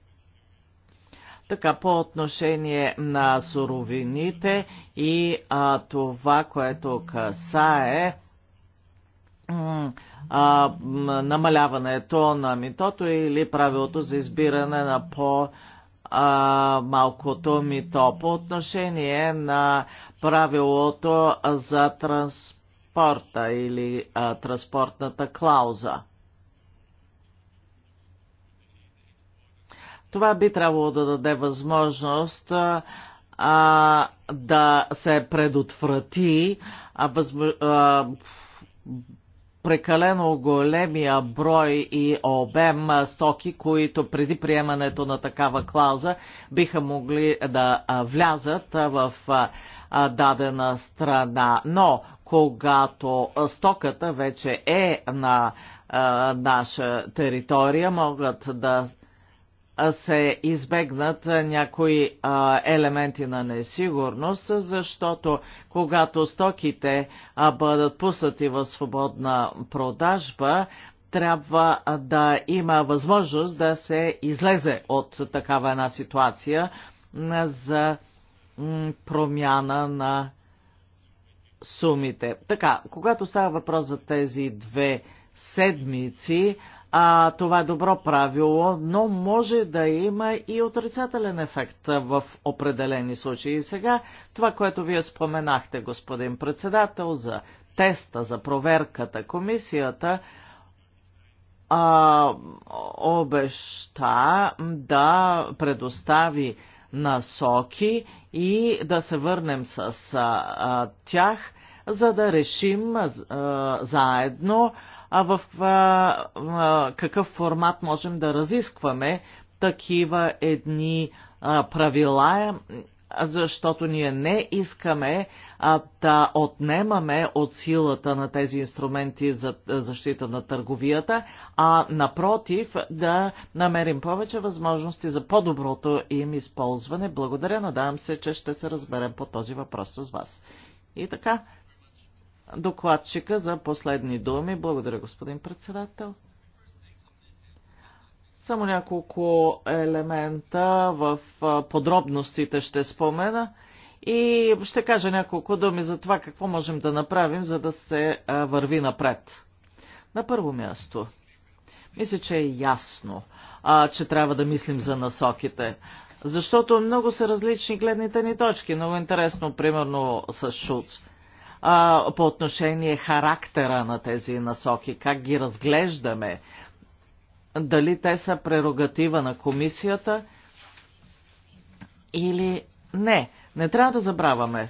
Така, по отношение на суровините и а, това, което касае а, намаляването на митото или правилото за избиране на по- малкото мито. По отношение на правилото за транспорт транспорта или а, транспортната клауза. Това би трябвало да даде възможност а, да се предотврати а, възм... а, прекалено големия брой и обем стоки, които преди приемането на такава клауза биха могли да влязат в дадена страна. Но когато стоката вече е на а, наша територия, могат да се избегнат някои а, елементи на несигурност, защото когато стоките а, бъдат пуснати в свободна продажба, трябва да има възможност да се излезе от такава една ситуация за промяна на сумите. Така, когато става въпрос за тези две седмици, а, това е добро правило, но може да има и отрицателен ефект в определени случаи. И сега това, което вие споменахте, господин председател, за теста, за проверката, комисията а, обеща да предостави насоки и да се върнем с а, тях, за да решим а, заедно а в а, а, какъв формат можем да разискваме такива едни а, правила защото ние не искаме а, да отнемаме от силата на тези инструменти за е, защита на търговията, а напротив да намерим повече възможности за по-доброто им използване. Благодаря, надявам се, че ще се разберем по този въпрос с вас. И така, докладчика за последни думи. Благодаря, господин председател. Само няколко елемента в подробностите ще спомена и ще кажа няколко думи за това какво можем да направим, за да се върви напред. На първо място, мисля, че е ясно, а, че трябва да мислим за насоките. Защото много са различни гледните ни точки. Много интересно, примерно с Шуц. А, по отношение характера на тези насоки, как ги разглеждаме, дали те са прерогатива на комисията или не. Не трябва да забравяме,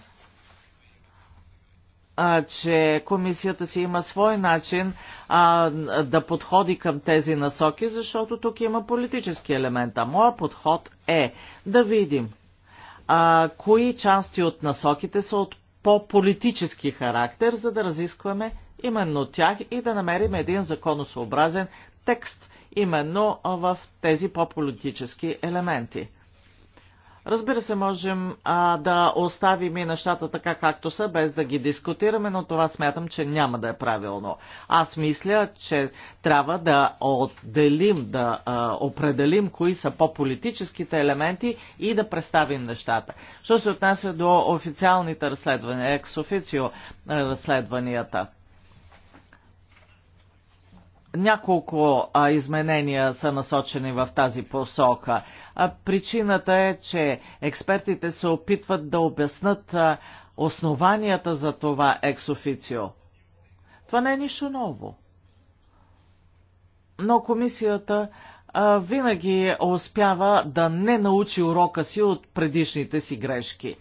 а, че комисията си има свой начин а, да подходи към тези насоки, защото тук има политически елемент. А моят подход е да видим а, кои части от насоките са от по-политически характер, за да разискваме именно тях и да намерим един законосъобразен текст – именно в тези по-политически елементи. Разбира се, можем а, да оставим и нещата така както са, без да ги дискутираме, но това смятам, че няма да е правилно. Аз мисля, че трябва да отделим, да а, определим кои са по-политическите елементи и да представим нещата. Що се отнася до официалните разследвания, ексофицио разследванията – няколко а, изменения са насочени в тази посока. А, причината е, че експертите се опитват да обяснат а, основанията за това екс-официо. Това не е нищо ново. Но комисията а, винаги успява да не научи урока си от предишните си грешки.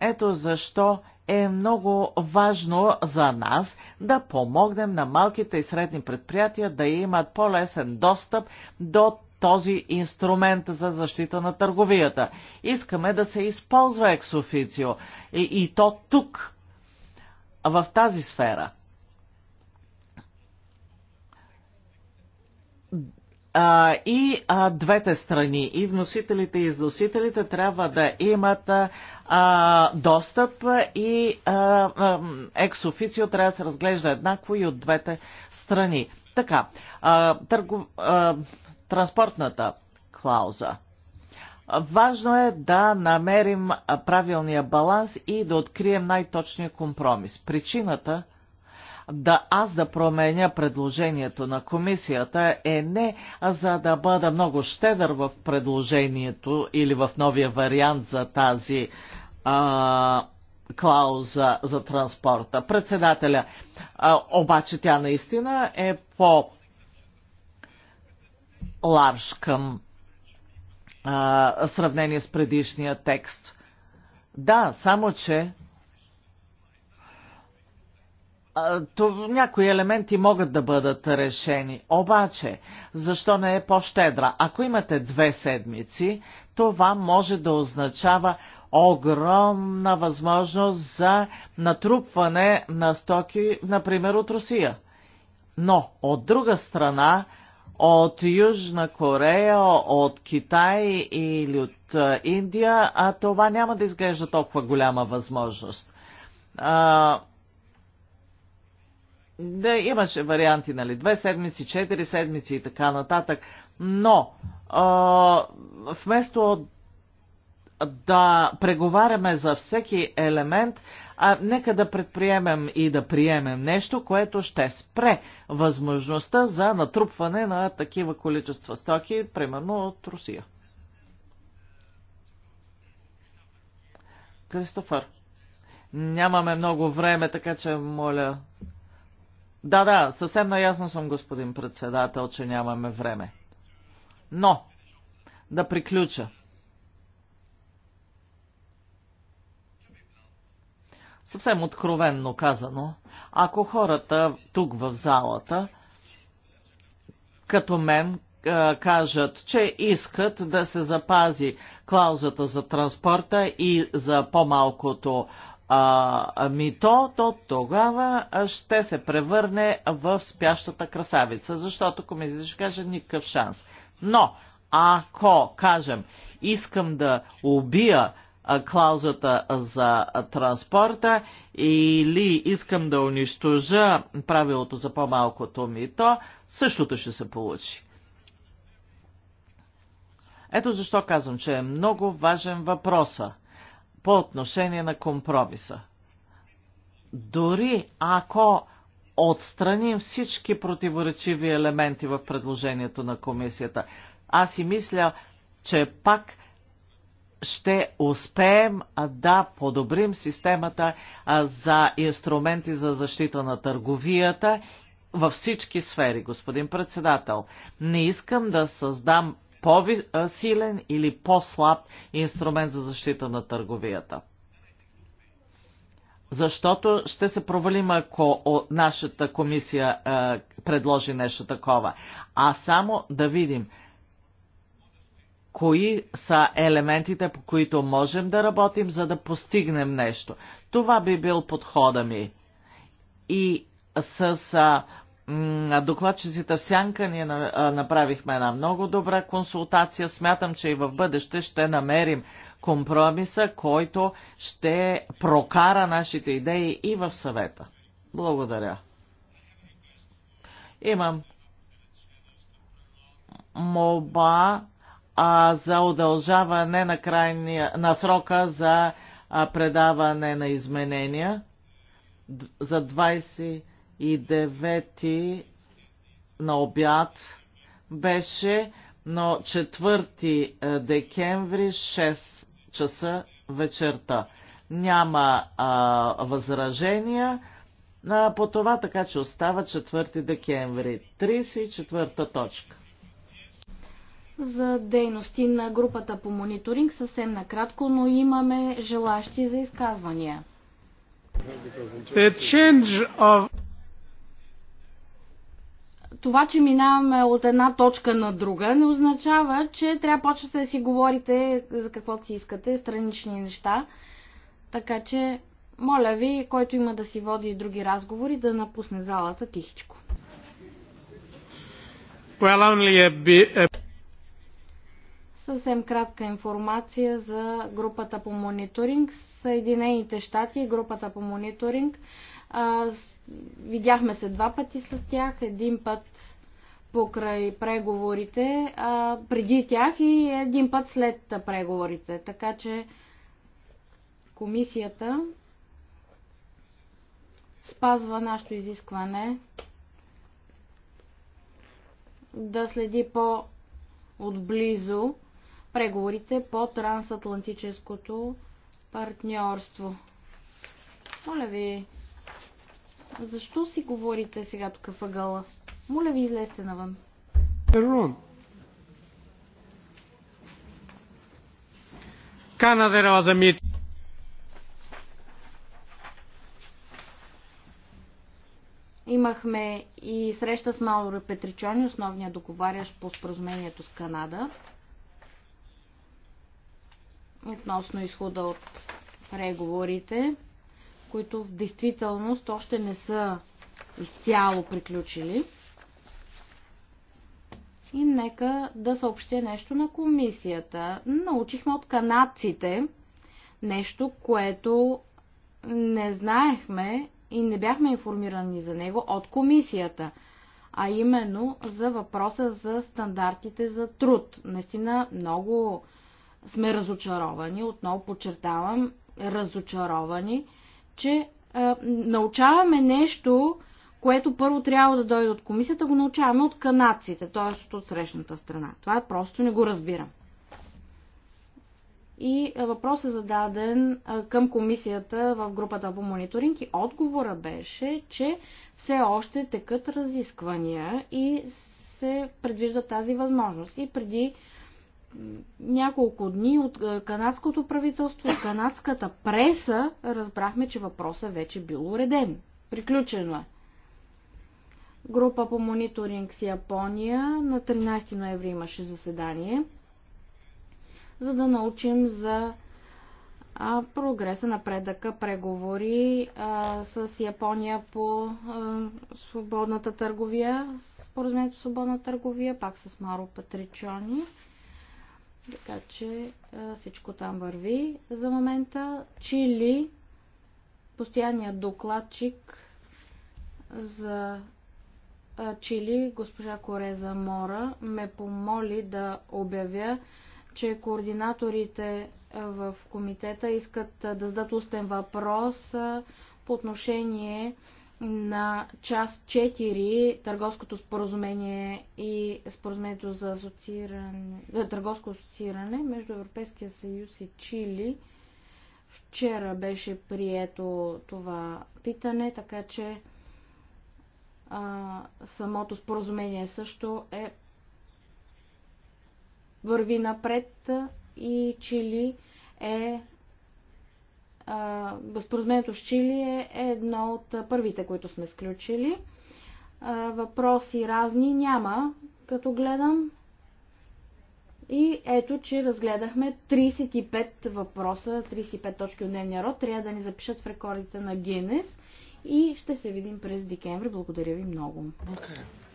Ето защо е много важно за нас да помогнем на малките и средни предприятия да имат по-лесен достъп до този инструмент за защита на търговията. Искаме да се използва ексофицио и, и то тук, в тази сфера – а, и а, двете страни, и вносителите, и износителите трябва да имат а, достъп и а, а, екс-официо трябва да се разглежда еднакво и от двете страни. Така, а, търгов, а, транспортната клауза. Важно е да намерим правилния баланс и да открием най-точния компромис. Причината да аз да променя предложението на комисията е не за да бъда много щедър в предложението или в новия вариант за тази а, клауза за транспорта. Председателя, а, обаче тя наистина е по ларш към а, сравнение с предишния текст. Да, само че някои елементи могат да бъдат решени. Обаче, защо не е по-щедра? Ако имате две седмици, това може да означава огромна възможност за натрупване на стоки, например, от Русия. Но, от друга страна, от Южна Корея, от Китай или от Индия, а това няма да изглежда толкова голяма възможност. А, да имаше варианти, нали, две седмици, четири седмици и така нататък, но а, вместо да преговаряме за всеки елемент, а нека да предприемем и да приемем нещо, което ще спре възможността за натрупване на такива количества стоки, примерно от Русия. Кристофър, нямаме много време, така че моля да, да, съвсем наясно съм, господин председател, че нямаме време. Но, да приключа. Съвсем откровенно казано, ако хората тук в залата, като мен, кажат, че искат да се запази клаузата за транспорта и за по-малкото а, ами то тогава ще се превърне в спящата красавица, защото комисията ще каже никакъв шанс. Но, ако, кажем, искам да убия клаузата за транспорта или искам да унищожа правилото за по-малкото мито, същото ще се получи. Ето защо казвам, че е много важен въпросът по отношение на компромиса. Дори ако отстраним всички противоречиви елементи в предложението на комисията, аз и мисля, че пак ще успеем да подобрим системата за инструменти за защита на търговията във всички сфери, господин председател. Не искам да създам по-силен или по-слаб инструмент за защита на търговията. Защото ще се провалим, ако нашата комисия е, предложи нещо такова. А само да видим кои са елементите, по които можем да работим, за да постигнем нещо. Това би бил подхода ми. И с а, докладчиците в Сянка ние направихме една много добра консултация. Смятам, че и в бъдеще ще намерим компромиса, който ще прокара нашите идеи и в съвета. Благодаря. Имам моба а, за удължаване на, крайния, на срока за а, предаване на изменения за 20 и 9 на обяд беше, но 4 е, декември 6 часа вечерта. Няма а, възражения а, по това, така че остава 4 декември. 34 точка. За дейности на групата по мониторинг съвсем накратко, но имаме желащи за изказвания. The change of това, че минаваме от една точка на друга, не означава, че трябва почвате да си говорите за каквото си искате, странични неща. Така че, моля ви, който има да си води и други разговори, да напусне залата тихичко. Well, only a bit, a... Съвсем кратка информация за групата по мониторинг. Съединените щати и групата по мониторинг а, видяхме се два пъти с тях, един път покрай преговорите, а, преди тях и един път след преговорите. Така че комисията спазва нашето изискване да следи по-отблизо преговорите по трансатлантическото партньорство. Моля ви, защо си говорите сега тук въгъла? Моля ви, излезте навън. Ерун. Канадера was a Имахме и среща с Мауро Петричони, основния договарящ по споразумението с Канада относно изхода от преговорите които в действителност още не са изцяло приключили. И нека да съобщя нещо на комисията. Научихме от канадците нещо, което не знаехме и не бяхме информирани за него от комисията, а именно за въпроса за стандартите за труд. Наистина много сме разочаровани, отново подчертавам, разочаровани, че а, научаваме нещо, което първо трябва да дойде от комисията, го научаваме от канадците, т.е. от срещната страна. Това просто не го разбирам. И въпрос е зададен към комисията в групата по мониторинг и отговора беше, че все още текат разисквания и се предвижда тази възможност. И преди няколко дни от е, канадското правителство, от канадската преса, разбрахме, че въпросът вече бил уреден. Приключено е. Група по мониторинг с Япония на 13 ноември имаше заседание, за да научим за а, прогреса, напредъка, преговори а, с Япония по а, свободната търговия, споразумението свободна търговия, пак с Маро Патричони. Така че всичко там върви за момента. Чили, постоянният докладчик за Чили, госпожа Кореза Мора, ме помоли да обявя, че координаторите в комитета искат да зададат устен въпрос по отношение на част 4 търговското споразумение и споразумението за асоцииране, да, търговско асоцииране между Европейския съюз и Чили. Вчера беше прието това питане, така че а, самото споразумение също е върви напред и Чили е Споразумението с Чили е едно от първите, които сме сключили. Въпроси разни няма, като гледам. И ето, че разгледахме 35 въпроса, 35 точки от дневния род. Трябва да ни запишат в рекордите на Гинес. И ще се видим през декември. Благодаря ви много. Okay.